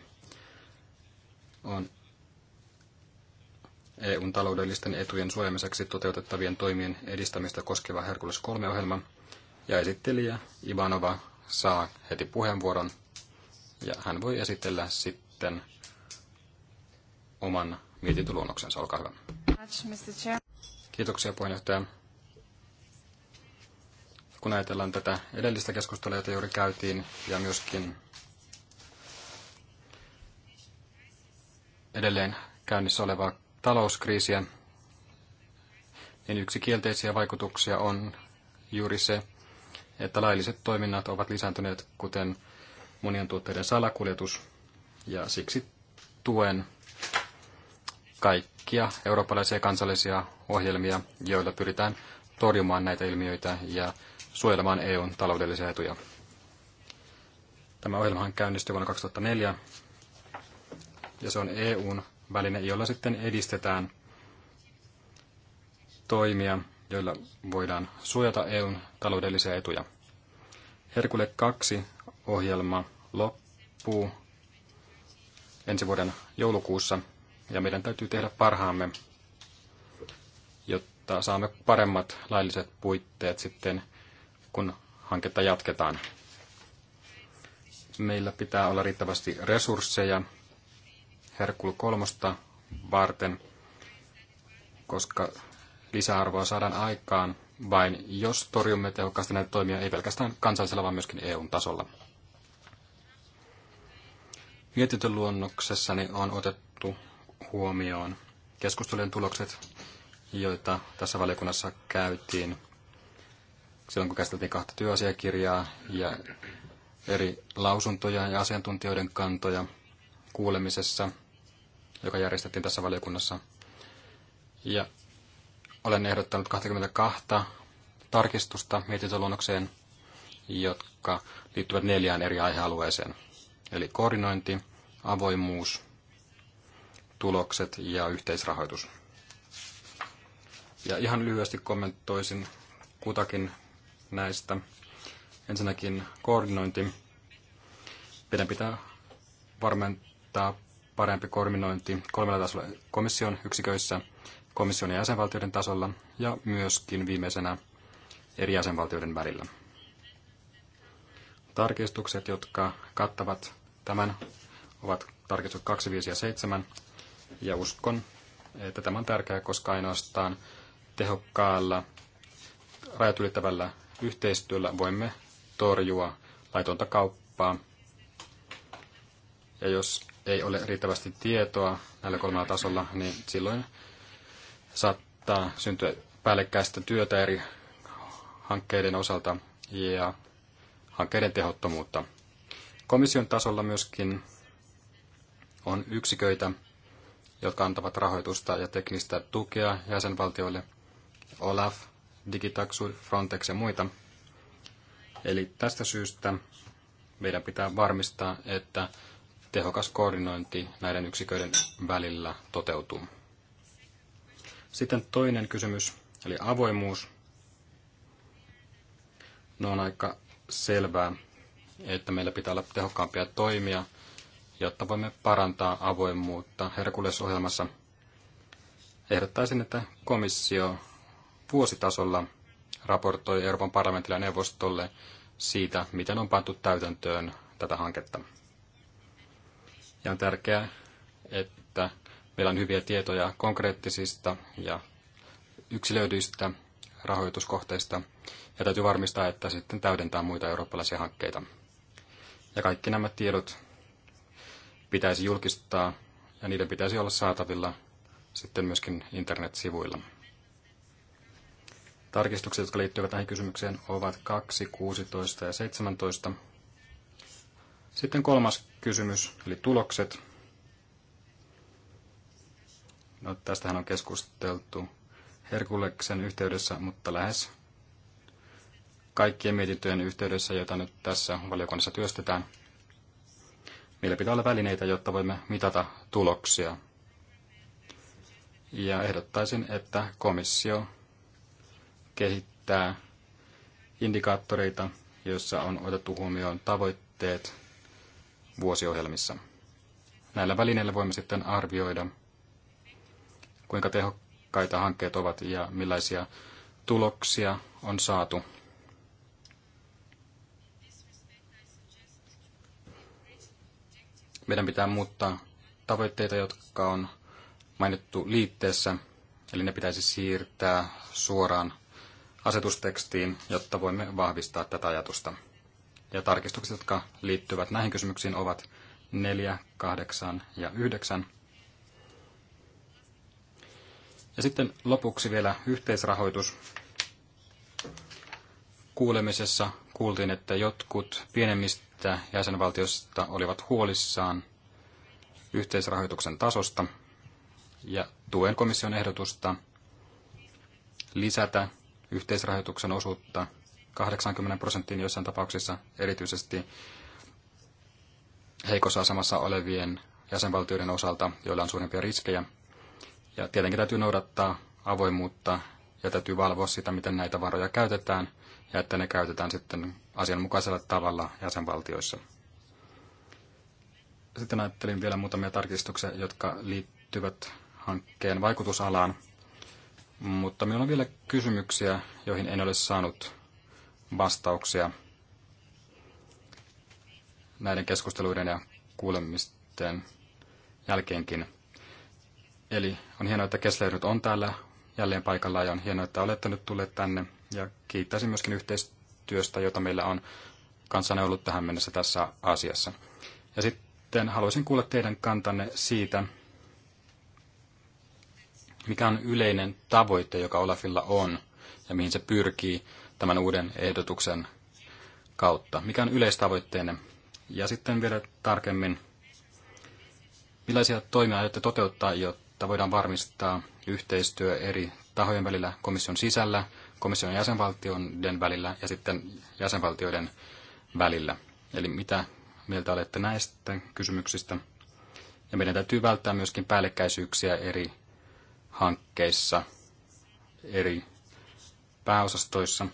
on EUn taloudellisten etujen suojamiseksi toteutettavien toimien edistämistä koskeva Herkules 3-ohjelma. Ja esittelijä Ivanova saa heti puheenvuoron ja hän voi esitellä sitten oman mietintöluonnoksensa. Olkaa hyvä. Kiitoksia puheenjohtaja. Kun ajatellaan tätä edellistä keskustelua, jota juuri käytiin, ja myöskin edelleen käynnissä olevaa talouskriisiä, niin yksi kielteisiä vaikutuksia on juuri se, että lailliset toiminnat ovat lisääntyneet, kuten monien tuotteiden salakuljetus, ja siksi tuen kaikkia eurooppalaisia kansallisia ohjelmia, joilla pyritään torjumaan näitä ilmiöitä ja suojelemaan EUn taloudellisia etuja. Tämä ohjelmahan käynnistyi vuonna 2004 ja se on EUn väline, jolla sitten edistetään toimia, joilla voidaan suojata EUn taloudellisia etuja. Herkule 2 ohjelma loppuu ensi vuoden joulukuussa ja meidän täytyy tehdä parhaamme, jotta saamme paremmat lailliset puitteet sitten, kun hanketta jatketaan. Meillä pitää olla riittävästi resursseja Herkul kolmosta varten, koska lisäarvoa saadaan aikaan vain jos torjumme tehokkaasti näitä toimia ei pelkästään kansallisella, vaan myöskin eu tasolla. Mietintöluonnoksessani on otettu huomioon keskustelujen tulokset, joita tässä valiokunnassa käytiin silloin, kun käsiteltiin kahta työasiakirjaa ja eri lausuntoja ja asiantuntijoiden kantoja kuulemisessa, joka järjestettiin tässä valiokunnassa. Ja olen ehdottanut 22 tarkistusta mietintöluonnokseen, jotka liittyvät neljään eri aihealueeseen. Eli koordinointi, avoimuus, tulokset ja yhteisrahoitus. Ja ihan lyhyesti kommentoisin kutakin näistä. Ensinnäkin koordinointi. Meidän pitää varmentaa parempi koordinointi kolmella tasolla komission yksiköissä, komission ja jäsenvaltioiden tasolla ja myöskin viimeisenä eri jäsenvaltioiden välillä. Tarkistukset, jotka kattavat tämän, ovat tarkistukset 2, 5 ja 7, ja uskon, että tämä on tärkeää, koska ainoastaan tehokkaalla rajat ylittävällä yhteistyöllä voimme torjua laitonta kauppaa. Ja jos ei ole riittävästi tietoa näillä kolmella tasolla, niin silloin saattaa syntyä päällekkäistä työtä eri hankkeiden osalta ja hankkeiden tehottomuutta. Komission tasolla myöskin on yksiköitä, jotka antavat rahoitusta ja teknistä tukea jäsenvaltioille, OLAF, Digitaxu, Frontex ja muita. Eli tästä syystä meidän pitää varmistaa, että tehokas koordinointi näiden yksiköiden välillä toteutuu. Sitten toinen kysymys, eli avoimuus. No on aika selvää, että meillä pitää olla tehokkaampia toimia jotta voimme parantaa avoimuutta Herkules-ohjelmassa. Ehdottaisin, että komissio vuositasolla raportoi Euroopan parlamentille ja neuvostolle siitä, miten on pantu täytäntöön tätä hanketta. Ja on tärkeää, että meillä on hyviä tietoja konkreettisista ja yksilöidyistä rahoituskohteista, ja täytyy varmistaa, että sitten täydentää muita eurooppalaisia hankkeita. Ja kaikki nämä tiedot pitäisi julkistaa ja niiden pitäisi olla saatavilla sitten myöskin internetsivuilla. Tarkistukset, jotka liittyvät tähän kysymykseen, ovat 2, 16 ja 17. Sitten kolmas kysymys, eli tulokset. No, tästähän on keskusteltu Herkuleksen yhteydessä, mutta lähes kaikkien mietintöjen yhteydessä, joita nyt tässä valiokunnassa työstetään – Meillä pitää olla välineitä, jotta voimme mitata tuloksia. Ja ehdottaisin, että komissio kehittää indikaattoreita, joissa on otettu huomioon tavoitteet vuosiohjelmissa. Näillä välineillä voimme sitten arvioida, kuinka tehokkaita hankkeet ovat ja millaisia tuloksia on saatu meidän pitää muuttaa tavoitteita, jotka on mainittu liitteessä, eli ne pitäisi siirtää suoraan asetustekstiin, jotta voimme vahvistaa tätä ajatusta. Ja tarkistukset, jotka liittyvät näihin kysymyksiin, ovat 4, 8 ja 9. Ja sitten lopuksi vielä yhteisrahoitus. Kuulemisessa kuultiin, että jotkut pienemmistä jäsenvaltioista olivat huolissaan yhteisrahoituksen tasosta ja tuen komission ehdotusta lisätä yhteisrahoituksen osuutta 80 prosenttiin joissain tapauksissa erityisesti heikossa asemassa olevien jäsenvaltioiden osalta, joilla on suurempia riskejä. Ja tietenkin täytyy noudattaa avoimuutta ja täytyy valvoa sitä, miten näitä varoja käytetään – ja että ne käytetään sitten asianmukaisella tavalla jäsenvaltioissa. Sitten ajattelin vielä muutamia tarkistuksia, jotka liittyvät hankkeen vaikutusalaan, mutta minulla on vielä kysymyksiä, joihin en ole saanut vastauksia näiden keskusteluiden ja kuulemisten jälkeenkin. Eli on hienoa, että Kessler nyt on täällä jälleen paikalla ja on hienoa, että olette nyt tulleet tänne ja kiittäisin myöskin yhteistyöstä, jota meillä on kanssanne ollut tähän mennessä tässä asiassa. Ja sitten haluaisin kuulla teidän kantanne siitä, mikä on yleinen tavoite, joka Olafilla on ja mihin se pyrkii tämän uuden ehdotuksen kautta. Mikä on yleistavoitteenne? Ja sitten vielä tarkemmin, millaisia toimia aiotte toteuttaa, jotta voidaan varmistaa yhteistyö eri tahojen välillä komission sisällä, komission jäsenvaltioiden välillä ja sitten jäsenvaltioiden välillä. Eli mitä mieltä olette näistä kysymyksistä? Ja meidän täytyy välttää myöskin päällekkäisyyksiä eri hankkeissa, eri pääosastoissa.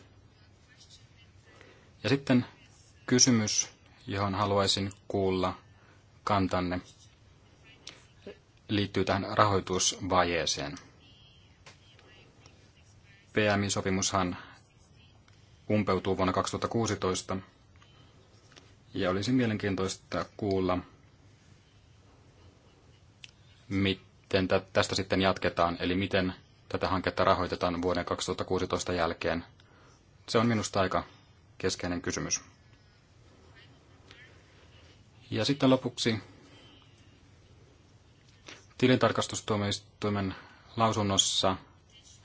Ja sitten kysymys, johon haluaisin kuulla kantanne, liittyy tähän rahoitusvajeeseen. PMI-sopimushan umpeutuu vuonna 2016, ja olisi mielenkiintoista kuulla, miten tästä sitten jatketaan, eli miten tätä hanketta rahoitetaan vuoden 2016 jälkeen. Se on minusta aika keskeinen kysymys. Ja sitten lopuksi tilintarkastustuomioistuimen lausunnossa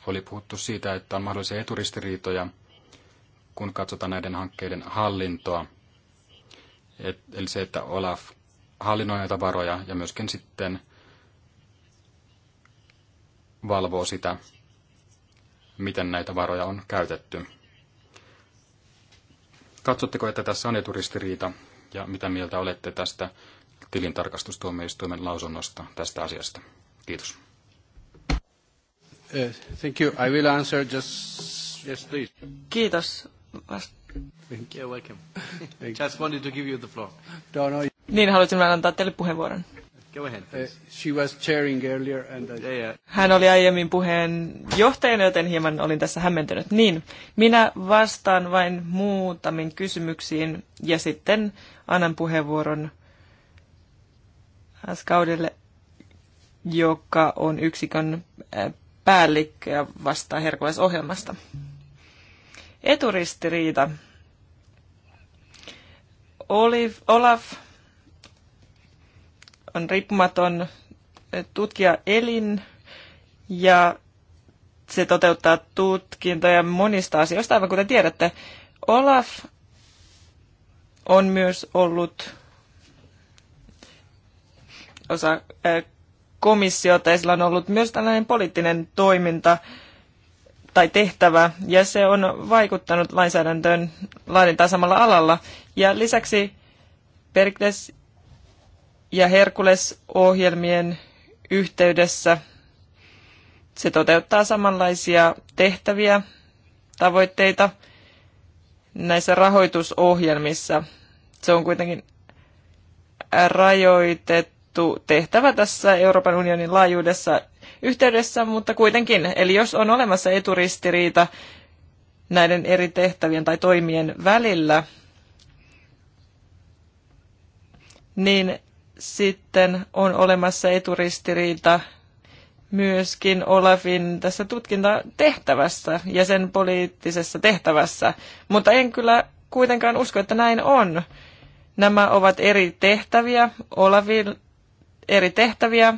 oli puhuttu siitä, että on mahdollisia eturistiriitoja, kun katsotaan näiden hankkeiden hallintoa. Et, eli se, että Olaf hallinnoi näitä varoja ja myöskin sitten valvoo sitä, miten näitä varoja on käytetty. Katsotteko, että tässä on eturistiriita ja mitä mieltä olette tästä tilintarkastustuomioistuimen lausunnosta tästä asiasta? Kiitos. Uh, thank you. I will answer just... Yes, please. Kiitos. Vast... Thank you. welcome. Thank (laughs) just wanted to give you the floor. No, no. Niin, halusin vain antaa teille puheenvuoron. Go ahead, uh, please. she was chairing earlier and I... yeah, yeah. Hän oli aiemmin puheenjohtajana, joten hieman olin tässä hämmentynyt. Niin, minä vastaan vain muutamiin kysymyksiin ja sitten annan puheenvuoron Skaudelle, joka on yksikön äh, päällikköä vastaa herkulaisohjelmasta. Eturistiriita. Olive, Olaf on riippumaton tutkija elin ja se toteuttaa tutkintoja monista asioista, aivan kuten tiedätte. Olaf on myös ollut osa komissiota ja sillä on ollut myös tällainen poliittinen toiminta tai tehtävä ja se on vaikuttanut lainsäädäntöön laadintaan samalla alalla. Ja lisäksi Perkles ja Herkules-ohjelmien yhteydessä se toteuttaa samanlaisia tehtäviä, tavoitteita näissä rahoitusohjelmissa. Se on kuitenkin rajoitettu annettu tehtävä tässä Euroopan unionin laajuudessa yhteydessä, mutta kuitenkin, eli jos on olemassa eturistiriita näiden eri tehtävien tai toimien välillä, niin sitten on olemassa eturistiriita myöskin Olafin tässä tutkintatehtävässä ja sen poliittisessa tehtävässä. Mutta en kyllä kuitenkaan usko, että näin on. Nämä ovat eri tehtäviä. Olafin, eri tehtäviä.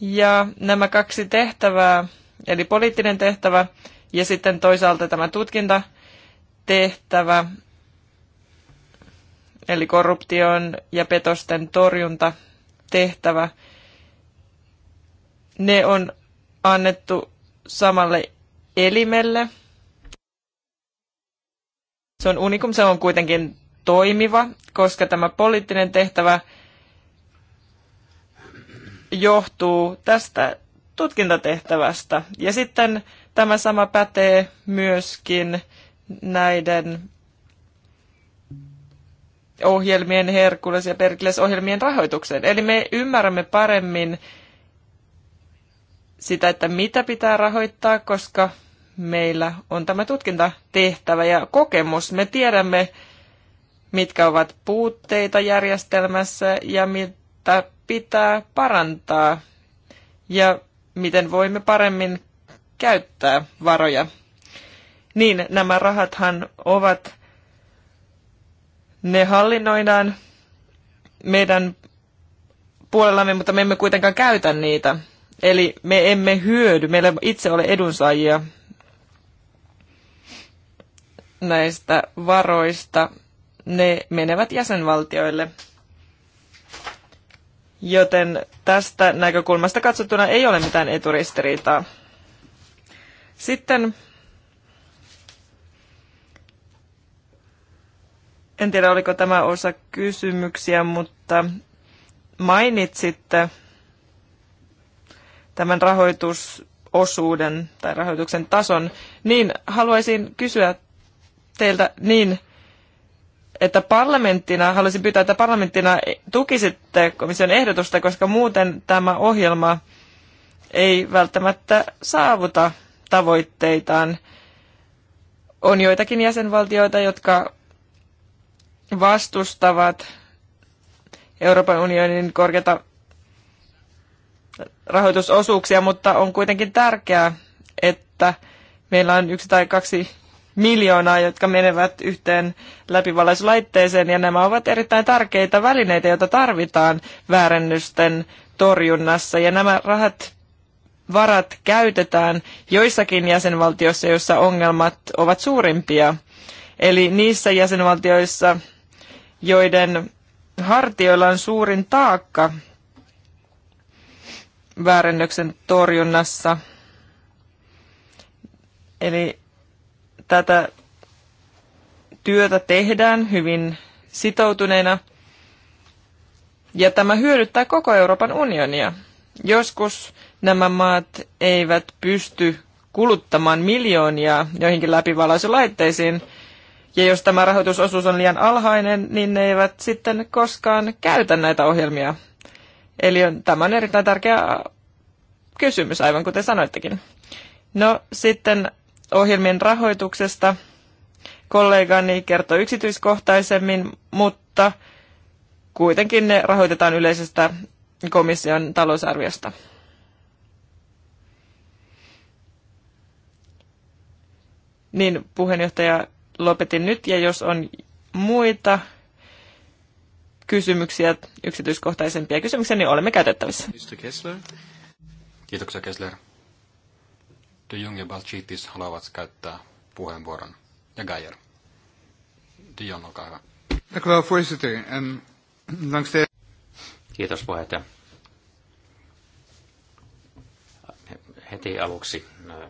Ja nämä kaksi tehtävää, eli poliittinen tehtävä ja sitten toisaalta tämä tutkintatehtävä, eli korruption ja petosten torjunta tehtävä, ne on annettu samalle elimelle. Se on unikum, se on kuitenkin toimiva, koska tämä poliittinen tehtävä – johtuu tästä tutkintatehtävästä. Ja sitten tämä sama pätee myöskin näiden ohjelmien, Herkules ja Perkles ohjelmien rahoitukseen. Eli me ymmärrämme paremmin sitä, että mitä pitää rahoittaa, koska meillä on tämä tutkintatehtävä ja kokemus. Me tiedämme, mitkä ovat puutteita järjestelmässä ja mit, että pitää parantaa ja miten voimme paremmin käyttää varoja. Niin nämä rahathan ovat, ne hallinnoidaan meidän puolellamme, mutta me emme kuitenkaan käytä niitä. Eli me emme hyödy, meillä itse ole edunsaajia näistä varoista. Ne menevät jäsenvaltioille. Joten tästä näkökulmasta katsottuna ei ole mitään eturistiriitaa. Sitten en tiedä oliko tämä osa kysymyksiä, mutta mainitsitte tämän rahoitusosuuden tai rahoituksen tason, niin haluaisin kysyä teiltä niin, että parlamenttina, haluaisin pyytää, että parlamenttina tukisitte komission ehdotusta, koska muuten tämä ohjelma ei välttämättä saavuta tavoitteitaan. On joitakin jäsenvaltioita, jotka vastustavat Euroopan unionin korkeata rahoitusosuuksia, mutta on kuitenkin tärkeää, että meillä on yksi tai kaksi miljoonaa, jotka menevät yhteen läpivalaisulaitteeseen, ja nämä ovat erittäin tärkeitä välineitä, joita tarvitaan väärennysten torjunnassa, ja nämä rahat varat käytetään joissakin jäsenvaltioissa, joissa ongelmat ovat suurimpia. Eli niissä jäsenvaltioissa, joiden hartioilla on suurin taakka väärennöksen torjunnassa. Eli tätä työtä tehdään hyvin sitoutuneena. Ja tämä hyödyttää koko Euroopan unionia. Joskus nämä maat eivät pysty kuluttamaan miljoonia joihinkin läpivalaisulaitteisiin, ja jos tämä rahoitusosuus on liian alhainen, niin ne eivät sitten koskaan käytä näitä ohjelmia. Eli on, tämä on erittäin tärkeä kysymys, aivan kuten sanoittekin. No sitten ohjelmien rahoituksesta kollegani kertoi yksityiskohtaisemmin, mutta kuitenkin ne rahoitetaan yleisestä komission talousarviosta. Niin, puheenjohtaja, lopetin nyt ja jos on muita kysymyksiä, yksityiskohtaisempia kysymyksiä, niin olemme käytettävissä. Kiitoksia Kessler. De Jong ja Balchitis haluavat käyttää puheenvuoron. Ja Geyer. De Jong, olkaa hyvä. Kiitos puheenjohtaja. Heti aluksi äh,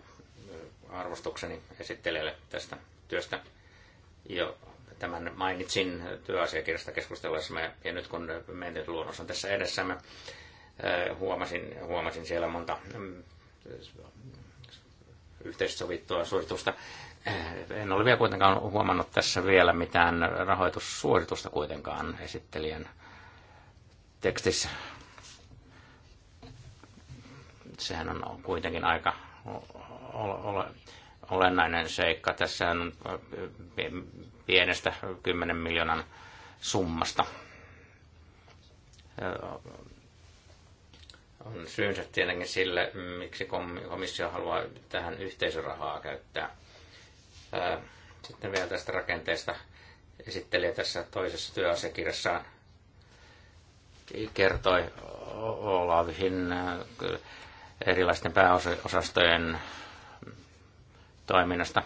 arvostukseni esittelijälle tästä työstä. Jo tämän mainitsin työasiakirjasta keskustellessamme, ja nyt kun mennyt luonnos on tässä edessämme, äh, huomasin, huomasin siellä monta mm, yhteissovittua suositusta. Eh, en ole vielä kuitenkaan huomannut tässä vielä mitään rahoitussuoritusta kuitenkaan esittelijän tekstissä. Sehän on kuitenkin aika olennainen seikka. Tässä on eh, pienestä 10 miljoonan summasta eh, on syynsä tietenkin sille, miksi komissio haluaa tähän yhteisörahaa käyttää. Sitten vielä tästä rakenteesta esitteli tässä toisessa työasiakirjassa kertoi Olavihin erilaisten pääosastojen toiminnasta,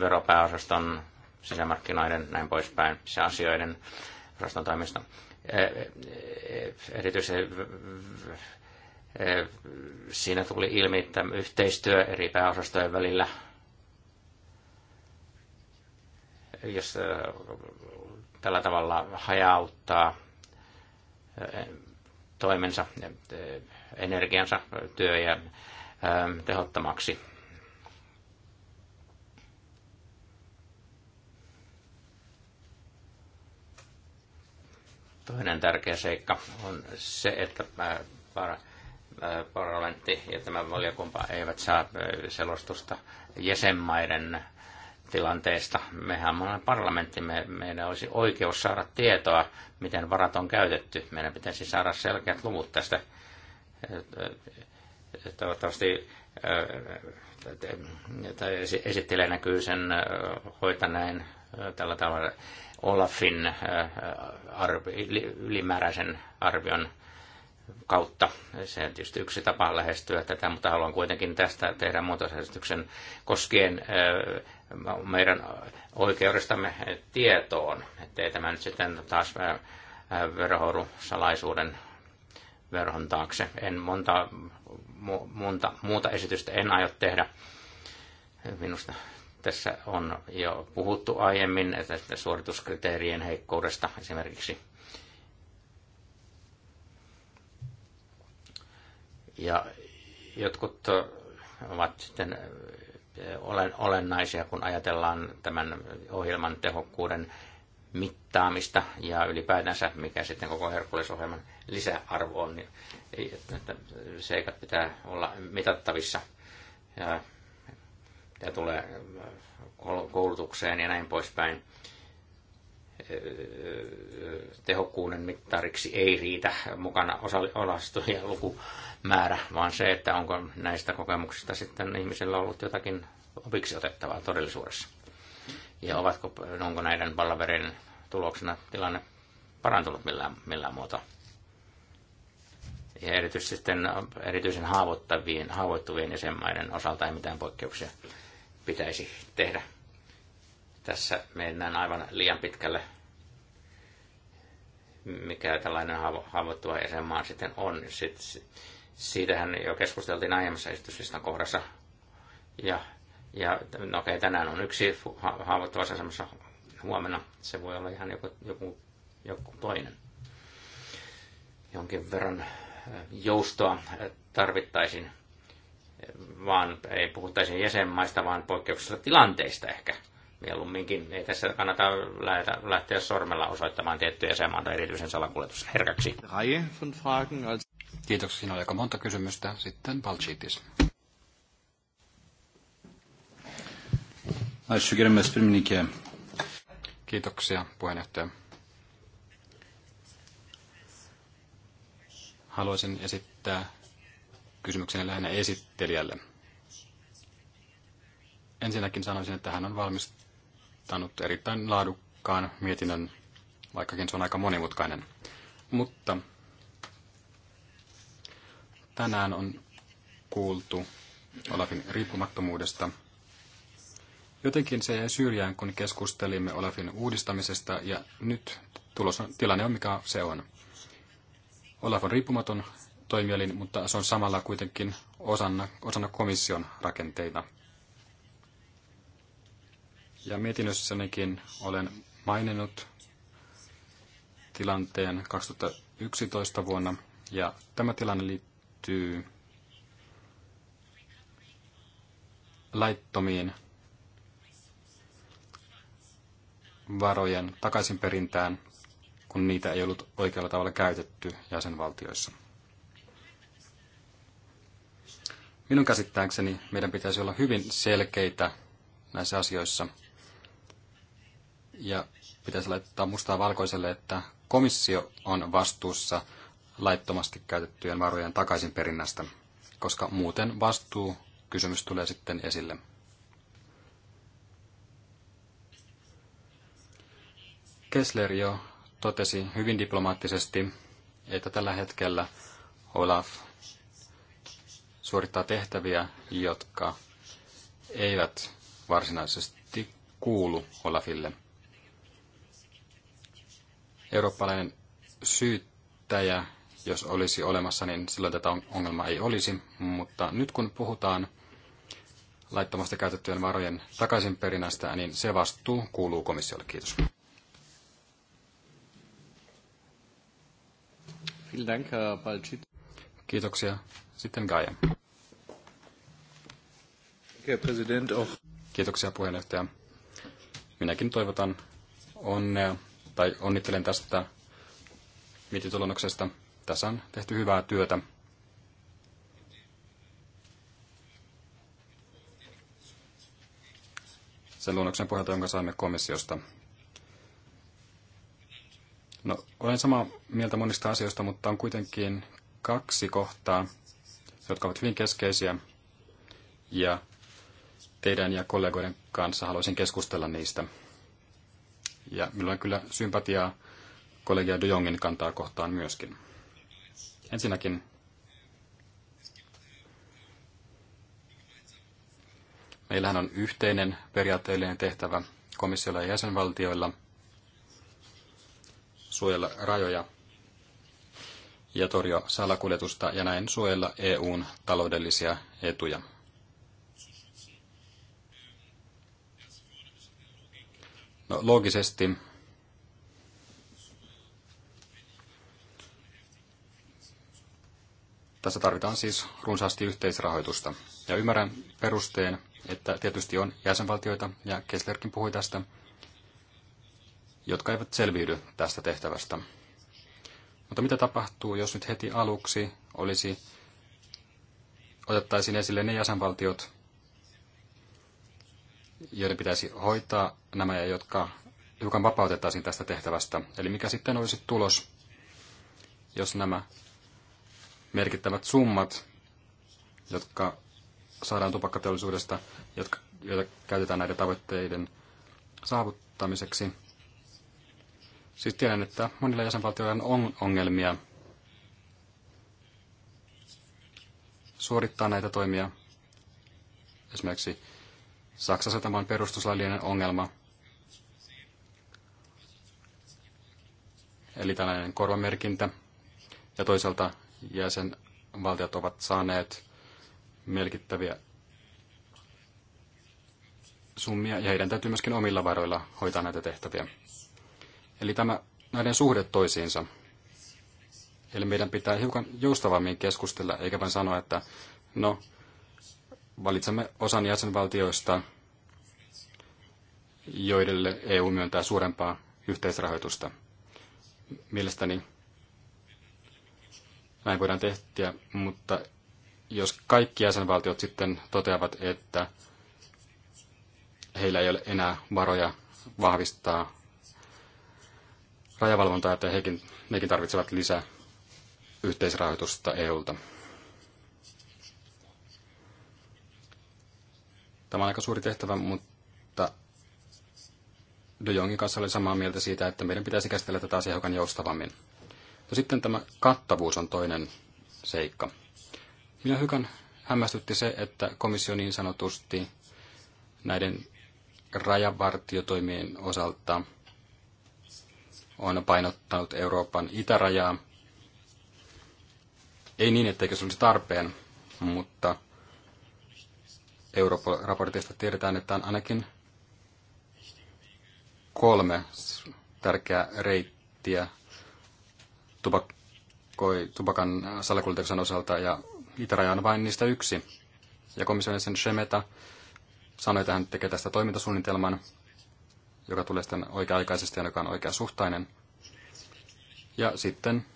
veropääosaston, sisämarkkinoiden, näin poispäin, asioiden osaston toimista. Erityisesti Eh, siinä tuli ilmi että yhteistyö eri pääosastojen välillä, jos eh, tällä tavalla hajauttaa eh, toimensa, energiansa työ ja tehottomaksi. Toinen tärkeä seikka on se, että parlamentti ja tämä valiokunta eivät saa selostusta jäsenmaiden tilanteesta. Mehän olemme parlamentti, me, meidän olisi oikeus saada tietoa, miten varat on käytetty. Meidän pitäisi saada selkeät luvut tästä. Toivottavasti esittelee näkyy sen hoitaneen tällä tavalla Olafin arvi, ylimääräisen arvion kautta. Se on tietysti yksi tapa lähestyä tätä, mutta haluan kuitenkin tästä tehdä muutosesityksen koskien äh, meidän oikeudestamme tietoon, ettei tämä nyt sitten taas äh, verhoudu salaisuuden verhon taakse. En monta, mu, monta muuta esitystä en aio tehdä. Minusta tässä on jo puhuttu aiemmin että suorituskriteerien heikkoudesta esimerkiksi Ja jotkut ovat sitten olennaisia, kun ajatellaan tämän ohjelman tehokkuuden mittaamista ja ylipäätänsä, mikä sitten koko Herkulesohjelman lisäarvo on, niin että seikat pitää olla mitattavissa. Ja, ja tulee koulutukseen ja näin poispäin tehokkuuden mittariksi ei riitä mukana osallistujien lukumäärä, vaan se, että onko näistä kokemuksista sitten ihmisellä ollut jotakin opiksi otettavaa todellisuudessa. Ja ovatko, onko näiden palavereiden tuloksena tilanne parantunut millään, millään muuta. Ja erityisesti sitten erityisen haavoittuvien, haavoittuvien jäsenmaiden osalta ei mitään poikkeuksia pitäisi tehdä tässä mennään aivan liian pitkälle, mikä tällainen haavoittuva jäsenmaa sitten on. Sitten, siitähän jo keskusteltiin aiemmassa esityslistan kohdassa. Ja, ja no okei, tänään on yksi haavoittuva asemassa, huomenna se voi olla ihan joku, joku, joku toinen. Jonkin verran joustoa tarvittaisiin, vaan ei puhuttaisi jäsenmaista, vaan poikkeuksellisista tilanteista ehkä – mieluumminkin. Ei tässä kannata lähteä, lähteä sormella osoittamaan tiettyjä jäsenmaata erityisen herkäksi. Kiitoksia. Siinä oli aika monta kysymystä. Sitten Balchitis. Kiitoksia puheenjohtaja. Haluaisin esittää kysymyksen lähinnä esittelijälle. Ensinnäkin sanoisin, että hän on valmis kirjoittanut erittäin laadukkaan mietinnön, vaikkakin se on aika monimutkainen. Mutta tänään on kuultu Olafin riippumattomuudesta. Jotenkin se jäi syrjään, kun keskustelimme Olafin uudistamisesta, ja nyt tulos on, tilanne on mikä se on. Olaf on riippumaton toimielin, mutta se on samalla kuitenkin osana, osana komission rakenteita. Ja mietinnössänikin olen maininnut tilanteen 2011 vuonna, ja tämä tilanne liittyy laittomiin varojen takaisinperintään, kun niitä ei ollut oikealla tavalla käytetty jäsenvaltioissa. Minun käsittääkseni meidän pitäisi olla hyvin selkeitä näissä asioissa – ja pitäisi laittaa mustaa valkoiselle, että komissio on vastuussa laittomasti käytettyjen varojen takaisinperinnästä, koska muuten vastuu kysymys tulee sitten esille. Kessler jo totesi hyvin diplomaattisesti, että tällä hetkellä Olaf suorittaa tehtäviä, jotka eivät varsinaisesti kuulu Olafille eurooppalainen syyttäjä, jos olisi olemassa, niin silloin tätä ongelmaa ei olisi. Mutta nyt kun puhutaan laittomasti käytettyjen varojen takaisinperinnästä, niin se vastuu kuuluu komissiolle. Kiitos. Kiitoksia. Sitten Gaia. Kiitoksia puheenjohtaja. Minäkin toivotan onnea tai onnittelen tästä mietitulonnoksesta. Tässä on tehty hyvää työtä. Sen luonnoksen pohjalta, jonka saimme komissiosta. No, olen samaa mieltä monista asioista, mutta on kuitenkin kaksi kohtaa, jotka ovat hyvin keskeisiä, ja teidän ja kollegoiden kanssa haluaisin keskustella niistä. Ja on kyllä sympatiaa kollegia De Jongin kantaa kohtaan myöskin. Ensinnäkin meillähän on yhteinen periaatteellinen tehtävä komissiolla ja jäsenvaltioilla suojella rajoja ja torjua salakuljetusta ja näin suojella EUn taloudellisia etuja. No, loogisesti tässä tarvitaan siis runsaasti yhteisrahoitusta. Ja ymmärrän perusteen, että tietysti on jäsenvaltioita, ja Kesslerkin puhui tästä, jotka eivät selviydy tästä tehtävästä. Mutta mitä tapahtuu, jos nyt heti aluksi olisi, otettaisiin esille ne jäsenvaltiot, joiden pitäisi hoitaa nämä ja jotka hiukan vapautettaisiin tästä tehtävästä. Eli mikä sitten olisi tulos, jos nämä merkittävät summat, jotka saadaan tupakkateollisuudesta, jotka, joita käytetään näiden tavoitteiden saavuttamiseksi. Siis tiedän, että monilla jäsenvaltioilla on ongelmia suorittaa näitä toimia. Esimerkiksi Saksassa tämä on perustuslaillinen ongelma. Eli tällainen korvamerkintä. Ja toisaalta jäsenvaltiot ovat saaneet merkittäviä summia ja heidän täytyy myöskin omilla varoilla hoitaa näitä tehtäviä. Eli tämä, näiden suhde toisiinsa. Eli meidän pitää hiukan joustavammin keskustella, eikä vain sanoa, että no, valitsemme osan jäsenvaltioista, joille EU myöntää suurempaa yhteisrahoitusta. Mielestäni näin voidaan tehdä, mutta jos kaikki jäsenvaltiot sitten toteavat, että heillä ei ole enää varoja vahvistaa rajavalvontaa, että hekin, nekin tarvitsevat lisää yhteisrahoitusta EUlta. Tämä on aika suuri tehtävä, mutta De Jongin kanssa oli samaa mieltä siitä, että meidän pitäisi käsitellä tätä asiaa hiukan joustavammin. No sitten tämä kattavuus on toinen seikka. Minä hiukan hämmästytti se, että komissio niin sanotusti näiden rajavartiotoimien osalta on painottanut Euroopan itärajaa. Ei niin, etteikö se olisi tarpeen, mutta Euroopan raportista tiedetään, että on ainakin kolme tärkeää reittiä tupakkoi, tupakan salakuljetuksen osalta ja itäraja on vain niistä yksi. Ja komission sen Shemeta sanoi, että hän tekee tästä toimintasuunnitelman, joka tulee sitten oikea-aikaisesti ja joka on oikeasuhtainen. Ja sitten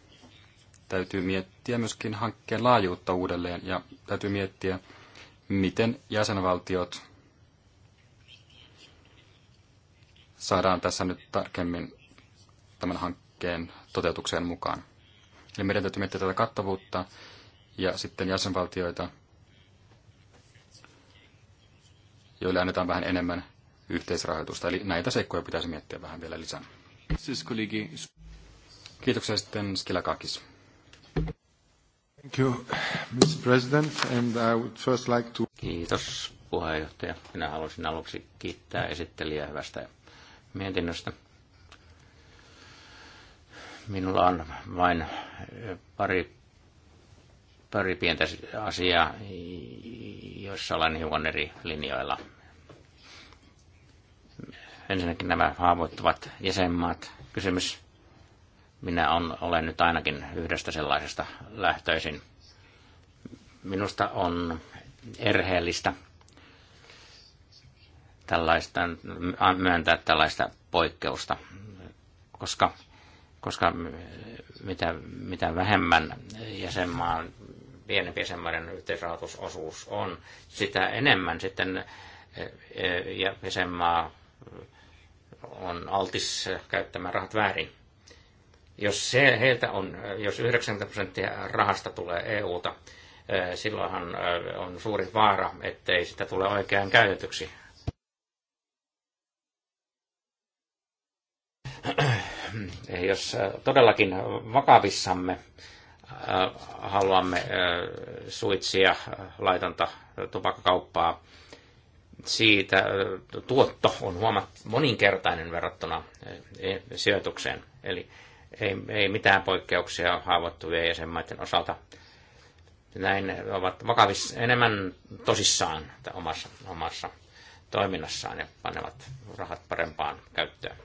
täytyy miettiä myöskin hankkeen laajuutta uudelleen ja täytyy miettiä, miten jäsenvaltiot saadaan tässä nyt tarkemmin tämän hankkeen toteutukseen mukaan. Eli meidän täytyy miettiä tätä kattavuutta ja sitten jäsenvaltioita, joille annetaan vähän enemmän yhteisrahoitusta. Eli näitä seikkoja pitäisi miettiä vähän vielä lisää. Siis Kiitoksia sitten Skilakakis. Thank you, Mr. President, and I would first like to... Kiitos puheenjohtaja. Minä haluaisin aluksi kiittää esittelijää hyvästä mietinnöstä. Minulla on vain eh, pari, pari pientä asiaa, joissa olen hiukan eri linjoilla. Ensinnäkin nämä haavoittuvat jäsenmaat. Kysymys minä on, olen nyt ainakin yhdestä sellaisesta lähtöisin. Minusta on erheellistä tällaista, myöntää tällaista poikkeusta, koska, koska mitä, mitä vähemmän jäsenmaan, pienempi jäsenmaiden yhteisrahoitusosuus on, sitä enemmän sitten eh, eh, jäsenmaa on altis käyttämään rahat väärin. Jos, se, heiltä on, jos 90 prosenttia rahasta tulee EUlta, eh, silloinhan eh, on suuri vaara, ettei sitä tule oikeaan käytetyksi. Eh, jos todellakin vakavissamme haluamme suitsia laitonta tupakkakauppaa, siitä tuotto on huomattu moninkertainen verrattuna sijoitukseen. Eli ei, ei mitään poikkeuksia haavoittuvien jäsenmaiden osalta. Näin ovat vakavissa, enemmän tosissaan omassa, omassa toiminnassaan ja panevat rahat parempaan käyttöön.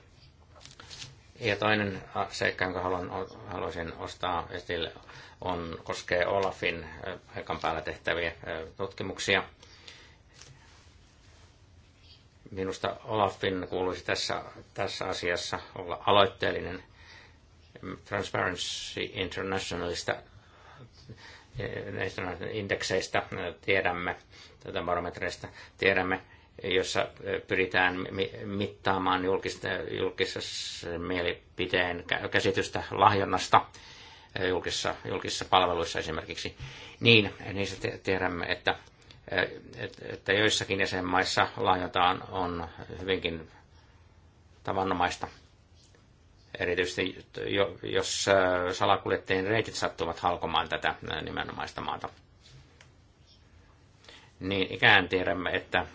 Ja toinen seikka, jonka haluan, haluaisin ostaa esille, on, koskee Olafin paikan eh, päällä tehtäviä eh, tutkimuksia. Minusta Olafin kuuluisi tässä, tässä asiassa olla aloitteellinen Transparency Internationalista eh, näistä indekseistä eh, tiedämme, tätä barometreista tiedämme, jossa eh, pyritään mittaamaan julkista, julkisessa mielipiteen käsitystä lahjonnasta julkisissa, julkisissa palveluissa esimerkiksi, niin niistä tiedämme, että, että joissakin jäsenmaissa lahjotaan on hyvinkin tavanomaista erityisesti jos äh, salakuljettajien reitit sattuvat halkomaan tätä äh, nimenomaista maata. Niin ikään tiedämme, että äh,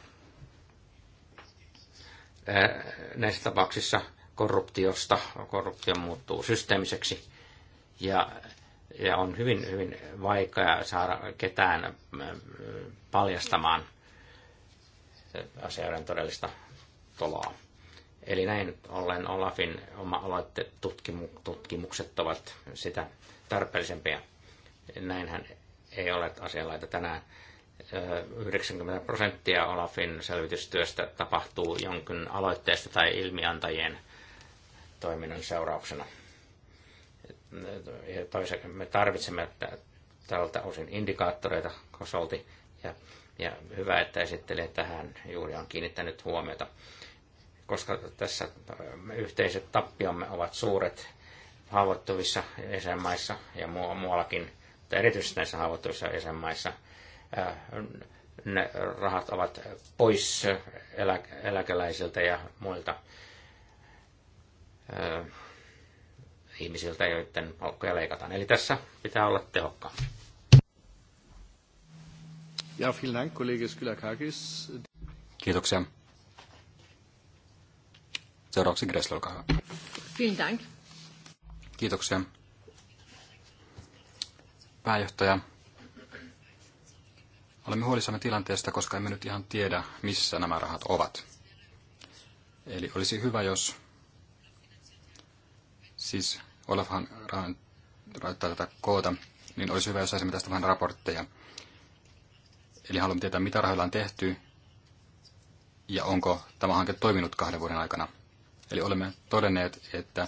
näissä tapauksissa korruptiosta, korruptio muuttuu systeemiseksi ja, ja on hyvin, hyvin vaikea saada ketään paljastamaan asioiden todellista tuloa. Eli näin ollen Olafin oma aloitte tutkimu, tutkimukset ovat sitä tarpeellisempia. Näinhän ei ole asianlaita tänään. 90 prosenttia Olafin selvitystyöstä tapahtuu jonkin aloitteesta tai ilmiantajien toiminnan seurauksena. toisaalta me tarvitsemme tältä osin indikaattoreita kosolti ja, ja hyvä, että esittelijä tähän juuri on kiinnittänyt huomiota koska tässä äh, yhteiset tappiomme ovat suuret haavoittuvissa jäsenmaissa ja muuallakin, mutta erityisesti näissä haavoittuvissa jäsenmaissa äh, ne rahat ovat pois eläkeläisiltä ja muilta äh, ihmisiltä, joiden palkkoja leikataan. Eli tässä pitää olla tehokkaa. Ja, vielen Dank, Kollege Skylakakis. Kiitoksia. Seuraavaksi Gressle, olkaa hyvä. Vielen Kiitoksia. Pääjohtaja, olemme huolissamme tilanteesta, koska emme nyt ihan tiedä, missä nämä rahat ovat. Eli olisi hyvä, jos siis Olafhan rahoittaa tätä koota, niin olisi hyvä, jos saisimme tästä vähän raportteja. Eli haluamme tietää, mitä rahoilla on tehty ja onko tämä hanke toiminut kahden vuoden aikana. Eli olemme todenneet, että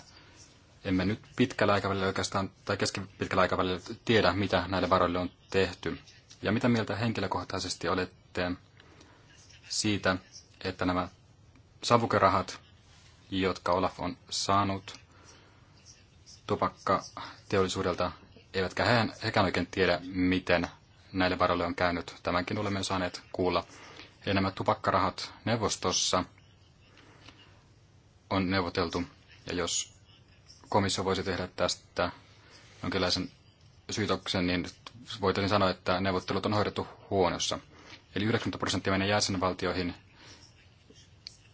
emme nyt pitkällä aikavälillä oikeastaan tai keskipitkällä aikavälillä tiedä, mitä näille varoille on tehty. Ja mitä mieltä henkilökohtaisesti olette siitä, että nämä savukerahat, jotka Olaf on saanut tupakkateollisuudelta, eivätkä hän, hekään oikein tiedä, miten näille varoille on käynyt. Tämänkin olemme saaneet kuulla. ja nämä tupakkarahat neuvostossa – on neuvoteltu. Ja jos komissio voisi tehdä tästä jonkinlaisen syytoksen, niin voitaisiin sanoa, että neuvottelut on hoidettu huonossa. Eli 90 prosenttia menee jäsenvaltioihin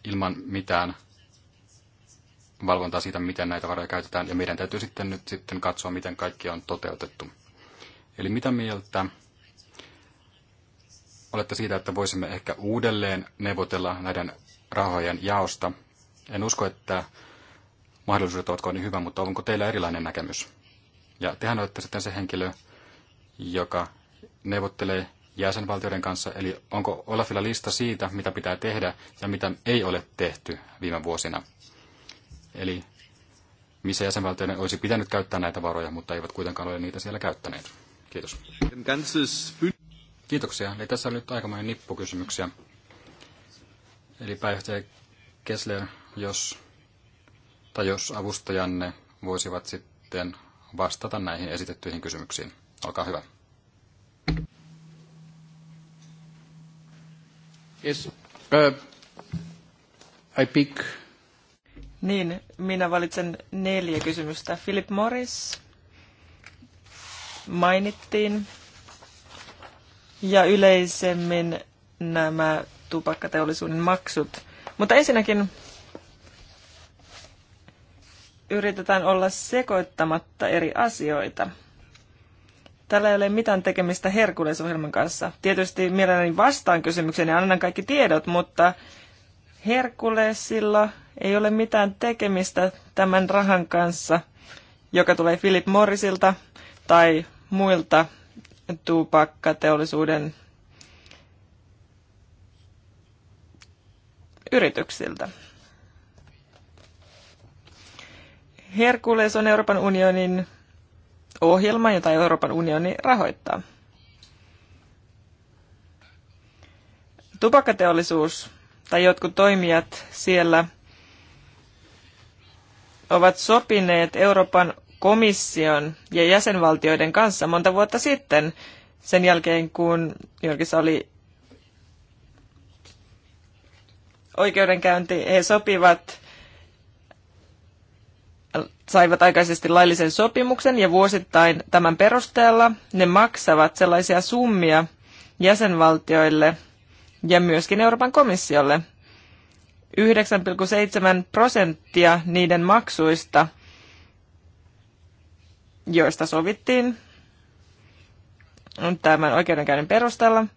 ilman mitään valvontaa siitä, miten näitä varoja käytetään, ja meidän täytyy sitten nyt sitten katsoa, miten kaikki on toteutettu. Eli mitä mieltä olette siitä, että voisimme ehkä uudelleen neuvotella näiden rahojen jaosta en usko, että mahdollisuudet ovat kovin niin hyvä, mutta onko teillä erilainen näkemys? Ja tehän olette sitten se henkilö, joka neuvottelee jäsenvaltioiden kanssa, eli onko Olafilla lista siitä, mitä pitää tehdä ja mitä ei ole tehty viime vuosina. Eli missä jäsenvaltioiden olisi pitänyt käyttää näitä varoja, mutta eivät kuitenkaan ole niitä siellä käyttäneet. Kiitos. Kiitoksia. Eli tässä on nyt aikamoinen nippukysymyksiä. Eli pääjohtaja Kessler, jos, tai jos avustajanne voisivat sitten vastata näihin esitettyihin kysymyksiin. Olkaa hyvä. Yes. Uh, I pick. Niin, minä valitsen neljä kysymystä. Philip Morris mainittiin ja yleisemmin nämä tupakkateollisuuden maksut. Mutta ensinnäkin yritetään olla sekoittamatta eri asioita. Tällä ei ole mitään tekemistä Herkulesohjelman kanssa. Tietysti mielelläni vastaan kysymykseen ja annan kaikki tiedot, mutta Herkulesilla ei ole mitään tekemistä tämän rahan kanssa, joka tulee Philip Morrisilta tai muilta tupakkateollisuuden yrityksiltä. Herkules on Euroopan unionin ohjelma, jota Euroopan unioni rahoittaa. Tupakkateollisuus tai jotkut toimijat siellä ovat sopineet Euroopan komission ja jäsenvaltioiden kanssa monta vuotta sitten, sen jälkeen kun Jyrkissä oli oikeudenkäynti, he sopivat saivat aikaisesti laillisen sopimuksen ja vuosittain tämän perusteella ne maksavat sellaisia summia jäsenvaltioille ja myöskin Euroopan komissiolle. 9,7 prosenttia niiden maksuista, joista sovittiin tämän oikeudenkäynnin perusteella –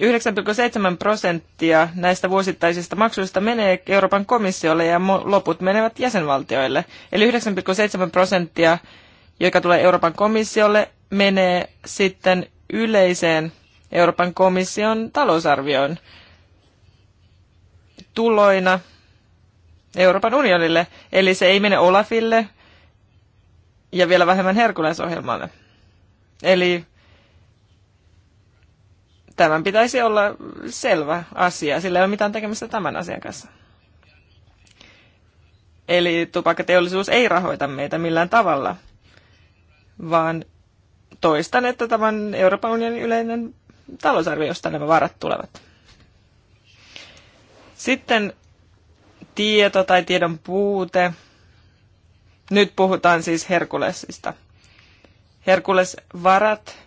9,7 prosenttia näistä vuosittaisista maksuista menee Euroopan komissiolle ja loput menevät jäsenvaltioille. Eli 9,7 prosenttia, joka tulee Euroopan komissiolle, menee sitten yleiseen Euroopan komission talousarvioon tuloina Euroopan unionille. Eli se ei mene Olafille ja vielä vähemmän Herkulesohjelmalle. Eli Tämän pitäisi olla selvä asia, sillä ei ole mitään tekemistä tämän asian kanssa. Eli tupakkateollisuus ei rahoita meitä millään tavalla, vaan toistan, että tämän Euroopan unionin yleinen talousarvio, josta nämä varat tulevat. Sitten tieto tai tiedon puute. Nyt puhutaan siis Herkulesista. Herkules varat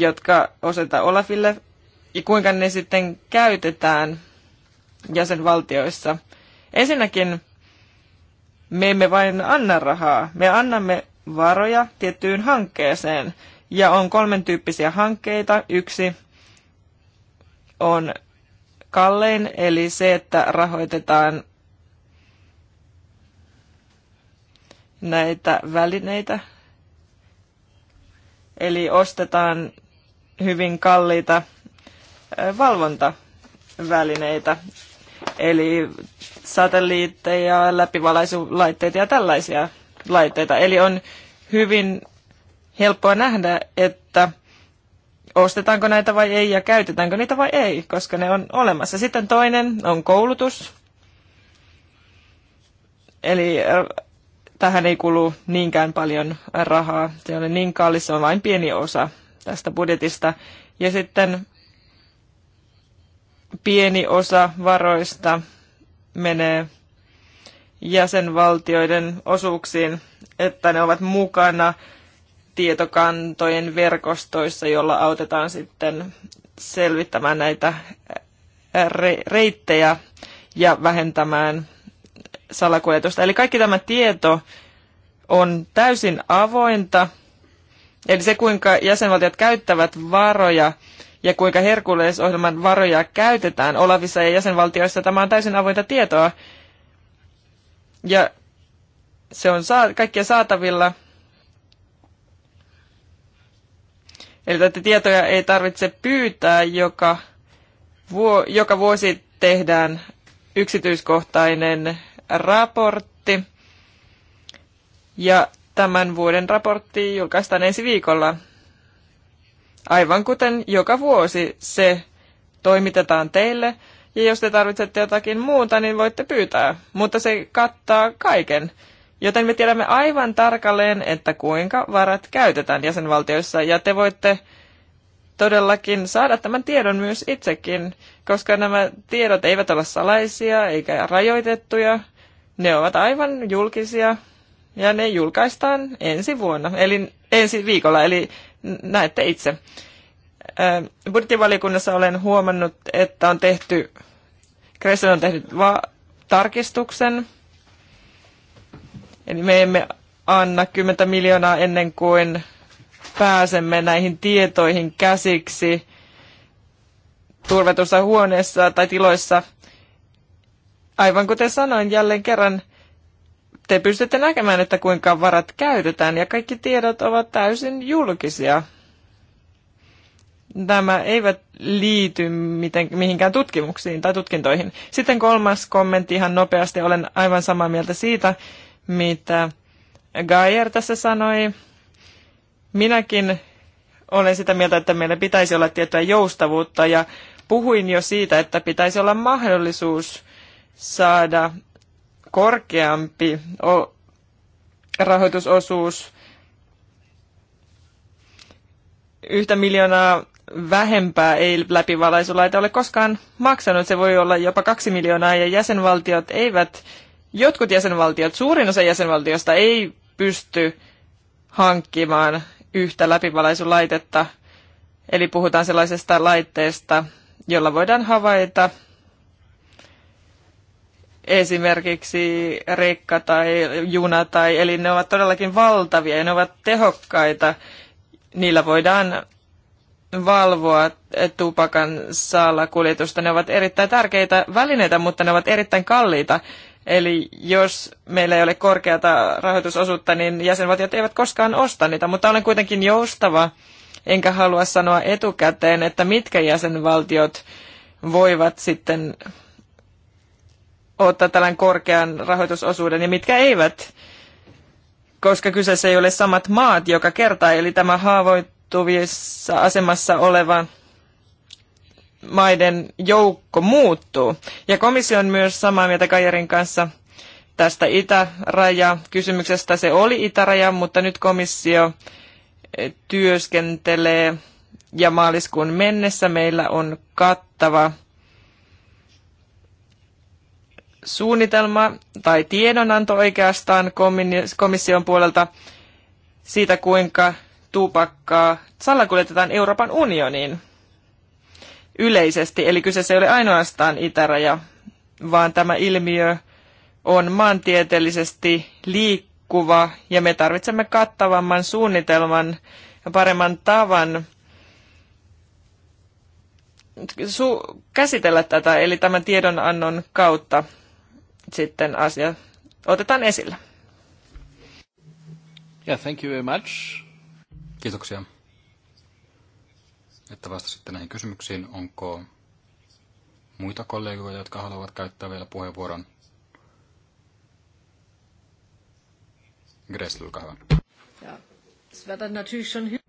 jotka osoitetaan Olafille, ja kuinka ne sitten käytetään jäsenvaltioissa. Ensinnäkin me emme vain anna rahaa, me annamme varoja tiettyyn hankkeeseen. Ja on kolmen tyyppisiä hankkeita. Yksi on kallein, eli se, että rahoitetaan näitä välineitä. Eli ostetaan hyvin kalliita valvontavälineitä, eli satelliitteja, läpivalaisulaitteita ja tällaisia laitteita. Eli on hyvin helppoa nähdä, että ostetaanko näitä vai ei ja käytetäänkö niitä vai ei, koska ne on olemassa. Sitten toinen on koulutus. Eli tähän ei kulu niinkään paljon rahaa. Se on niin kallis, se on vain pieni osa tästä budjetista. Ja sitten pieni osa varoista menee jäsenvaltioiden osuuksiin, että ne ovat mukana tietokantojen verkostoissa, jolla autetaan sitten selvittämään näitä reittejä ja vähentämään salakuljetusta. Eli kaikki tämä tieto on täysin avointa Eli se, kuinka jäsenvaltiot käyttävät varoja ja kuinka Herkules-ohjelman varoja käytetään Olavissa ja jäsenvaltioissa, tämä on täysin avointa tietoa. Ja se on saa, kaikkia saatavilla. Eli tätä tietoja ei tarvitse pyytää, joka, vuo, joka vuosi tehdään yksityiskohtainen raportti. Ja Tämän vuoden raportti julkaistaan ensi viikolla. Aivan kuten joka vuosi se toimitetaan teille. Ja jos te tarvitsette jotakin muuta, niin voitte pyytää. Mutta se kattaa kaiken. Joten me tiedämme aivan tarkalleen, että kuinka varat käytetään jäsenvaltioissa. Ja te voitte todellakin saada tämän tiedon myös itsekin, koska nämä tiedot eivät ole salaisia eikä rajoitettuja. Ne ovat aivan julkisia ja ne julkaistaan ensi vuonna, eli ensi viikolla, eli näette itse. Budjettivaliokunnassa olen huomannut, että on tehty, Kressel on tehnyt va- tarkistuksen, eli me emme anna 10 miljoonaa ennen kuin pääsemme näihin tietoihin käsiksi turvetussa huoneessa tai tiloissa. Aivan kuten sanoin jälleen kerran, te pystytte näkemään, että kuinka varat käytetään ja kaikki tiedot ovat täysin julkisia. Nämä eivät liity miten, mihinkään tutkimuksiin tai tutkintoihin. Sitten kolmas kommentti ihan nopeasti. Olen aivan samaa mieltä siitä, mitä Geyer tässä sanoi. Minäkin olen sitä mieltä, että meillä pitäisi olla tiettyä joustavuutta ja puhuin jo siitä, että pitäisi olla mahdollisuus saada korkeampi rahoitusosuus, yhtä miljoonaa vähempää ei läpivalaisulaita ole koskaan maksanut. Se voi olla jopa kaksi miljoonaa ja jäsenvaltiot eivät, jotkut jäsenvaltiot, suurin osa jäsenvaltiosta ei pysty hankkimaan yhtä läpivalaisulaitetta. Eli puhutaan sellaisesta laitteesta, jolla voidaan havaita esimerkiksi rekka tai juna, tai, eli ne ovat todellakin valtavia ja ne ovat tehokkaita. Niillä voidaan valvoa tupakan salakuljetusta. Ne ovat erittäin tärkeitä välineitä, mutta ne ovat erittäin kalliita. Eli jos meillä ei ole korkeata rahoitusosuutta, niin jäsenvaltiot eivät koskaan osta niitä, mutta olen kuitenkin joustava, enkä halua sanoa etukäteen, että mitkä jäsenvaltiot voivat sitten ottaa tällainen korkean rahoitusosuuden ja mitkä eivät, koska kyseessä ei ole samat maat joka kerta, eli tämä haavoittuvissa asemassa oleva maiden joukko muuttuu. Ja komissio on myös samaa mieltä Kajarin kanssa tästä itäraja kysymyksestä. Se oli itäraja, mutta nyt komissio työskentelee ja maaliskuun mennessä meillä on kattava suunnitelma tai tiedonanto oikeastaan komission puolelta siitä, kuinka tupakkaa salakuljetetaan Euroopan unioniin yleisesti. Eli kyseessä ei ole ainoastaan itäraja, vaan tämä ilmiö on maantieteellisesti liikkuva ja me tarvitsemme kattavamman suunnitelman ja paremman tavan käsitellä tätä, eli tämän tiedonannon kautta sitten asia otetaan esille. Yeah, thank you very much. Kiitoksia. Että vastasitte näihin kysymyksiin. Onko muita kollegoja, jotka haluavat käyttää vielä puheenvuoron? Gressel, olkaa hyvä.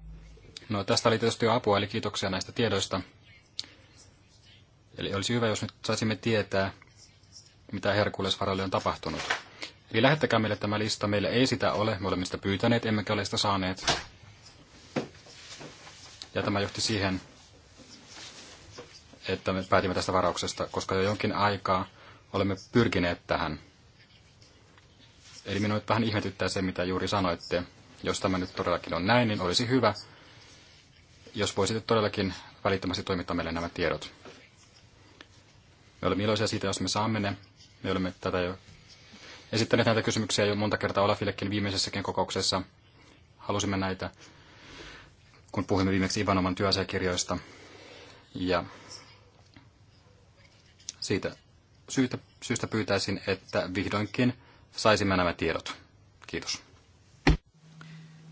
No, tästä oli tietysti jo apua, eli kiitoksia näistä tiedoista. Eli olisi hyvä, jos nyt saisimme tietää, mitä Herkulesvaralle on tapahtunut. Eli lähettäkää meille tämä lista. Meillä ei sitä ole. Me olemme sitä pyytäneet, emmekä ole sitä saaneet. Ja tämä johti siihen, että me päätimme tästä varauksesta, koska jo jonkin aikaa olemme pyrkineet tähän. Eli minua nyt vähän ihmetyttää se, mitä juuri sanoitte. Jos tämä nyt todellakin on näin, niin olisi hyvä, jos voisitte todellakin välittömästi toimittaa meille nämä tiedot. Me olemme iloisia siitä, jos me saamme ne, me olemme tätä jo esittäneet näitä kysymyksiä jo monta kertaa Olafillekin viimeisessäkin kokouksessa. Halusimme näitä, kun puhuimme viimeksi Ivanoman työasiakirjoista. Ja siitä syystä, syystä pyytäisin, että vihdoinkin saisimme nämä tiedot. Kiitos.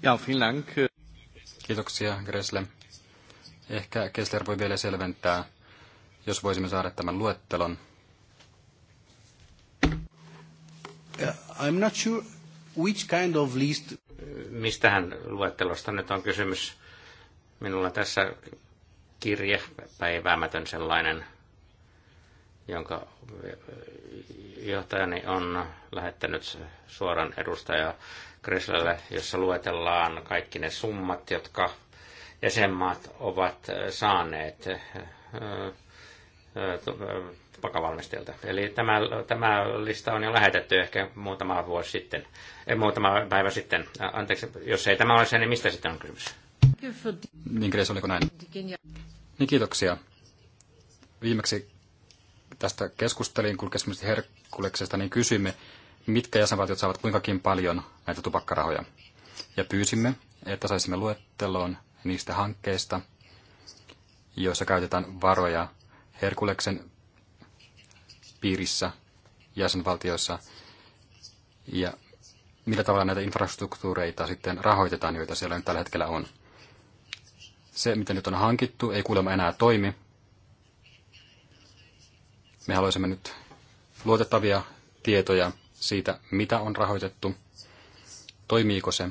Ja, Dank. Kiitoksia, Gresle. Ehkä Kessler voi vielä selventää, jos voisimme saada tämän luettelon I'm not sure which kind of list... Mistähän luettelosta nyt on kysymys? Minulla tässä kirje, päiväämätön sellainen, jonka johtajani on lähettänyt suoran edustaja Kreslelle, jossa luetellaan kaikki ne summat, jotka jäsenmaat ovat saaneet äh, äh, tupakavalmistajilta. Eli tämä, tämä lista on jo lähetetty ehkä muutama vuosi sitten, eh, muutama päivä sitten. Anteeksi, jos ei tämä ole se, niin mistä sitten on kysymys? Niin Kres, oliko näin? Niin kiitoksia. Viimeksi tästä keskustelin, kun keskustelimme Herkuleksesta, niin kysymme, mitkä jäsenvaltiot saavat kuinkakin paljon näitä tupakkarahoja. Ja pyysimme, että saisimme luetteloon niistä hankkeista, joissa käytetään varoja Herkuleksen piirissä jäsenvaltioissa ja millä tavalla näitä infrastruktuureita sitten rahoitetaan, joita siellä nyt tällä hetkellä on. Se, mitä nyt on hankittu, ei kuulemma enää toimi. Me haluaisimme nyt luotettavia tietoja siitä, mitä on rahoitettu, toimiiko se.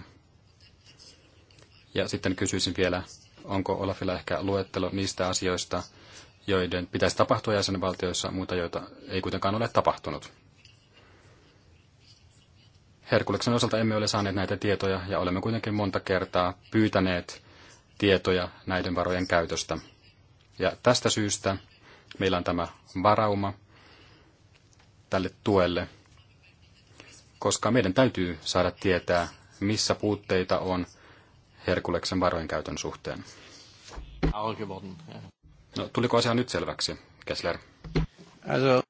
Ja sitten kysyisin vielä, onko Olafilla ehkä luettelo niistä asioista, joiden pitäisi tapahtua jäsenvaltioissa, mutta joita ei kuitenkaan ole tapahtunut. Herkuleksen osalta emme ole saaneet näitä tietoja ja olemme kuitenkin monta kertaa pyytäneet tietoja näiden varojen käytöstä. Ja tästä syystä meillä on tämä varauma tälle tuelle, koska meidän täytyy saada tietää, missä puutteita on Herkuleksen varojen käytön suhteen. No, tuliko asia nyt selväksi, Kessler? Also.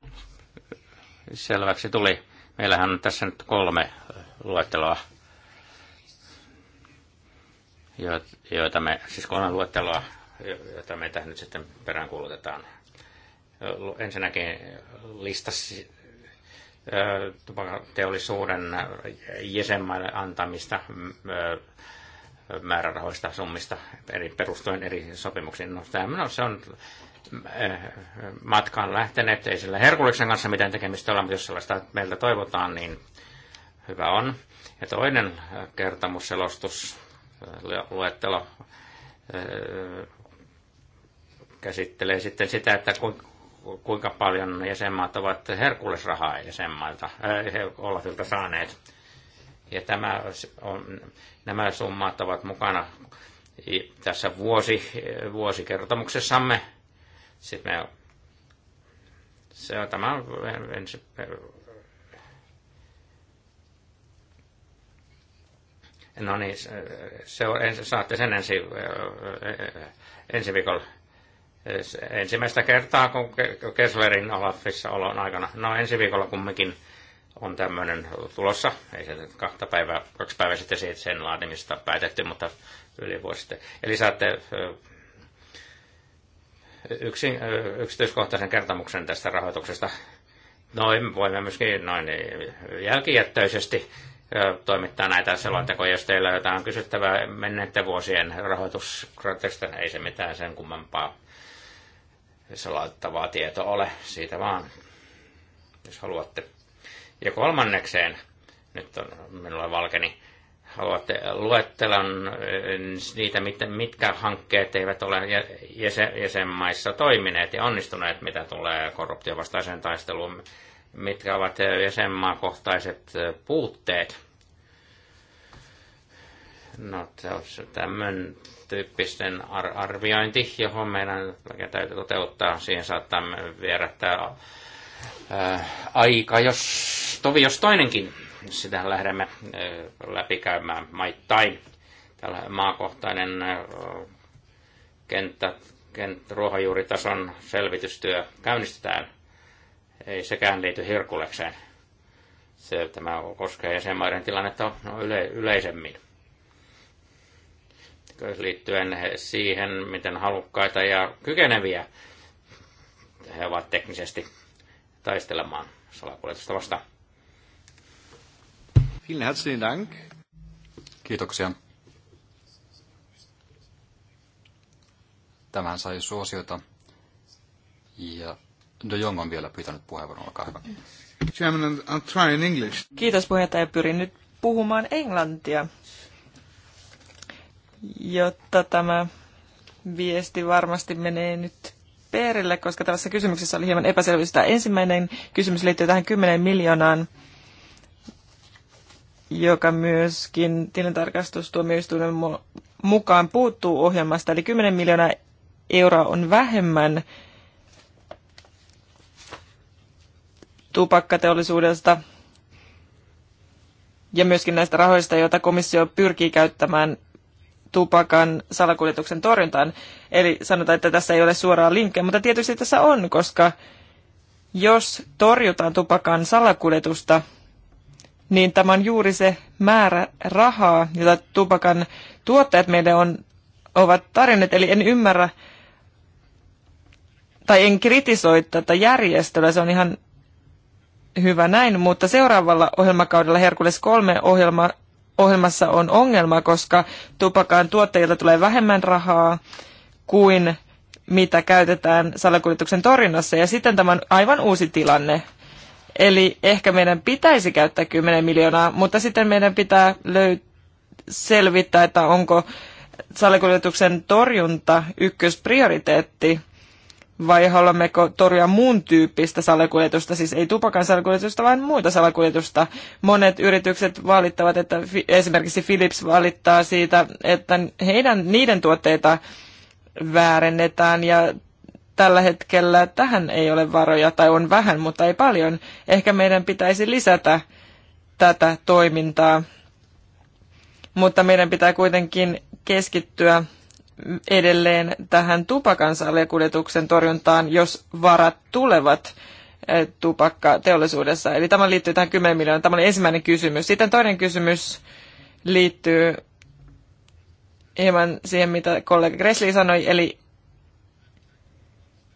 Selväksi tuli. Meillähän on tässä nyt kolme äh, luetteloa, joita me, siis kolme luetteloa, joita me tähän nyt sitten peräänkuulutetaan. Ensinnäkin listasi tupakateollisuuden äh, jäsenmaille antamista määrärahoista, summista, eri perustuen eri sopimuksiin. No, tämä no, se on äh, matkaan lähteneet, ei sillä Herkuliksen kanssa mitään tekemistä ole, mutta jos sellaista meiltä toivotaan, niin hyvä on. Ja toinen äh, kertomusselostus, äh, luettelo, käsittelee sitten sitä, että kuinka paljon jäsenmaat ovat herkulisrahaa jäsenmailta, Olafilta saaneet ja tämä on, nämä summat ovat mukana tässä vuosi, vuosikertomuksessamme. Sitten me, se on tämä ensi No niin, se on, saatte sen ensi, eh, ensi viikolla ensimmäistä kertaa, kun Kesslerin Olafissa olon aikana. No ensi viikolla kumminkin on tämmöinen tulossa. Ei se kahta päivää, kaksi päivää sitten siitä sen laatimista päätetty, mutta yli vuosi sitten. Eli saatte yksin, yksityiskohtaisen kertomuksen tästä rahoituksesta. Noin voimme myöskin noin jälkijättöisesti toimittaa näitä selontekoja, jos teillä on jotain kysyttävää menneiden vuosien rahoituskrateista, ei se mitään sen kummempaa salattavaa tietoa ole, siitä vaan, jos haluatte. Ja kolmannekseen, nyt on minulla valkeni, haluatte luettella eh, niitä, mitkä hankkeet eivät ole jäsenmaissa toimineet ja onnistuneet, mitä tulee korruptiovastaiseen taisteluun, mitkä ovat eh, jäsenmaakohtaiset eh, puutteet. No, se on tämmöinen tyyppisten ar- arviointi, johon meidän täytyy toteuttaa. Siihen saattaa vierättää aika, jos tovi jos toinenkin. Sitä lähdemme läpikäymään maittain. Tällä maakohtainen kenttä, kenttä ruohonjuuritason selvitystyö käynnistetään. Ei sekään liity Hirkulekseen. Se, tämä koskee jäsenmaiden tilannetta no, yle, yleisemmin liittyen siihen, miten halukkaita ja kykeneviä he ovat teknisesti taistelemaan salakuljetusta vastaan. Vielen herzlichen Dank. Kiitoksia. Tämähän sai suosiota. Ja De Jong on vielä pyytänyt puheenvuoron, olkaa hyvä. Kiitos puheenjohtaja, pyrin nyt puhumaan englantia, jotta tämä viesti varmasti menee nyt Perille, koska tässä kysymyksessä oli hieman Tämä Ensimmäinen kysymys liittyy tähän 10 miljoonaan, joka myöskin tilintarkastustuomioistuimen mukaan puuttuu ohjelmasta. Eli 10 miljoonaa euroa on vähemmän tupakkateollisuudesta ja myöskin näistä rahoista, joita komissio pyrkii käyttämään tupakan salakuljetuksen torjuntaan. Eli sanotaan, että tässä ei ole suoraa linkkiä, mutta tietysti tässä on, koska jos torjutaan tupakan salakuljetusta, niin tämä on juuri se määrä rahaa, jota tupakan tuottajat meille on, ovat tarjonneet. Eli en ymmärrä tai en kritisoi tätä järjestöä, se on ihan hyvä näin, mutta seuraavalla ohjelmakaudella Herkules 3 ohjelma ohjelmassa on ongelma, koska tupakan tuottajilta tulee vähemmän rahaa kuin mitä käytetään salakuljetuksen torjunnassa. Ja sitten tämä on aivan uusi tilanne. Eli ehkä meidän pitäisi käyttää 10 miljoonaa, mutta sitten meidän pitää löy- selvittää, että onko salakuljetuksen torjunta ykkösprioriteetti vai haluammeko torjua muun tyyppistä salakuljetusta, siis ei tupakan salakuljetusta, vaan muuta salakuljetusta. Monet yritykset valittavat, että esimerkiksi Philips valittaa siitä, että heidän, niiden tuotteita väärennetään ja tällä hetkellä tähän ei ole varoja tai on vähän, mutta ei paljon. Ehkä meidän pitäisi lisätä tätä toimintaa, mutta meidän pitää kuitenkin keskittyä edelleen tähän tupakan saljakuljetuksen torjuntaan, jos varat tulevat eh, tupakkateollisuudessa. Eli tämä liittyy tähän 10 miljoonaan. Tämä oli ensimmäinen kysymys. Sitten toinen kysymys liittyy hieman siihen, mitä kollega Gresli sanoi, eli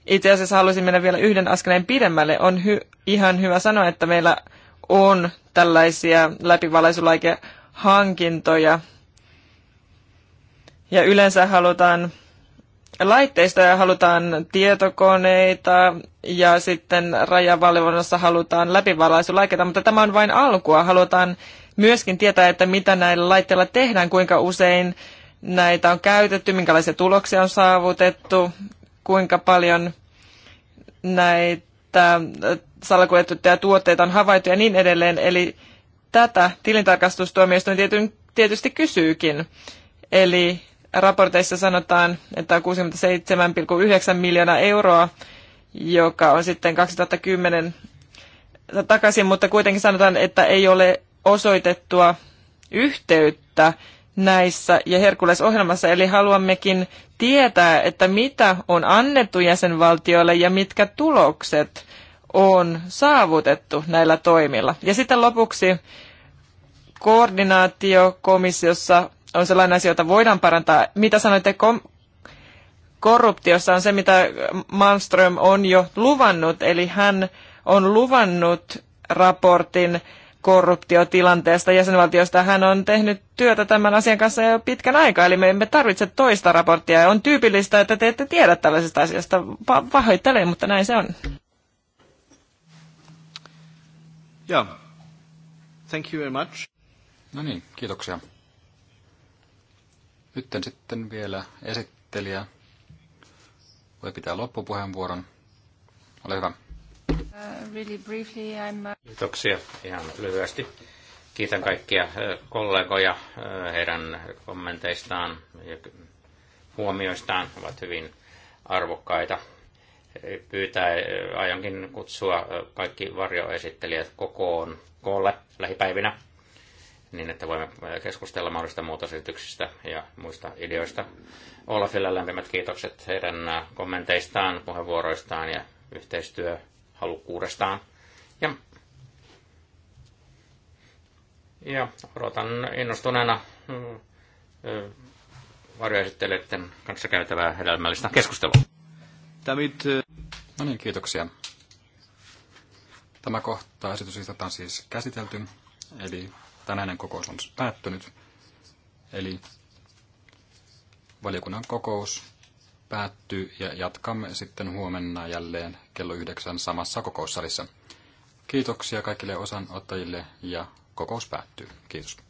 itse asiassa haluaisin mennä vielä yhden askeleen pidemmälle. On hy- ihan hyvä sanoa, että meillä on tällaisia läpivalaisulaikehankintoja, hankintoja ja yleensä halutaan laitteistoja, halutaan tietokoneita ja sitten rajavalvonnassa halutaan läpivalaisulaitteita, mutta tämä on vain alkua. Halutaan myöskin tietää, että mitä näillä laitteilla tehdään, kuinka usein näitä on käytetty, minkälaisia tuloksia on saavutettu, kuinka paljon näitä salakuljetettuja tuotteita on havaittu ja niin edelleen. Eli tätä tilintarkastustuomioistuin tietysti kysyykin. Eli raporteissa sanotaan, että on 67,9 miljoonaa euroa, joka on sitten 2010 takaisin, mutta kuitenkin sanotaan, että ei ole osoitettua yhteyttä näissä ja Herkules-ohjelmassa. eli haluammekin tietää, että mitä on annettu jäsenvaltioille ja mitkä tulokset on saavutettu näillä toimilla. Ja sitten lopuksi koordinaatiokomissiossa on sellainen asia, jota voidaan parantaa. Mitä sanoitte kom- korruptiossa on se, mitä Malmström on jo luvannut, eli hän on luvannut raportin korruptiotilanteesta jäsenvaltiosta. Hän on tehnyt työtä tämän asian kanssa jo pitkän aikaa, eli me emme tarvitse toista raporttia. on tyypillistä, että te ette tiedä tällaisesta asiasta. Pahoittelen, mutta näin se on. Yeah. thank you very much. No niin, kiitoksia. Nyt sitten vielä esittelijä voi pitää loppupuheenvuoron. Ole hyvä. Uh, really briefly, I'm... Uh, Kiitoksia ihan lyhyesti. Kiitän kaikkia uh, kollegoja heidän kommenteistaan ja huomioistaan. Ovat hyvin arvokkaita. Pyytää, aionkin kutsua kaikki varjoesittelijät kokoon koolle lähipäivinä niin että voimme äh, keskustella mahdollisista muutosyrityksistä ja muista ideoista. Olafille lämpimät kiitokset heidän äh, kommenteistaan, puheenvuoroistaan ja yhteistyöhalukkuudestaan. Ja, ja odotan innostuneena mm, äh, varjoesittelijöiden kanssa käytävää hedelmällistä keskustelua. Tämit. no niin, kiitoksia. Tämä kohta esitys siis käsitelty, eli Tänäinen kokous on päättynyt. Eli valiokunnan kokous päättyy ja jatkamme sitten huomenna jälleen kello yhdeksän samassa kokoussalissa. Kiitoksia kaikille osanottajille ja kokous päättyy. Kiitos.